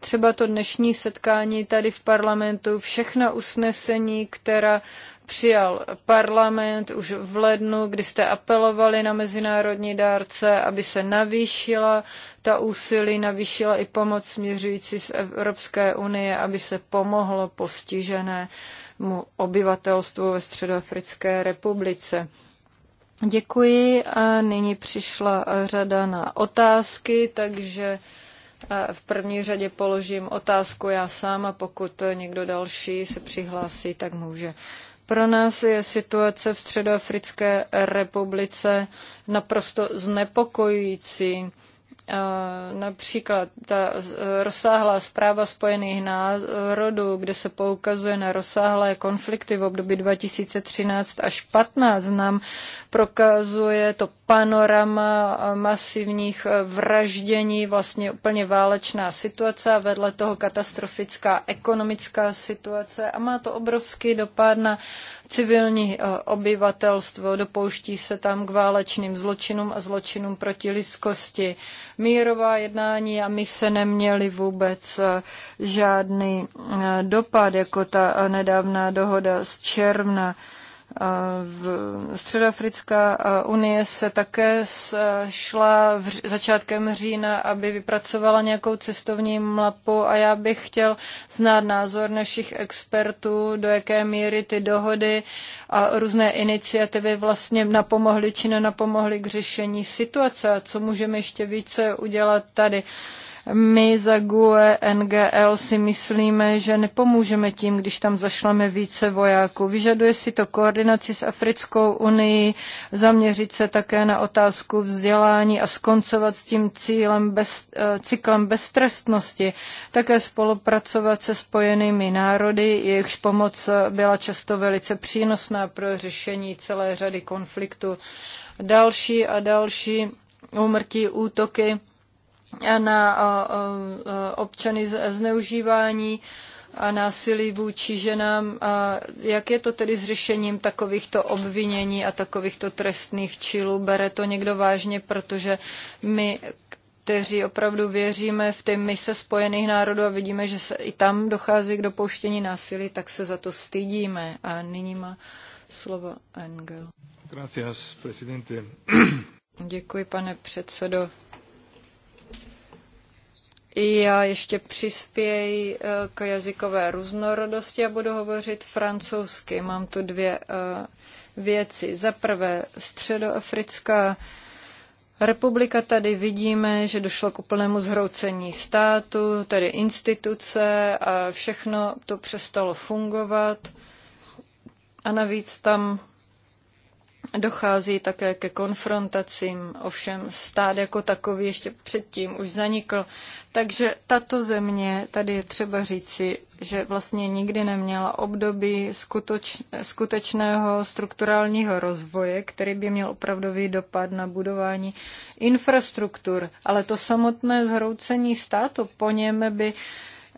třeba to dnešní setkání tady v parlamentu, všechna usnesení, která přijal parlament už v lednu, kdy jste apelovali na mezinárodní dárce, aby se navýšila ta úsilí, navýšila i pomoc směřující z Evropské unie, aby se pomohlo postiženému obyvatelstvu ve Středoafrické republice. Děkuji a nyní přišla řada na otázky, takže v první řadě položím otázku já sám a pokud někdo další se přihlásí, tak může pro nás je situace v Středoafrické republice naprosto znepokojující například ta rozsáhlá zpráva Spojených národů, kde se poukazuje na rozsáhlé konflikty v období 2013 až 15, nám prokazuje to panorama masivních vraždění, vlastně úplně válečná situace a vedle toho katastrofická ekonomická situace a má to obrovský dopad na civilní eh, obyvatelstvo, dopouští se tam k válečným zločinům a zločinům proti lidskosti. Mírová jednání a my se neměli vůbec eh, žádný eh, dopad, jako ta nedávná dohoda z června. V Středoafrická unie se také šla v začátkem října, aby vypracovala nějakou cestovní mapu a já bych chtěl znát názor našich expertů, do jaké míry ty dohody a různé iniciativy vlastně napomohly či nenapomohly k řešení situace a co můžeme ještě více udělat tady. Uh, my za GUE NGL si myslíme, že nepomůžeme tím, když tam zašleme více vojáků. Vyžaduje si to koordinaci s Africkou unii, zaměřit se také na otázku vzdělání a skoncovat s tím cílem bez, eh, cyklem beztrestnosti, také spolupracovat se spojenými národy, jejichž pomoc byla často velice přínosná pro řešení celé řady konfliktů. Další a další úmrtí, útoky na občany zneužívání a násilí vůči ženám. A jak je to tedy s řešením takovýchto obvinění a takovýchto trestných čilů? Bere to někdo vážně, protože my kteří opravdu věříme v ty mise Spojených národů a vidíme, že se i tam dochází k dopouštění násilí, tak se za to stydíme. A nyní má slovo Engel. Gracias, presidente. Děkuji, pane předsedo. Já ještě přispěji eh, k jazykové různorodosti a budu hovořit francouzsky. Mám tu dvě eh, věci. Za prvé, středoafrická republika tady vidíme, že došlo k úplnému zhroucení státu, tedy instituce a všechno to přestalo fungovat. A navíc tam Dochází také ke konfrontacím, ovšem stát jako takový ještě předtím už zanikl. Takže tato země, tady je třeba říci, že vlastně nikdy neměla období skutoč, skutečného strukturálního rozvoje, který by měl opravdový dopad na budování infrastruktur. Ale to samotné zhroucení státu po něm by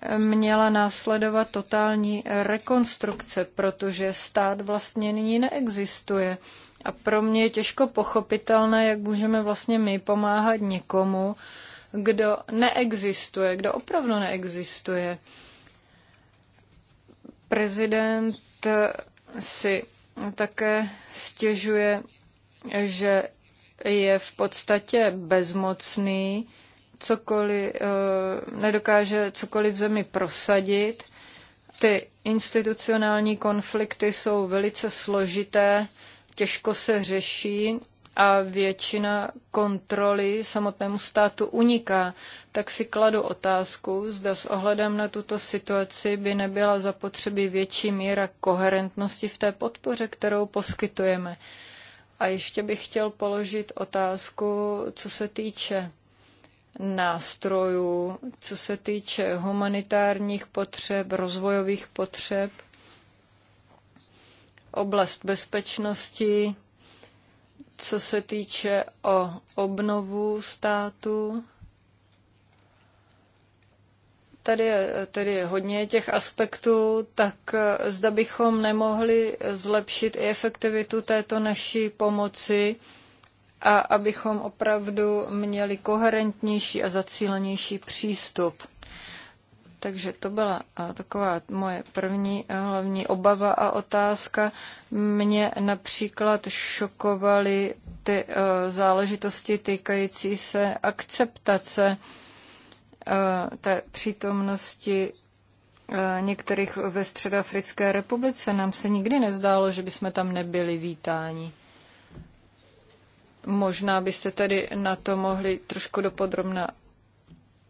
eh, měla následovat totální rekonstrukce, protože stát vlastně nyní neexistuje. A pro mě je těžko pochopitelné, jak můžeme vlastně my pomáhat někomu, kdo neexistuje, kdo opravdu neexistuje. Prezident si také stěžuje, že je v podstatě bezmocný, cokoliv, eh, nedokáže cokoliv v zemi prosadit. Ty institucionální konflikty jsou velice složité, těžko se řeší a většina kontroly samotnému státu uniká, tak si kladu otázku, zda s ohledem na tuto situaci by nebyla zapotřebí větší míra koherentnosti v té podpoře, kterou poskytujeme. A ještě bych chtěl položit otázku, co se týče nástrojů, co se týče humanitárních potřeb, rozvojových potřeb oblast bezpečnosti, co se týče o obnovu státu. Tady je, tady je hodně těch aspektů, tak eh, zda bychom nemohli zlepšit i efektivitu této naší pomoci a abychom opravdu měli koherentnější a zacílenější přístup. Takže to byla taková moje první hlavní obava a otázka. Mě například šokovaly ty e, záležitosti týkající se akceptace e, té přítomnosti e, některých ve Středoafrické republice. Nám se nikdy nezdálo, že bychom tam nebyli vítáni. Možná byste tedy na to mohli trošku dopodrobna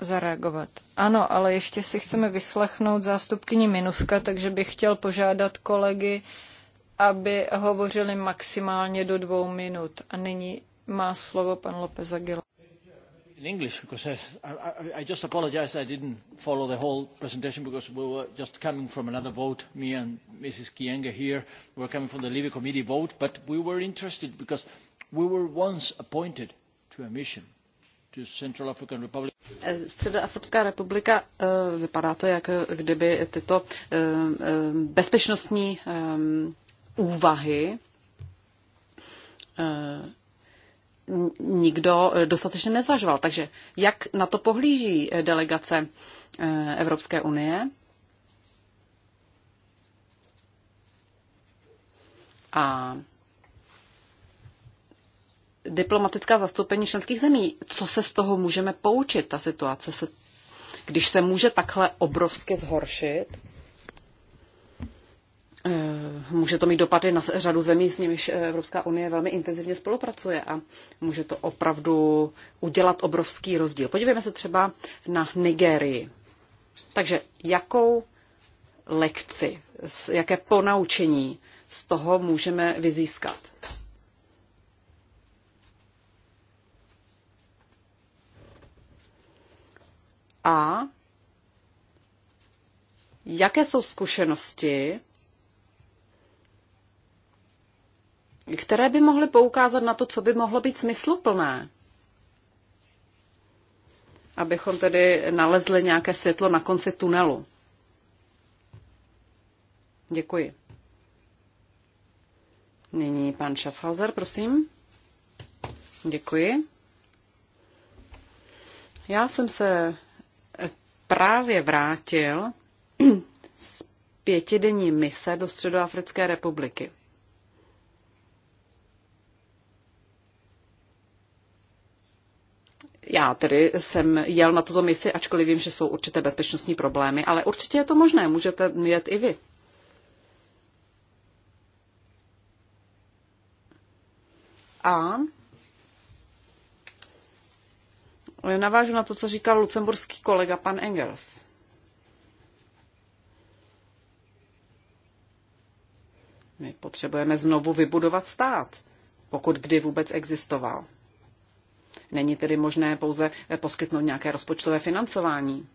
zareagovat. Ano, ale ještě si chceme vyslechnout zástupkyni Minuska, takže bych chtěl požádat kolegy, aby hovořili maximálně do dvou minut. A nyní má slovo pan Lopez Aguilar. In English, because I, I, I just apologise, I didn't follow the whole presentation because we were just coming from another vote. Me and Mrs. Kienge here we were coming from the Levy Committee vote, but we were interested because we were once appointed to a mission Eh, Středoafrická republika eh, vypadá to, jak kdyby tyto eh, bezpečnostní úvahy nikdo dostatečně nezvažoval. Takže jak na to pohlíží delegace Evropské unie? A diplomatická zastoupení členských zemí. Co se z toho můžeme poučit? Ta situace se, když se může takhle obrovsky zhoršit, eh, může to mít dopady na řadu zemí, s nimiž eh, Evropská unie velmi intenzivně spolupracuje a může to opravdu udělat obrovský rozdíl. Podívejme se třeba na Nigérii. Takže jakou lekci, jaké ponaučení z toho můžeme vyzískat? A jaké jsou zkušenosti, které by mohly poukázat na to, co by mohlo být smysluplné? Abychom tedy nalezli nějaké světlo na konci tunelu. Děkuji. Nyní pan Schaffhauser, prosím. Děkuji. Já jsem se právě vrátil z pětidenní mise do Středoafrické republiky. Já tedy jsem jel na tuto misi, ačkoliv vím, že jsou určité bezpečnostní problémy, ale určitě je to možné, můžete jet i vy. A Navážu na to, co říkal lucemburský kolega pan Engels. My potřebujeme znovu vybudovat stát, pokud kdy vůbec existoval. Není tedy možné pouze eh, poskytnout nějaké rozpočtové financování.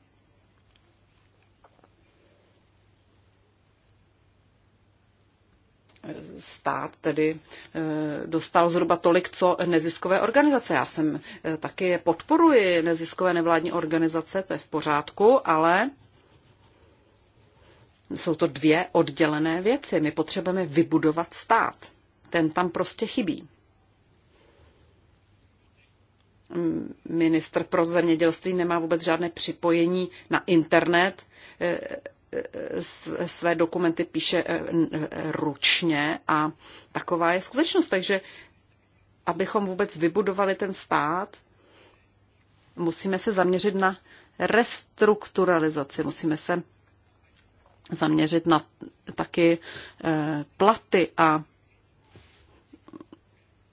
stát tedy eh, dostal zhruba tolik, co neziskové organizace. Já jsem eh, taky podporuji neziskové nevládní organizace, to je v pořádku, ale jsou to dvě oddělené věci. My potřebujeme vybudovat stát. Ten tam prostě chybí. Ministr pro zemědělství nemá vůbec žádné připojení na internet eh, své dokumenty píše eh, ručně a taková je skutečnost. Takže abychom vůbec vybudovali ten stát, musíme se zaměřit na restrukturalizaci, musíme se zaměřit na taky eh, platy a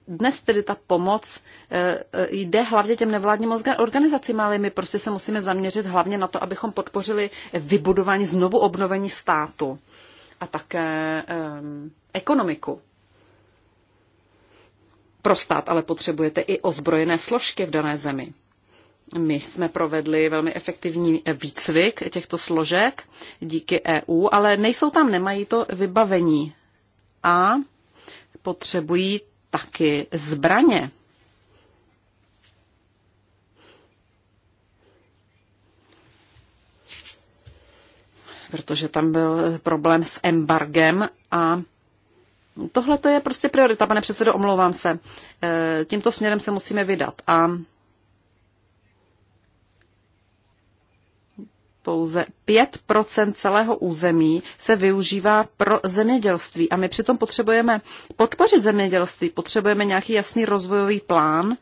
dnes tedy ta pomoc eh, eh, jde hlavně těm nevládním organizacím, ale my prostě se musíme zaměřit hlavně na to, abychom podpořili vybudování, znovu obnovení státu a také um, ekonomiku. Pro stát ale potřebujete i ozbrojené složky v dané zemi. My jsme provedli velmi efektivní výcvik těchto složek díky EU, ale nejsou tam, nemají to vybavení a potřebují taky zbraně. Protože tam byl problém s embargem a tohle to je prostě priorita, pane předsedo, omlouvám se. E, tímto směrem se musíme vydat. A pouze 5 celého území se využívá pro zemědělství. A my přitom potřebujeme podpořit zemědělství, potřebujeme nějaký jasný rozvojový plán.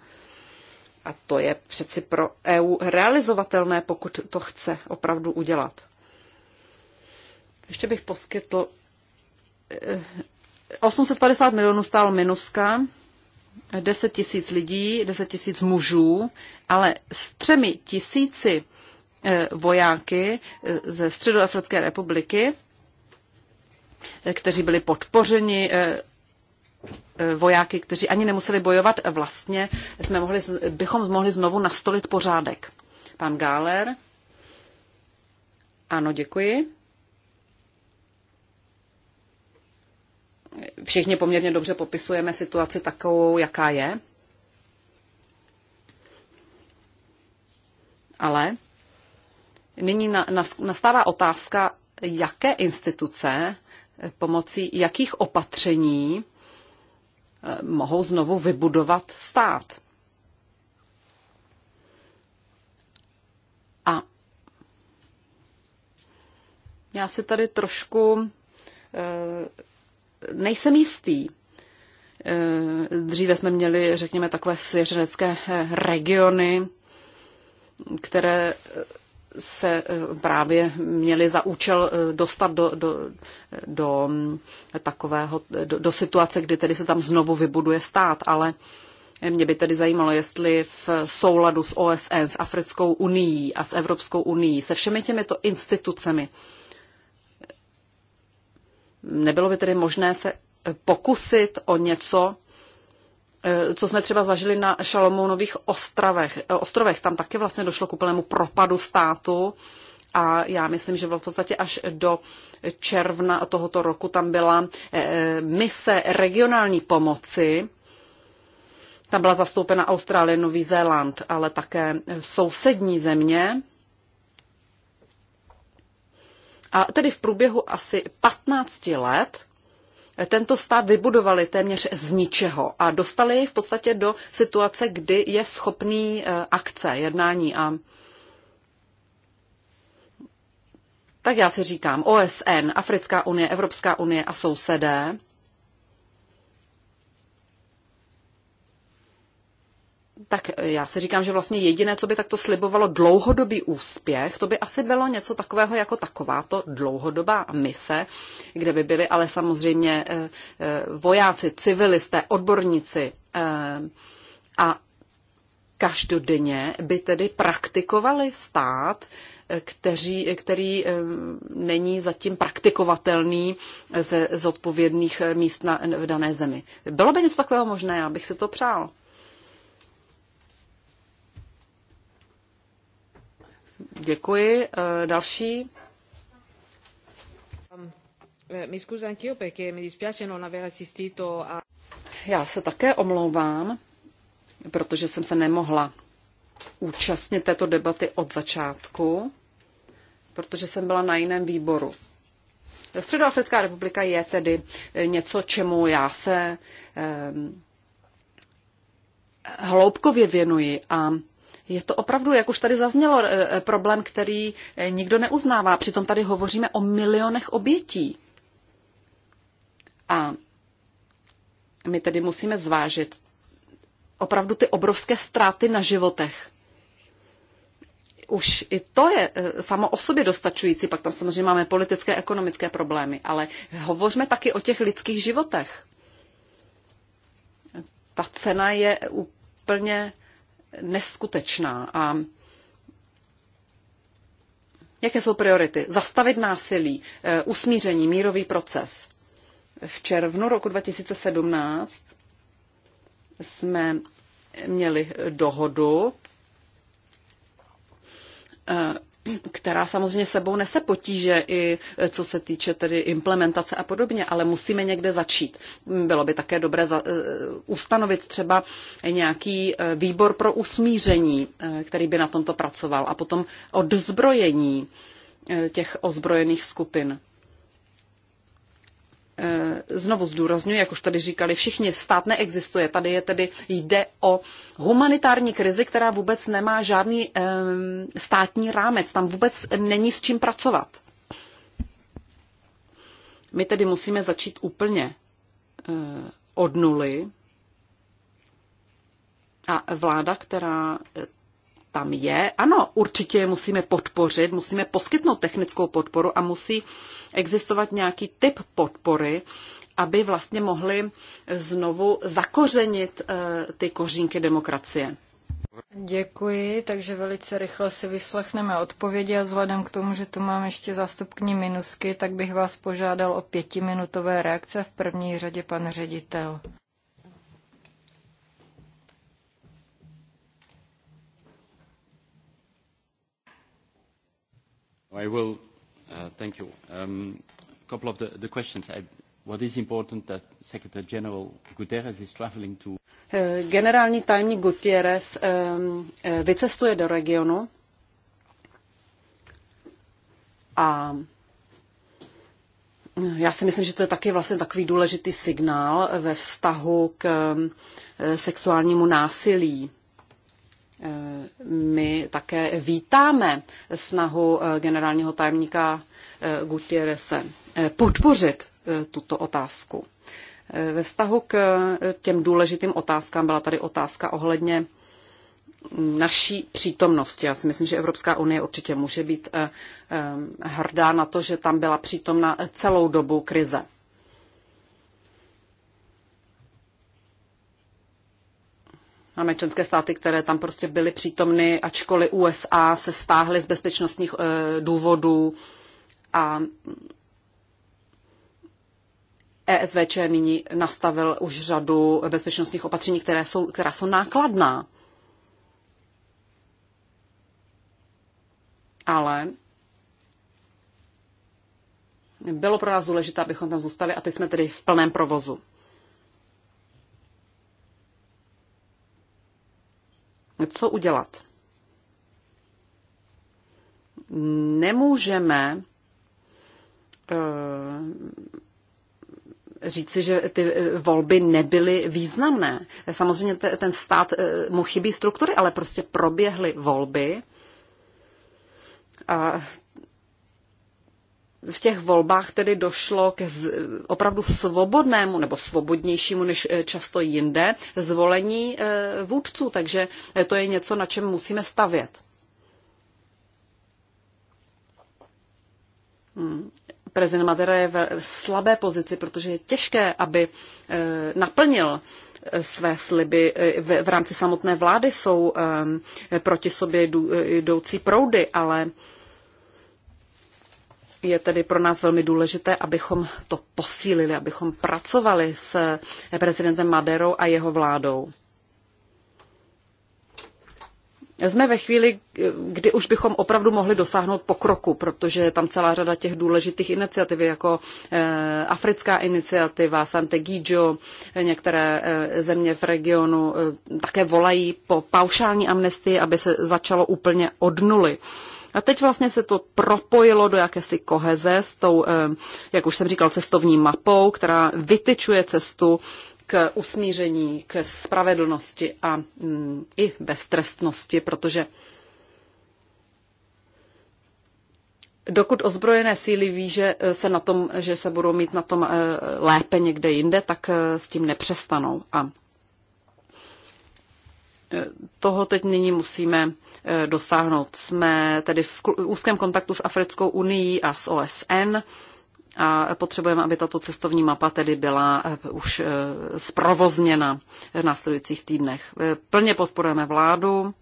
A to je přeci pro EU realizovatelné, pokud to chce opravdu udělat. Ještě bych poskytl 850 eh, milionů stál minuska, 10 tisíc lidí, 10 tisíc mužů, ale s třemi tisíci Eh, vojáky eh, ze Středoafrické republiky, eh, kteří byli podpořeni vojáky, kteří ani nemuseli bojovat, vlastně jsme mohli, bychom mohli znovu nastolit pořádek. Pan Gáler. Ano, děkuji. Všichni poměrně dobře popisujeme situaci takovou, jaká je. Ale nyní nastává otázka, jaké instituce eh, pomocí jakých opatření eh, mohou znovu vybudovat stát. A já si tady trošku eh, nejsem jistý. Dříve jsme měli, řekněme, takové svěřenecké regiony, které se eh, právě měli za účel eh, dostat do, do, do eh, takového, do, do situace, kdy tedy se tam znovu vybuduje stát, ale mě by tedy zajímalo, jestli v souladu s OSN, s Africkou unii a s Evropskou unii, se všemi těmito institucemi, nebylo by tedy možné se pokusit o něco, Eh, co jsme třeba zažili na Šalomounových ostrovech. Eh, ostrovech. Tam taky vlastně došlo k úplnému propadu státu a já myslím, že v podstatě až do června tohoto roku tam byla eh, mise regionální pomoci. Tam byla zastoupena Austrálie, Nový Zéland, ale také sousední země. A tedy v průběhu asi 15 let tento stát vybudovali téměř z ničeho a dostali jej v podstatě do situace, kdy je schopný eh, akce, jednání a tak já si říkám, OSN, Africká unie, Evropská unie a sousedé tak já si říkám, že vlastně jediné, co by takto slibovalo dlouhodobý úspěch, to by asi bylo něco takového jako takováto dlouhodobá mise, kde by byli ale samozřejmě eh, eh, vojáci, civilisté, odborníci eh, a každodenně by tedy praktikovali stát, kteří, který není zatím praktikovatelný ze zodpovědných míst na, v dané zemi. Bylo by něco takového možné, já bych si to přál. Děkuji. Eh, další. Um, eh, já se také omlouvám, protože jsem se nemohla účastnit této debaty od začátku, protože jsem byla na jiném výboru. Středoafrická republika je tedy eh, něco, čemu já se eh, hloubkově věnuji a je to opravdu, jak už tady zaznělo, eh, eh, problém, který eh, nikdo neuznává. Přitom tady hovoříme o milionech obětí. A my tedy musíme zvážit opravdu ty obrovské ztráty na životech. Už i to je samo o sobě dostačující, pak tam samozřejmě máme politické, ekonomické problémy, ale hovořme taky o těch lidských životech. Ta cena je úplně neskutečná a Jaké jsou priority? Zastavit násilí, e, usmíření, mírový proces. V červnu roku 2017 jsme měli dohodu e, která samozřejmě sebou nese potíže i eh, co se týče tedy implementace a podobně, ale musíme někde začít. Bylo by také dobré za, uh, ustanovit třeba nějaký uh, výbor pro usmíření, uh, který by na tomto pracoval a potom odzbrojení uh, těch ozbrojených skupin. Eh, znovu zdůraznuju, jak už tady říkali všichni, stát neexistuje. Tady je tedy jde o humanitární krizi, která vůbec nemá žádný eh, státní rámec. Tam vůbec není s čím pracovat. My tedy musíme začít úplně eh, od nuly. A vláda, která tam je. Ano, určitě je musíme podpořit, musíme poskytnout technickou podporu a musí existovat nějaký typ podpory, aby vlastně mohli znovu zakořenit eh, ty kořínky demokracie. Děkuji, takže velice rychle si vyslechneme odpovědi a vzhledem k tomu, že tu mám ještě zástupní minusky, tak bych vás požádal o pětiminutové reakce v první řadě pan ředitel. I will. Uh, thank you. A Um, couple of the, the questions. I, what is important that Secretary General Guterres is traveling to... Eh, generální tajemník Guterres um, eh, vycestuje do regionu a eh, já si myslím, že to je taky vlastně takový důležitý signál ve vztahu k sexuálnímu násilí. My také vítáme snahu eh, generálního tajemníka eh, Gutierrese eh, podpořit tuto otázku. Ve vztahu k těm důležitým otázkám byla tady otázka ohledně mm, naší přítomnosti. Já si myslím, že Evropská unie určitě může být hrdá na to, že tam byla přítomna celou dobu krize. Máme členské státy, které tam prostě byly přítomny, ačkoliv USA se stáhly z bezpečnostních eh, důvodů a ESVČ nyní nastavil už řadu bezpečnostních opatření, které jsou, která jsou nákladná. Ale bylo pro nás důležité, abychom tam zůstali a teď jsme tedy v plném provozu. co udělat? Nemůžeme eh, říci, že ty eh, volby nebyly významné. Samozřejmě ten stát eh, mu chybí struktury, ale prostě proběhly volby a v těch volbách tedy došlo k opravdu svobodnému nebo svobodnějšímu než eh, často jinde zvolení eh, vůdců, takže eh, to je něco, na čem musíme stavět. Hmm. Prezident Madera je ve slabé pozici, protože je těžké, aby naplnil své sliby v rámci samotné vlády jsou proti sobě jdoucí proudy, ale je tedy pro nás velmi důležité, abychom to posílili, abychom pracovali s prezidentem Maderou a jeho vládou. Jsme ve chvíli, kdy už bychom opravdu mohli dosáhnout pokroku, protože je tam celá řada těch důležitých iniciativ, jako eh, africká iniciativa, Sante Gijo, eh, některé eh, země v regionu také volají po paušální amnestii, aby se začalo úplně od nuly. A teď vlastně se to propojilo do jakési koheze s tou, eh, jak už jsem říkal, cestovní mapou, která vytyčuje cestu k usmíření, k spravedlnosti a mm, i beztrestnosti, protože dokud ozbrojené síly ví, že eh, se, na tom, že se budou mít na tom eh, lépe někde jinde, tak s tím nepřestanou. A toho teď nyní musíme eh, dosáhnout. Jsme tedy v úzkém kontaktu s Africkou unii a s OSN a potřebujeme, aby tato cestovní mapa tedy byla eh, už eh, zprovozněna v následujících týdnech. Plně podporujeme vládu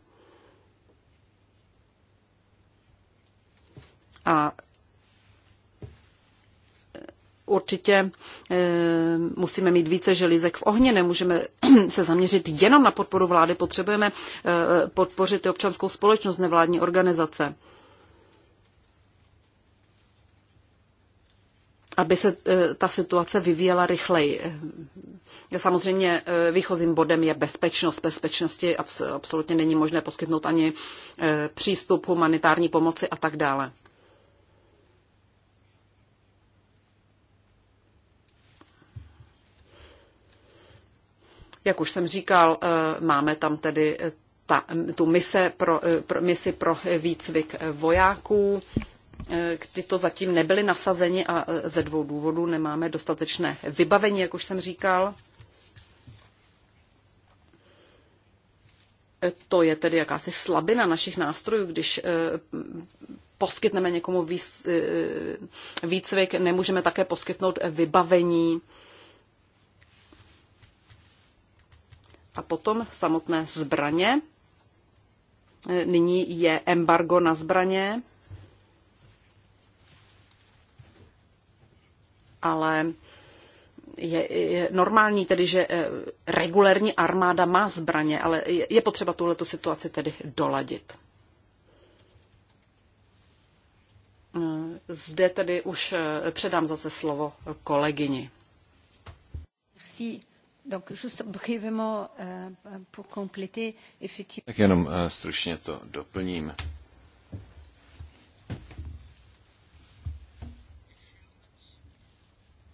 a určitě eh, musíme mít více želízek v ohně, nemůžeme se zaměřit jenom na podporu vlády, potřebujeme eh, podpořit i občanskou společnost, nevládní organizace. aby se eh, ta situace vyvíjela rychleji. Samozřejmě výchozím bodem je bezpečnost. Bezpečnosti absolutně není možné poskytnout ani přístup humanitární pomoci a tak dále. Jak už jsem říkal, eh, máme tam tedy eh, ta, tu mise pro, eh, pro, misi pro výcvik vojáků. Tyto zatím nebyly nasazeni a ze dvou důvodů nemáme dostatečné vybavení, jak už jsem říkal. To je tedy jakási slabina našich nástrojů, když poskytneme někomu výcvik, nemůžeme také poskytnout vybavení A potom samotné zbraně. E, nyní je embargo na zbraně, ale je, je normální tedy, že e, regulérní armáda má zbraně, ale je, potřeba tuhleto situaci tedy doladit. E, zde tedy už předám zase slovo kolegyni. Merci. Euh, tak jenom eh, stručně to doplním.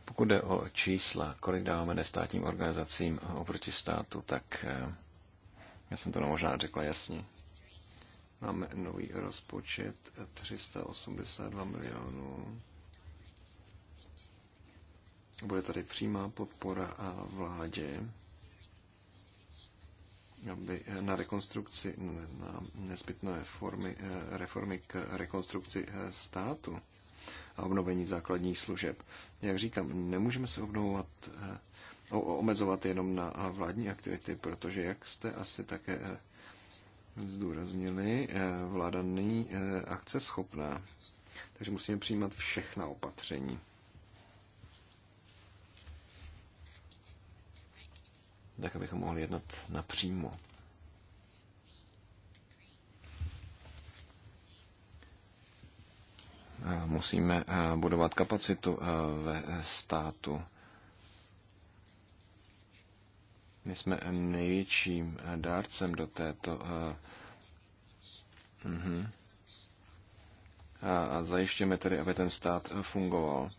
Pokud jde o čísla, kolik dáváme nestátním organizacím oproti státu, tak eh, já jsem to možná řekla jasně. Máme nový rozpočet 382 eh, milionů bude tady přímá podpora a vládě aby na rekonstrukci, na nezbytné formy, eh, reformy k rekonstrukci eh, státu a obnovení základních služeb. Jak říkám, nemůžeme se obnovovat, eh, omezovat jenom na vládní aktivity, protože, jak jste asi také zdůraznili, vláda není schopná. Takže musíme přijímat všechna opatření. tak abychom mohli jednat napřímo. Musíme budovat kapacitu ve státu. My jsme největším dárcem do této. Uh, a zajišťujeme tedy, aby ten stát fungoval.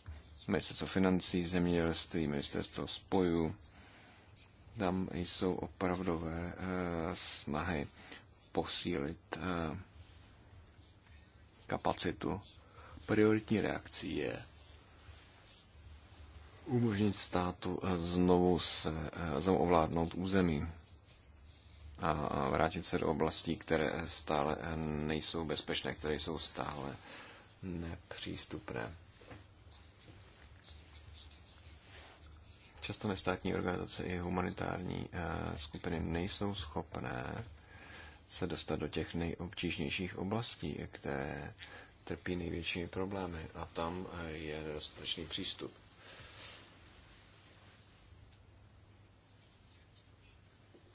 Ministerstvo financí, zemědělství, ministerstvo spojů, tam jsou opravdové eh, snahy posílit eh, kapacitu. Prioritní reakcí je umožnit státu eh, znovu se znovu ovládnout území a vrátit se do oblastí, které stále nejsou bezpečné, které jsou stále nepřístupné. Často nestátní organizace i humanitární eh, skupiny nejsou schopné se dostat do těch nejobtížnějších oblastí, které trpí největšími problémy a tam eh, je nedostatečný přístup.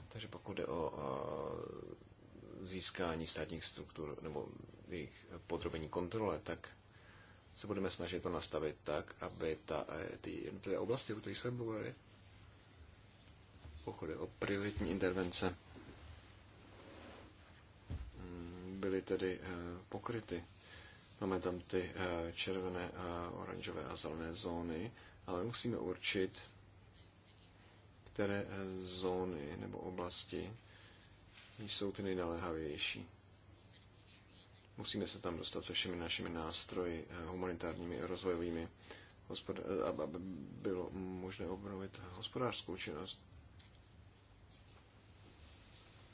Takže pokud jde o eh, získání státních struktur nebo jejich podrobení kontrole, tak se budeme snažit to nastavit tak, aby ta, eh, ty jednotlivé oblasti, o kterých jsme mluvili, pokud je o prioritní intervence, mm, byly tedy eh, pokryty. Máme tam ty eh, červené, oranžové a zelené zóny, ale musíme určit, které zóny nebo oblasti jsou ty nejnaléhavější. Musíme se tam dostat se všemi našimi nástroji eh, humanitárními, rozvojovými, eh, aby bylo možné obnovit hospodářskou činnost.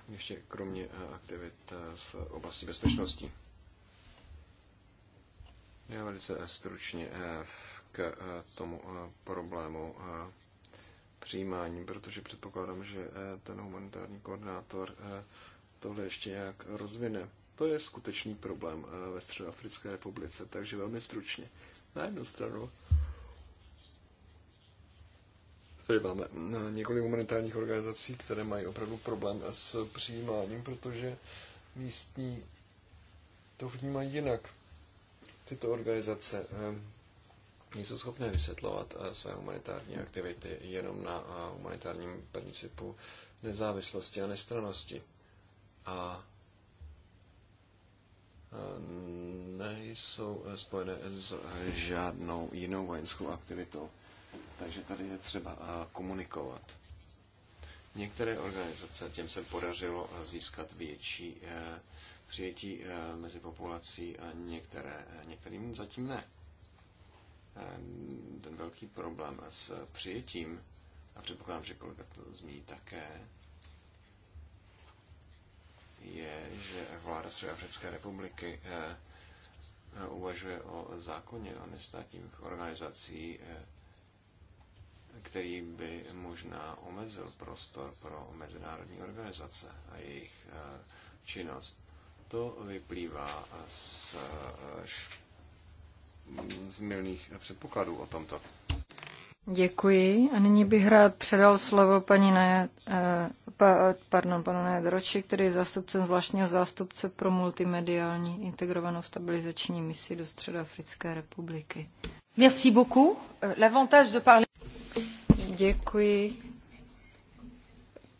Ještě kromě eh, aktivit v oblasti bezpečnosti. Já velice stručně k tomu problému přijímání, protože předpokládám, že ten humanitární koordinátor tohle ještě nějak rozvine. To je skutečný problém eh, ve Středoafrické republice, takže velmi stručně. Na jednu stranu Tady máme eh, několik humanitárních organizací, které mají opravdu problém s přijímáním, protože místní to vnímají jinak. Tyto organizace eh, nejsou schopné vysvětlovat své humanitární aktivity jenom na humanitárním principu nezávislosti a nestranosti. A Eh, nejsou eh, spojené s eh, žádnou jinou vojenskou aktivitou. Takže tady je třeba komunikovat. Některé organizace, těm se podařilo získat větší přijetí mezi populací a některé, některým zatím ne. Ten velký problém s přijetím, a předpokládám, že kolega to zmíní také, je, že vláda Africké republiky eh, uvažuje o zákoně o nestátních organizací, eh, který by možná omezil prostor pro mezinárodní organizace a jejich eh, činnost. To vyplývá z, z milných předpokladů o tomto. Děkuji. A nyní bych rád předal slovo paní Najat, eh, pa, pardon, panu Najdroči, který je zástupcem zvláštního zástupce pro multimediální integrovanou stabilizační misi do Středoafrické republiky. Merci beaucoup. Euh, l'avantage de parler... Děkuji.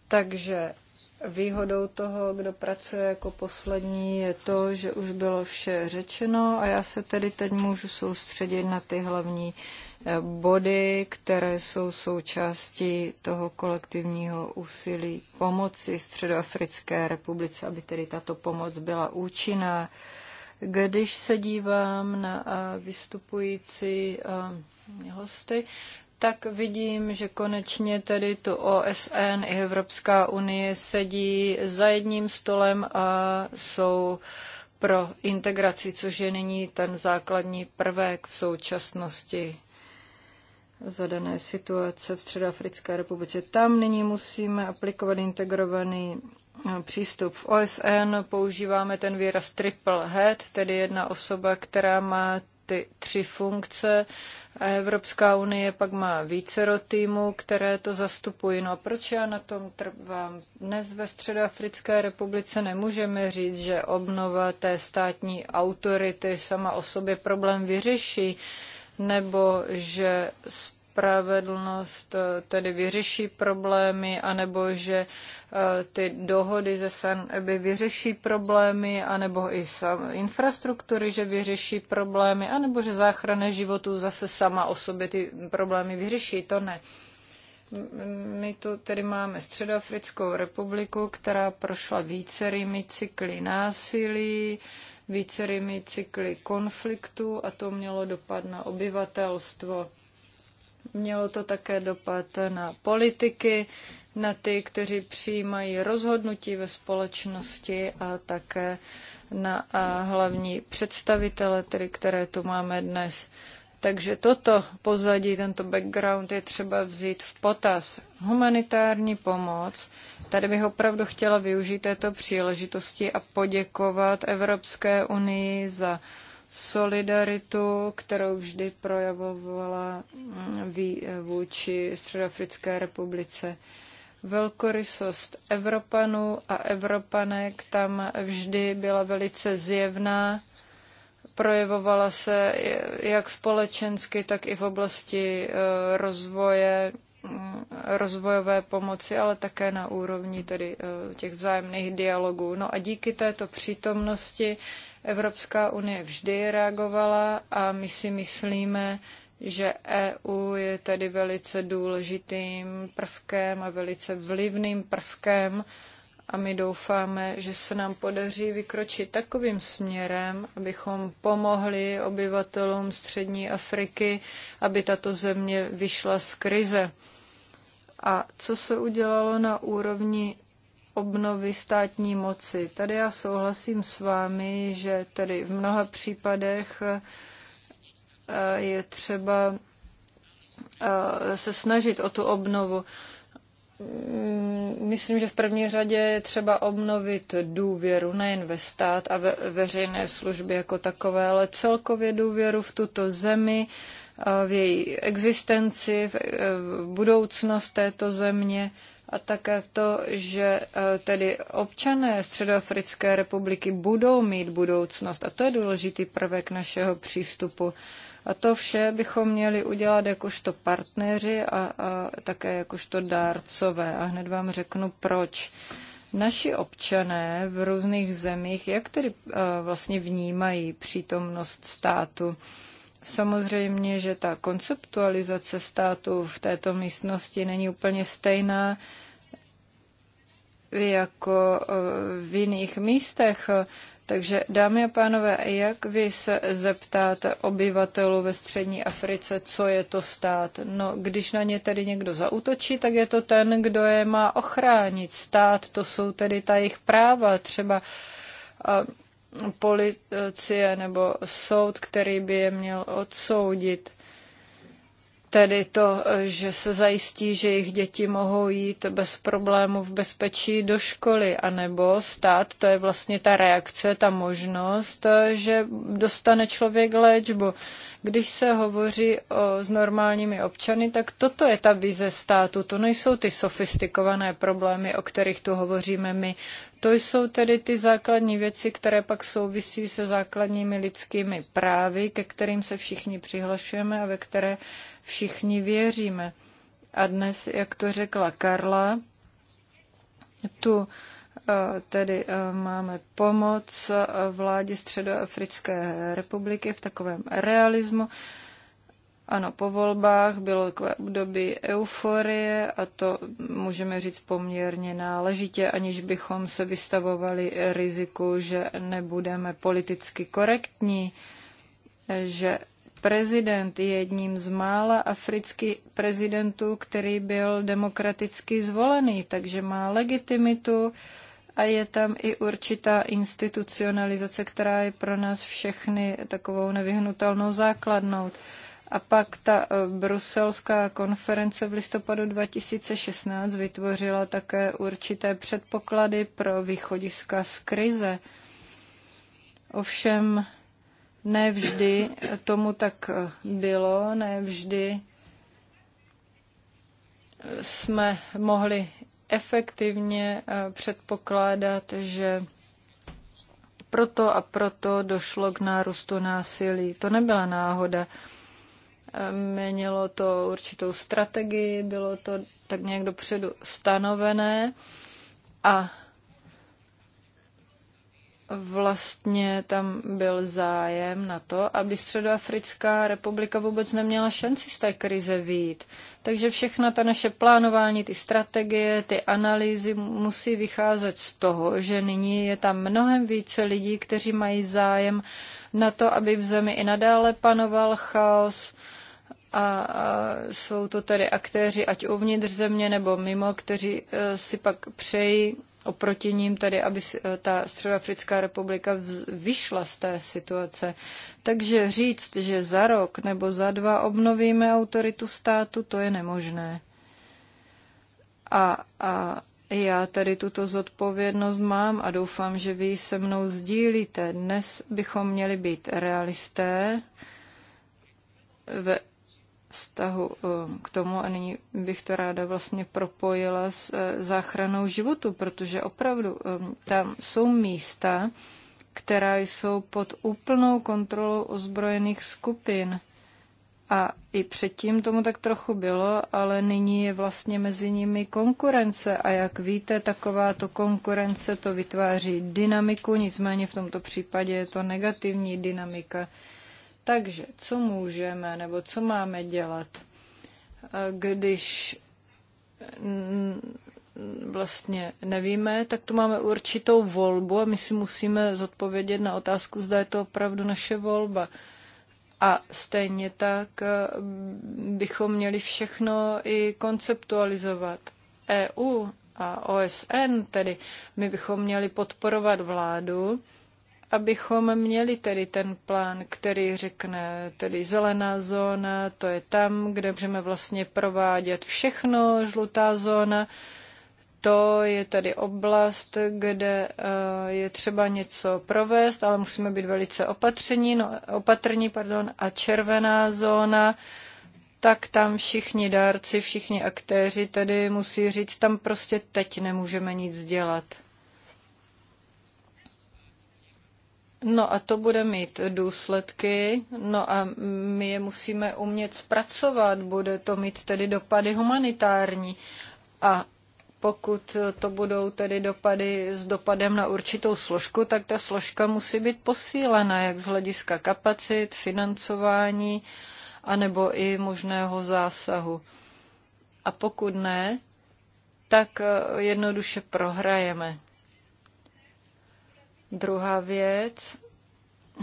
Takže výhodou toho, kdo pracuje jako poslední, je to, že už bylo vše řečeno a já se tedy teď můžu soustředit na ty hlavní body, které jsou součástí toho kolektivního úsilí pomoci Středoafrické republice, aby tedy tato pomoc byla účinná. Když se dívám na eh, vystupující eh, hosty, tak vidím, že konečně tedy tu OSN i Evropská unie sedí za jedním stolem a jsou pro integraci, což je nyní ten základní prvek v současnosti dané situace v Středoafrické republice. Tam nyní musíme aplikovat integrovaný eh, přístup v OSN. Používáme ten výraz triple head, tedy jedna osoba, která má ty tři funkce a Evropská unie pak má vícero týmů, které to zastupují. No a proč já na tom trvám? Dnes ve Středoafrické republice nemůžeme říct, že obnova té státní autority sama o sobě problém vyřeší. Uh, nebo že spravedlnost eh, tedy vyřeší problémy, anebo že eh, ty dohody ze San Eby vyřeší problémy, anebo i sam, infrastruktury, že vyřeší problémy, anebo že záchrana životů zase sama o sobě ty problémy vyřeší, to ne. My tu tedy máme Středoafrickou republiku, která prošla vícerými cykly násilí, vícerými cykly konfliktu a to mělo dopad na obyvatelstvo. Mělo to také dopad na politiky, na ty, kteří přijímají rozhodnutí ve společnosti a také na a hlavní představitele, tedy které tu máme dnes. Takže toto pozadí, tento background je třeba vzít v potaz. Humanitární pomoc Tady bych opravdu chtěla využít této příležitosti a poděkovat Evropské unii za solidaritu, kterou vždy projevovala vůči Středoafrické republice. Velkorysost Evropanů a Evropanek tam vždy byla velice zjevná projevovala se jak společensky, tak i v oblasti eh, rozvoje Mm, rozvojové pomoci, ale také na úrovni tedy eh, těch vzájemných dialogů. No a díky této přítomnosti Evropská unie vždy reagovala a my si myslíme, že EU je tedy velice důležitým prvkem a velice vlivným prvkem a my doufáme, že se nám podaří vykročit takovým směrem, abychom pomohli obyvatelům střední Afriky, aby tato země vyšla z krize. A co se udělalo na úrovni obnovy státní moci? Tady já souhlasím s vámi, že tedy v mnoha případech eh, je třeba eh, se snažit o tu obnovu. Mm, myslím, že v první řadě je třeba obnovit důvěru nejen ve stát a ve veřejné služby jako takové, ale celkově důvěru v tuto zemi, v její existenci, eh, v budoucnost této země a také v to, že eh, tedy občané Středoafrické republiky budou mít budoucnost. A to je důležitý prvek našeho přístupu. A to vše bychom měli udělat jakožto partneři a, a také jakožto dárcové. A hned vám řeknu proč. Naši občané v různých zemích, jak tedy eh, vlastně vnímají přítomnost státu? Samozřejmě, že ta konceptualizace státu v této místnosti není úplně stejná jako eh, v jiných místech. Takže, dámy a pánové, jak vy se zeptáte obyvatelů ve střední Africe, co je to stát? No, když na ně tedy někdo zautočí, tak je to ten, kdo je má ochránit. Stát, to jsou tedy ta jejich práva, třeba eh, policie nebo soud, který by je měl odsoudit tedy to, že se zajistí, že jejich děti mohou jít bez problémů v bezpečí do školy, anebo stát, to je vlastně ta reakce, ta možnost, že dostane člověk léčbu. Když se hovoří o, s normálními občany, tak toto je ta vize státu, to nejsou ty sofistikované problémy, o kterých tu hovoříme my. To jsou tedy ty základní věci, které pak souvisí se základními lidskými právy, ke kterým se všichni přihlašujeme a ve které všichni věříme. A dnes, jak to řekla Karla, tu eh, tedy eh, máme pomoc eh, vládě Středoafrické republiky v takovém realismu. Ano, po volbách bylo takové období euforie a to můžeme říct poměrně náležitě, aniž bychom se vystavovali riziku, že nebudeme politicky korektní, že prezident je jedním z mála afrických prezidentů, který byl demokraticky zvolený, takže má legitimitu a je tam i určitá institucionalizace, která je pro nás všechny takovou nevyhnutelnou základnou. A pak ta eh, bruselská konference v listopadu 2016 vytvořila také určité předpoklady pro východiska z krize. Ovšem Nevždy tomu tak bylo, nevždy jsme mohli efektivně eh, předpokládat, že proto a proto došlo k nárůstu násilí. To nebyla náhoda. Eh, měnilo to určitou strategii, bylo to tak nějak dopředu stanovené a vlastně tam byl zájem na to, aby Středoafrická republika vůbec neměla šanci z té krize výjít. Takže všechna ta naše plánování, ty strategie, ty analýzy musí vycházet z toho, že nyní je tam mnohem více lidí, kteří mají zájem na to, aby v zemi i nadále panoval chaos, a jsou to tedy aktéři, ať uvnitř země nebo mimo, kteří eh, si pak přejí oproti ním, tedy aby eh, ta Středoafrická republika vyšla z té situace. Takže říct, že za rok nebo za dva obnovíme autoritu státu, to je nemožné. A, a já tady tuto zodpovědnost mám a doufám, že vy se mnou sdílíte. Dnes bychom měli být realisté ve vztahu um, k tomu a nyní bych to ráda vlastně propojila s eh, záchranou životu, protože opravdu um, tam jsou místa, která jsou pod úplnou kontrolou ozbrojených skupin. A i předtím tomu tak trochu bylo, ale nyní je vlastně mezi nimi konkurence. A jak víte, takováto konkurence to vytváří dynamiku, nicméně v tomto případě je to negativní dynamika. Takže co můžeme nebo co máme dělat, když vlastně nevíme, tak tu máme určitou volbu a my si musíme zodpovědět na otázku, zda je to opravdu naše volba. A stejně tak bychom měli všechno i konceptualizovat. EU a OSN, tedy my bychom měli podporovat vládu, abychom měli tedy ten plán, který řekne, tedy zelená zóna, to je tam, kde můžeme vlastně provádět všechno, žlutá zóna, to je tady oblast, kde eh, je třeba něco provést, ale musíme být velice opatření, no, opatrní. Pardon, a červená zóna, tak tam všichni dárci, všichni aktéři tedy musí říct, tam prostě teď nemůžeme nic dělat. No a to bude mít důsledky, no a my je musíme umět zpracovat, bude to mít tedy dopady humanitární. A pokud to budou tedy dopady s dopadem na určitou složku, tak ta složka musí být posílena, jak z hlediska kapacit, financování, anebo i možného zásahu. A pokud ne, tak jednoduše prohrajeme. Druhá věc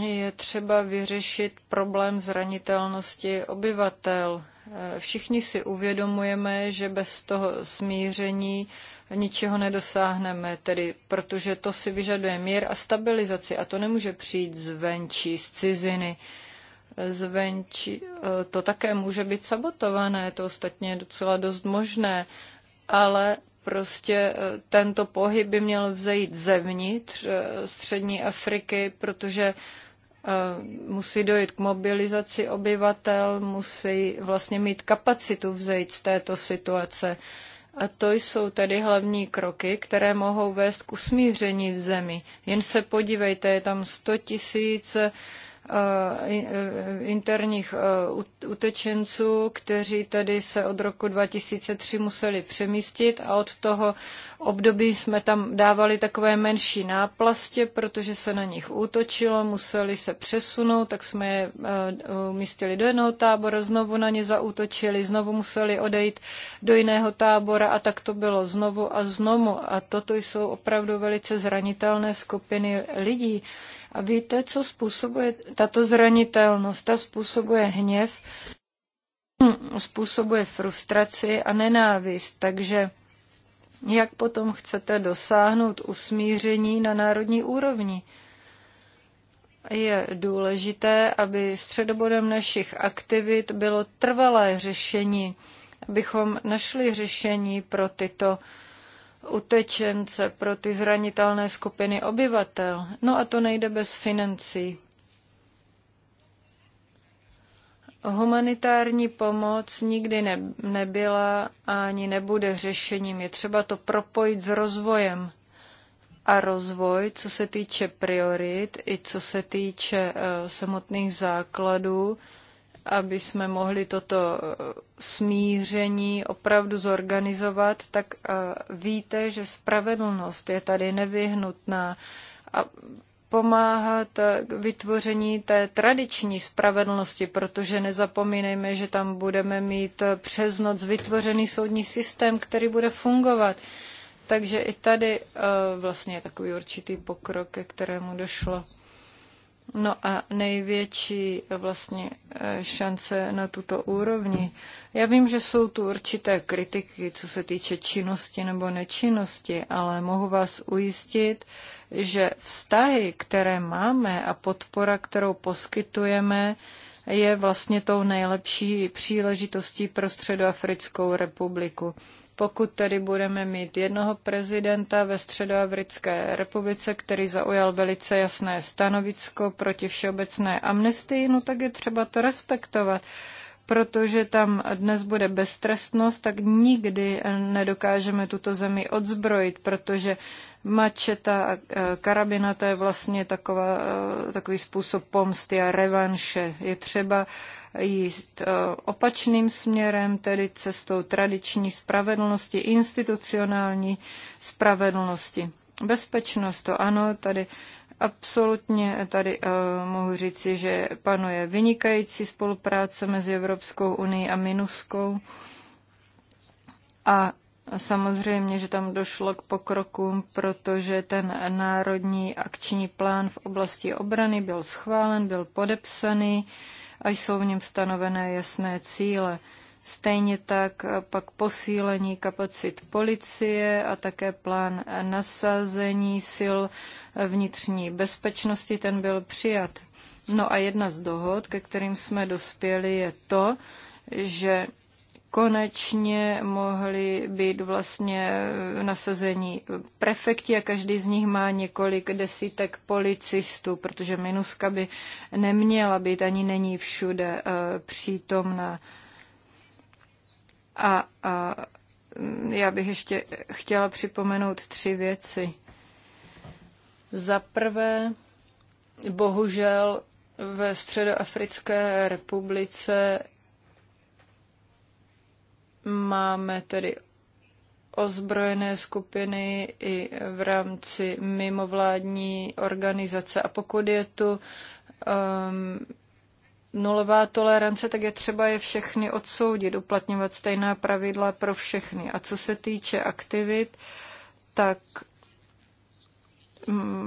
je třeba vyřešit problém zranitelnosti obyvatel. Všichni si uvědomujeme, že bez toho smíření ničeho nedosáhneme, tedy protože to si vyžaduje mír a stabilizaci a to nemůže přijít zvenčí, z ciziny. Zvenčí to také může být sabotované, to ostatně je docela dost možné, ale Prostě eh, tento pohyb by měl vzejít zevnitř eh, střední Afriky, protože eh, musí dojít k mobilizaci obyvatel, musí vlastně mít kapacitu vzejít z této situace. A to jsou tedy hlavní kroky, které mohou vést k usmíření v zemi. Jen se podívejte, je tam 100 tisíc 000 Eh, eh, interních eh, utečenců, kteří tady se od roku 2003 museli přemístit a od toho období jsme tam dávali takové menší náplastě, protože se na nich útočilo, museli se přesunout, tak jsme je umístili do jednoho tábora, znovu na ně zaútočili, znovu museli odejít do jiného tábora a tak to bylo znovu a znovu. A toto jsou opravdu velice zranitelné skupiny lidí. A víte, co způsobuje tato zranitelnost? Ta způsobuje hněv, způsobuje frustraci a nenávist. Takže jak potom chcete dosáhnout usmíření na národní úrovni? Je důležité, aby středobodem našich aktivit bylo trvalé řešení, abychom našli řešení pro tyto utečence, pro ty zranitelné skupiny obyvatel. No a to nejde bez financí. Humanitární pomoc nikdy ne, nebyla a ani nebude řešením. Je třeba to propojit s rozvojem. A rozvoj, co se týče priorit, i co se týče uh, samotných základů, aby jsme mohli toto eh, smíření opravdu zorganizovat, tak eh, víte, že spravedlnost je tady nevyhnutná a pomáhat eh, k vytvoření té tradiční spravedlnosti, protože nezapomínejme, že tam budeme mít eh, přes noc vytvořený soudní systém, který bude fungovat. Takže i tady vlastně je takový určitý pokrok, ke kterému došlo. No a největší eh, vlastně eh, šance na tuto úrovni. Já vím, že jsou tu určité kritiky, co se týče činnosti nebo nečinnosti, ale mohu vás ujistit, že vztahy, které máme a podpora, kterou poskytujeme, je vlastně tou nejlepší příležitostí pro Středoafrickou republiku. Pokud tedy budeme mít jednoho prezidenta ve Středoafrické republice, který zaujal velice jasné stanovisko proti všeobecné amnestii, no tak je třeba to respektovat protože tam dnes bude beztrestnost, tak nikdy nedokážeme tuto zemi odzbrojit, protože mačeta a e, karabina to je vlastně taková, e, takový způsob pomsty a revanše. Je třeba jít eh, opačným směrem, tedy cestou tradiční spravedlnosti, institucionální spravedlnosti. Bezpečnost, to ano, tady absolutně tady uh, mohu říci, že panuje vynikající spolupráce mezi Evropskou unii a Minuskou. A samozřejmě, že tam došlo k pokrokům, protože ten národní akční plán v oblasti obrany byl schválen, byl podepsaný. Uh, a jsou v něm stanovené jasné cíle. Stejně tak pak posílení kapacit policie a také plán nasazení sil vnitřní bezpečnosti, ten byl přijat. No a jedna z dohod, ke kterým jsme dospěli, je to, že konečně mohli být vlastně nasazení prefekti a každý z nich má několik desítek policistů, protože minuska by neměla být ani není všude eh, přítomná. A, a mm, já bych ještě chtěla připomenout tři věci. Za prvé, bohužel ve Středoafrické republice Máme tedy ozbrojené skupiny i v rámci mimovládní organizace. A pokud je tu um, nulová tolerance, tak je třeba je všechny odsoudit, uplatňovat stejná pravidla pro všechny. A co se týče aktivit, tak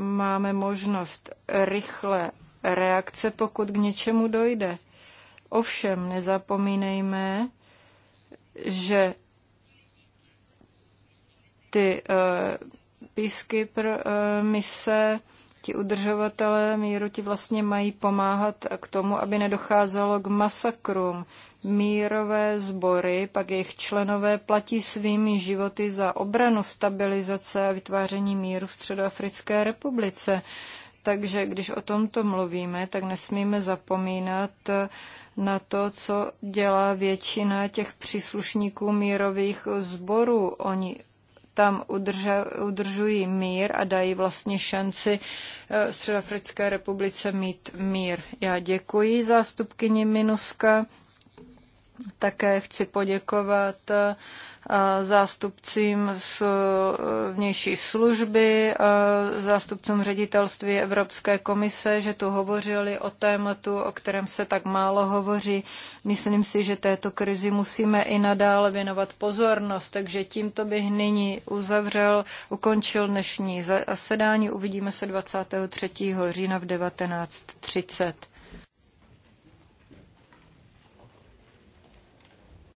máme možnost rychle reakce, pokud k něčemu dojde. Ovšem, nezapomínejme, že ty eh, písky pro eh, mise, ti udržovatelé míru ti vlastně mají pomáhat k tomu, aby nedocházelo k masakrům. Mírové sbory, pak jejich členové platí svými životy za obranu, stabilizace a vytváření míru v Středoafrické republice. Takže když o tomto mluvíme, tak nesmíme zapomínat na to, co dělá většina těch příslušníků mírových sborů. Oni tam udržují mír a dají vlastně šanci eh, Středoafrické republice mít mír. Já děkuji zástupkyni Minuska. Také chci poděkovat eh, zástupcím z eh, vnější služby, eh, zástupcům ředitelství Evropské komise, že tu hovořili o tématu, o kterém se tak málo hovoří. Myslím si, že této krizi musíme i nadále věnovat pozornost, takže tímto bych nyní uzavřel, ukončil dnešní zasedání. Uvidíme se 23. října v 19.30.